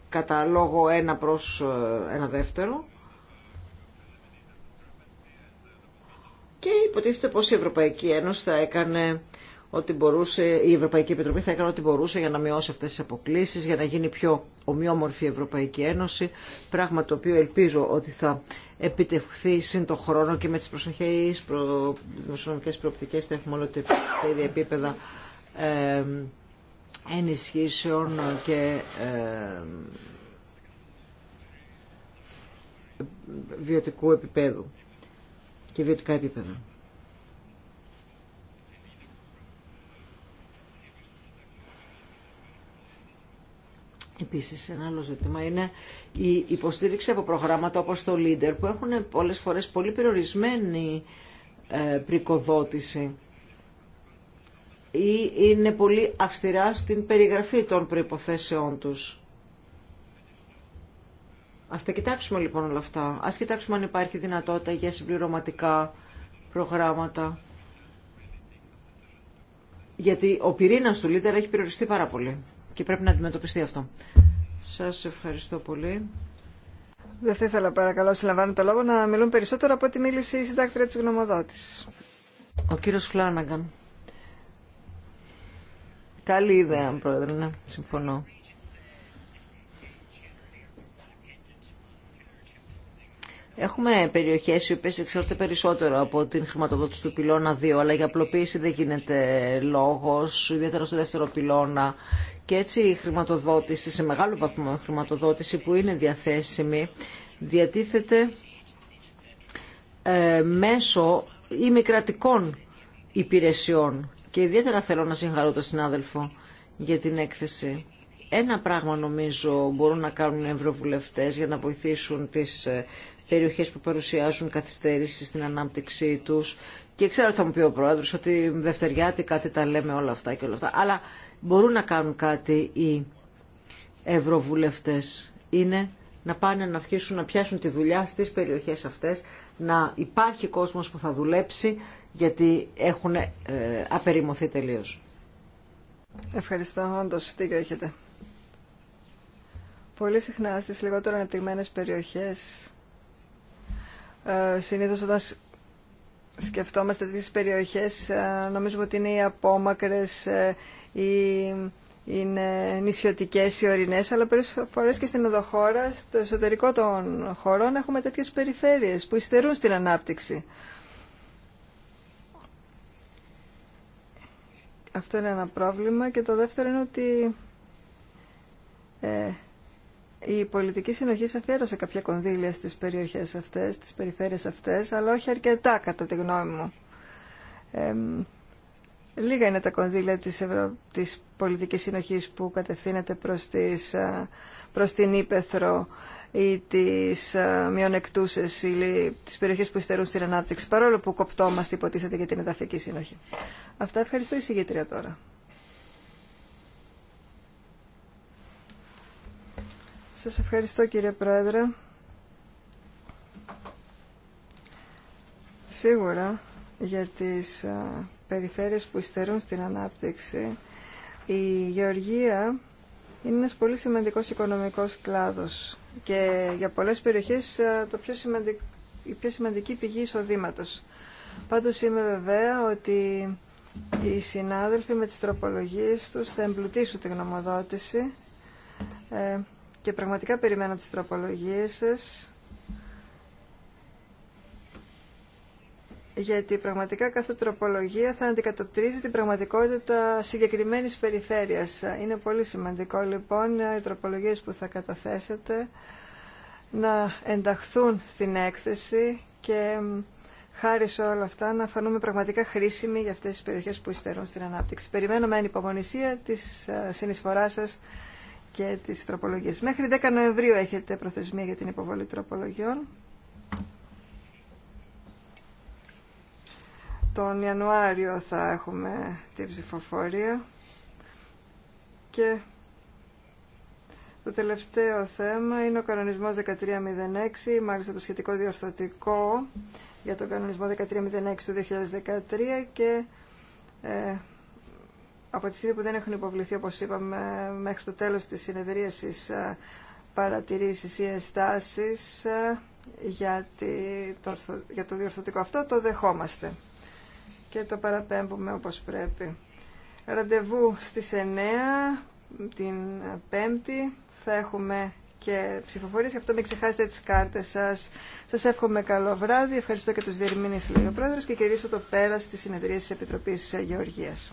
κατά λόγο ένα προς ένα δεύτερο και υποτίθεται πως η Ευρωπαϊκή Ένωση θα έκανε ότι μπορούσε, η Ευρωπαϊκή Επιτροπή θα έκανε ό,τι μπορούσε για να μειώσει αυτές τις αποκλήσεις, για να γίνει πιο ομοιόμορφη η Ευρωπαϊκή Ένωση, πράγμα το οποίο ελπίζω ότι θα επιτευχθεί σύν το χρόνο και με τις προσοχές προ... δημοσιονομικές προοπτικές θα έχουμε όλα τα ίδια επίπεδα ενισχύσεων και ε, βιωτικού επίπεδου και βιωτικά επίπεδα. Επίσης ένα άλλο ζήτημα είναι η υποστήριξη από προγράμματα όπως το Leader που έχουν πολλές φορές πολύ περιορισμένη ε, πρικοδότηση ή είναι πολύ αυστηρά στην περιγραφή των προϋποθέσεών τους. Α τα κοιτάξουμε λοιπόν όλα αυτά. Α κοιτάξουμε αν υπάρχει δυνατότητα για συμπληρωματικά προγράμματα. Γιατί ο πυρήνα του Λίτερ έχει περιοριστεί πάρα πολύ και πρέπει να αντιμετωπιστεί αυτό. Σας ευχαριστώ πολύ. Δεν θα ήθελα παρακαλώ συλλαμβάνω το λόγο να μιλούν περισσότερο από ό,τι μίλησε η συντάκτρια τη γνωμοδότηση. Ο κύριο Φλάναγκαν. Καλή ιδέα, πρόεδρε, ναι, συμφωνώ. Έχουμε περιοχές οι οποίε εξαρτώνται περισσότερο από την χρηματοδότηση του πυλώνα 2, αλλά για απλοποίηση δεν γίνεται λόγος, ιδιαίτερα στο δεύτερο πυλώνα. Και έτσι η χρηματοδότηση, σε μεγάλο βαθμό η χρηματοδότηση που είναι διαθέσιμη, διατίθεται ε, μέσω ημικρατικών υπηρεσιών. Και ιδιαίτερα θέλω να συγχαρώ τον συνάδελφο για την έκθεση. Ένα πράγμα νομίζω μπορούν να κάνουν οι ευρωβουλευτές για να βοηθήσουν τις ε, περιοχές που παρουσιάζουν καθυστέρηση στην ανάπτυξή τους. Και ξέρω ότι θα μου πει ο Πρόεδρος ότι δευτεριάτη κάτι τα λέμε όλα αυτά και όλα αυτά. Αλλά μπορούν να κάνουν κάτι οι ευρωβουλευτές. Είναι να πάνε να αρχίσουν να πιάσουν τη δουλειά στις περιοχές αυτές, να υπάρχει κόσμος που θα δουλέψει γιατί έχουν ε, απεριμωθεί τελείως. Ευχαριστώ, όντως, τι έχετε. Πολύ συχνά στις λιγότερο ανεπτυγμένες περιοχές ε, συνήθως όταν σκεφτόμαστε τις περιοχές ε, νομίζουμε ότι είναι οι απόμακρες ε, οι είναι νησιωτικές ή ορεινές, αλλά περισσότερες φορές και στην οδοχώρα, στο εσωτερικό των χωρών έχουμε τέτοιες περιφέρειες που υστερούν στην ανάπτυξη. Αυτό είναι ένα πρόβλημα και το δεύτερο είναι ότι η πολιτική συνοχή αφιέρωσε κάποια κονδύλια στις περιοχές αυτές, στις περιφέρειες αυτές, αλλά όχι αρκετά κατά τη γνώμη μου. λίγα είναι τα κονδύλια της, Ευρω... της πολιτικής συνοχής που κατευθύνεται προς, τις, ε, προς την Ήπεθρο ή τις ε, μειονεκτούσες ή τις περιοχές που υστερούν στην ανάπτυξη, παρόλο που κοπτόμαστε υποτίθεται για την εδαφική συνοχή. Αυτά ευχαριστώ η τώρα. Σας ευχαριστώ κύριε Πρόεδρε. Σίγουρα για τις περιφέρειες που υστερούν στην ανάπτυξη η γεωργία είναι ένας πολύ σημαντικός οικονομικός κλάδος και για πολλές περιοχές το πιο η πιο σημαντική πηγή εισοδήματος. Πάντως είμαι βεβαία ότι οι συνάδελφοι με τις τροπολογίες τους θα εμπλουτίσουν τη γνωμοδότηση ε, και πραγματικά περιμένω τις τροπολογίες σας γιατί πραγματικά κάθε τροπολογία θα αντικατοπτρίζει την πραγματικότητα συγκεκριμένης περιφέρειας. Είναι πολύ σημαντικό λοιπόν οι τροπολογίες που θα καταθέσετε να ενταχθούν στην έκθεση και χάρη σε όλα αυτά να φανούμε πραγματικά χρήσιμοι για αυτές τις περιοχές που υστερούν στην ανάπτυξη. Περιμένω με ανυπομονησία τη ε, συνεισφορά σας και τις τροπολογίες. Μέχρι 10 Νοεμβρίου έχετε προθεσμία για την υποβολή τροπολογιών. Τον Ιανουάριο θα έχουμε την ψηφοφορία και το τελευταίο θέμα είναι ο κανονισμός 1306, μάλιστα το σχετικό διορθωτικό για τον κανονισμό 1306 του 2013 και ε, από τη στιγμή που δεν έχουν υποβληθεί, όπως είπαμε, μέχρι το τέλος της συνεδρίασης ε, παρατηρήσεις ή εστάσεις ε, για, για το διορθωτικό αυτό, το δεχόμαστε και το παραπέμπουμε όπως πρέπει. Ραντεβού στις 9 την Πέμπτη θα έχουμε και ψηφοφορίες. Γι' αυτό μην ξεχάσετε τις κάρτες σας. Σας εύχομαι καλό βράδυ. Ευχαριστώ και τους διερμήνες, λέει ο Πρόεδρος, και κυρίως το πέρας της συνεδρίας της Επιτροπής ε, Γεωργίας.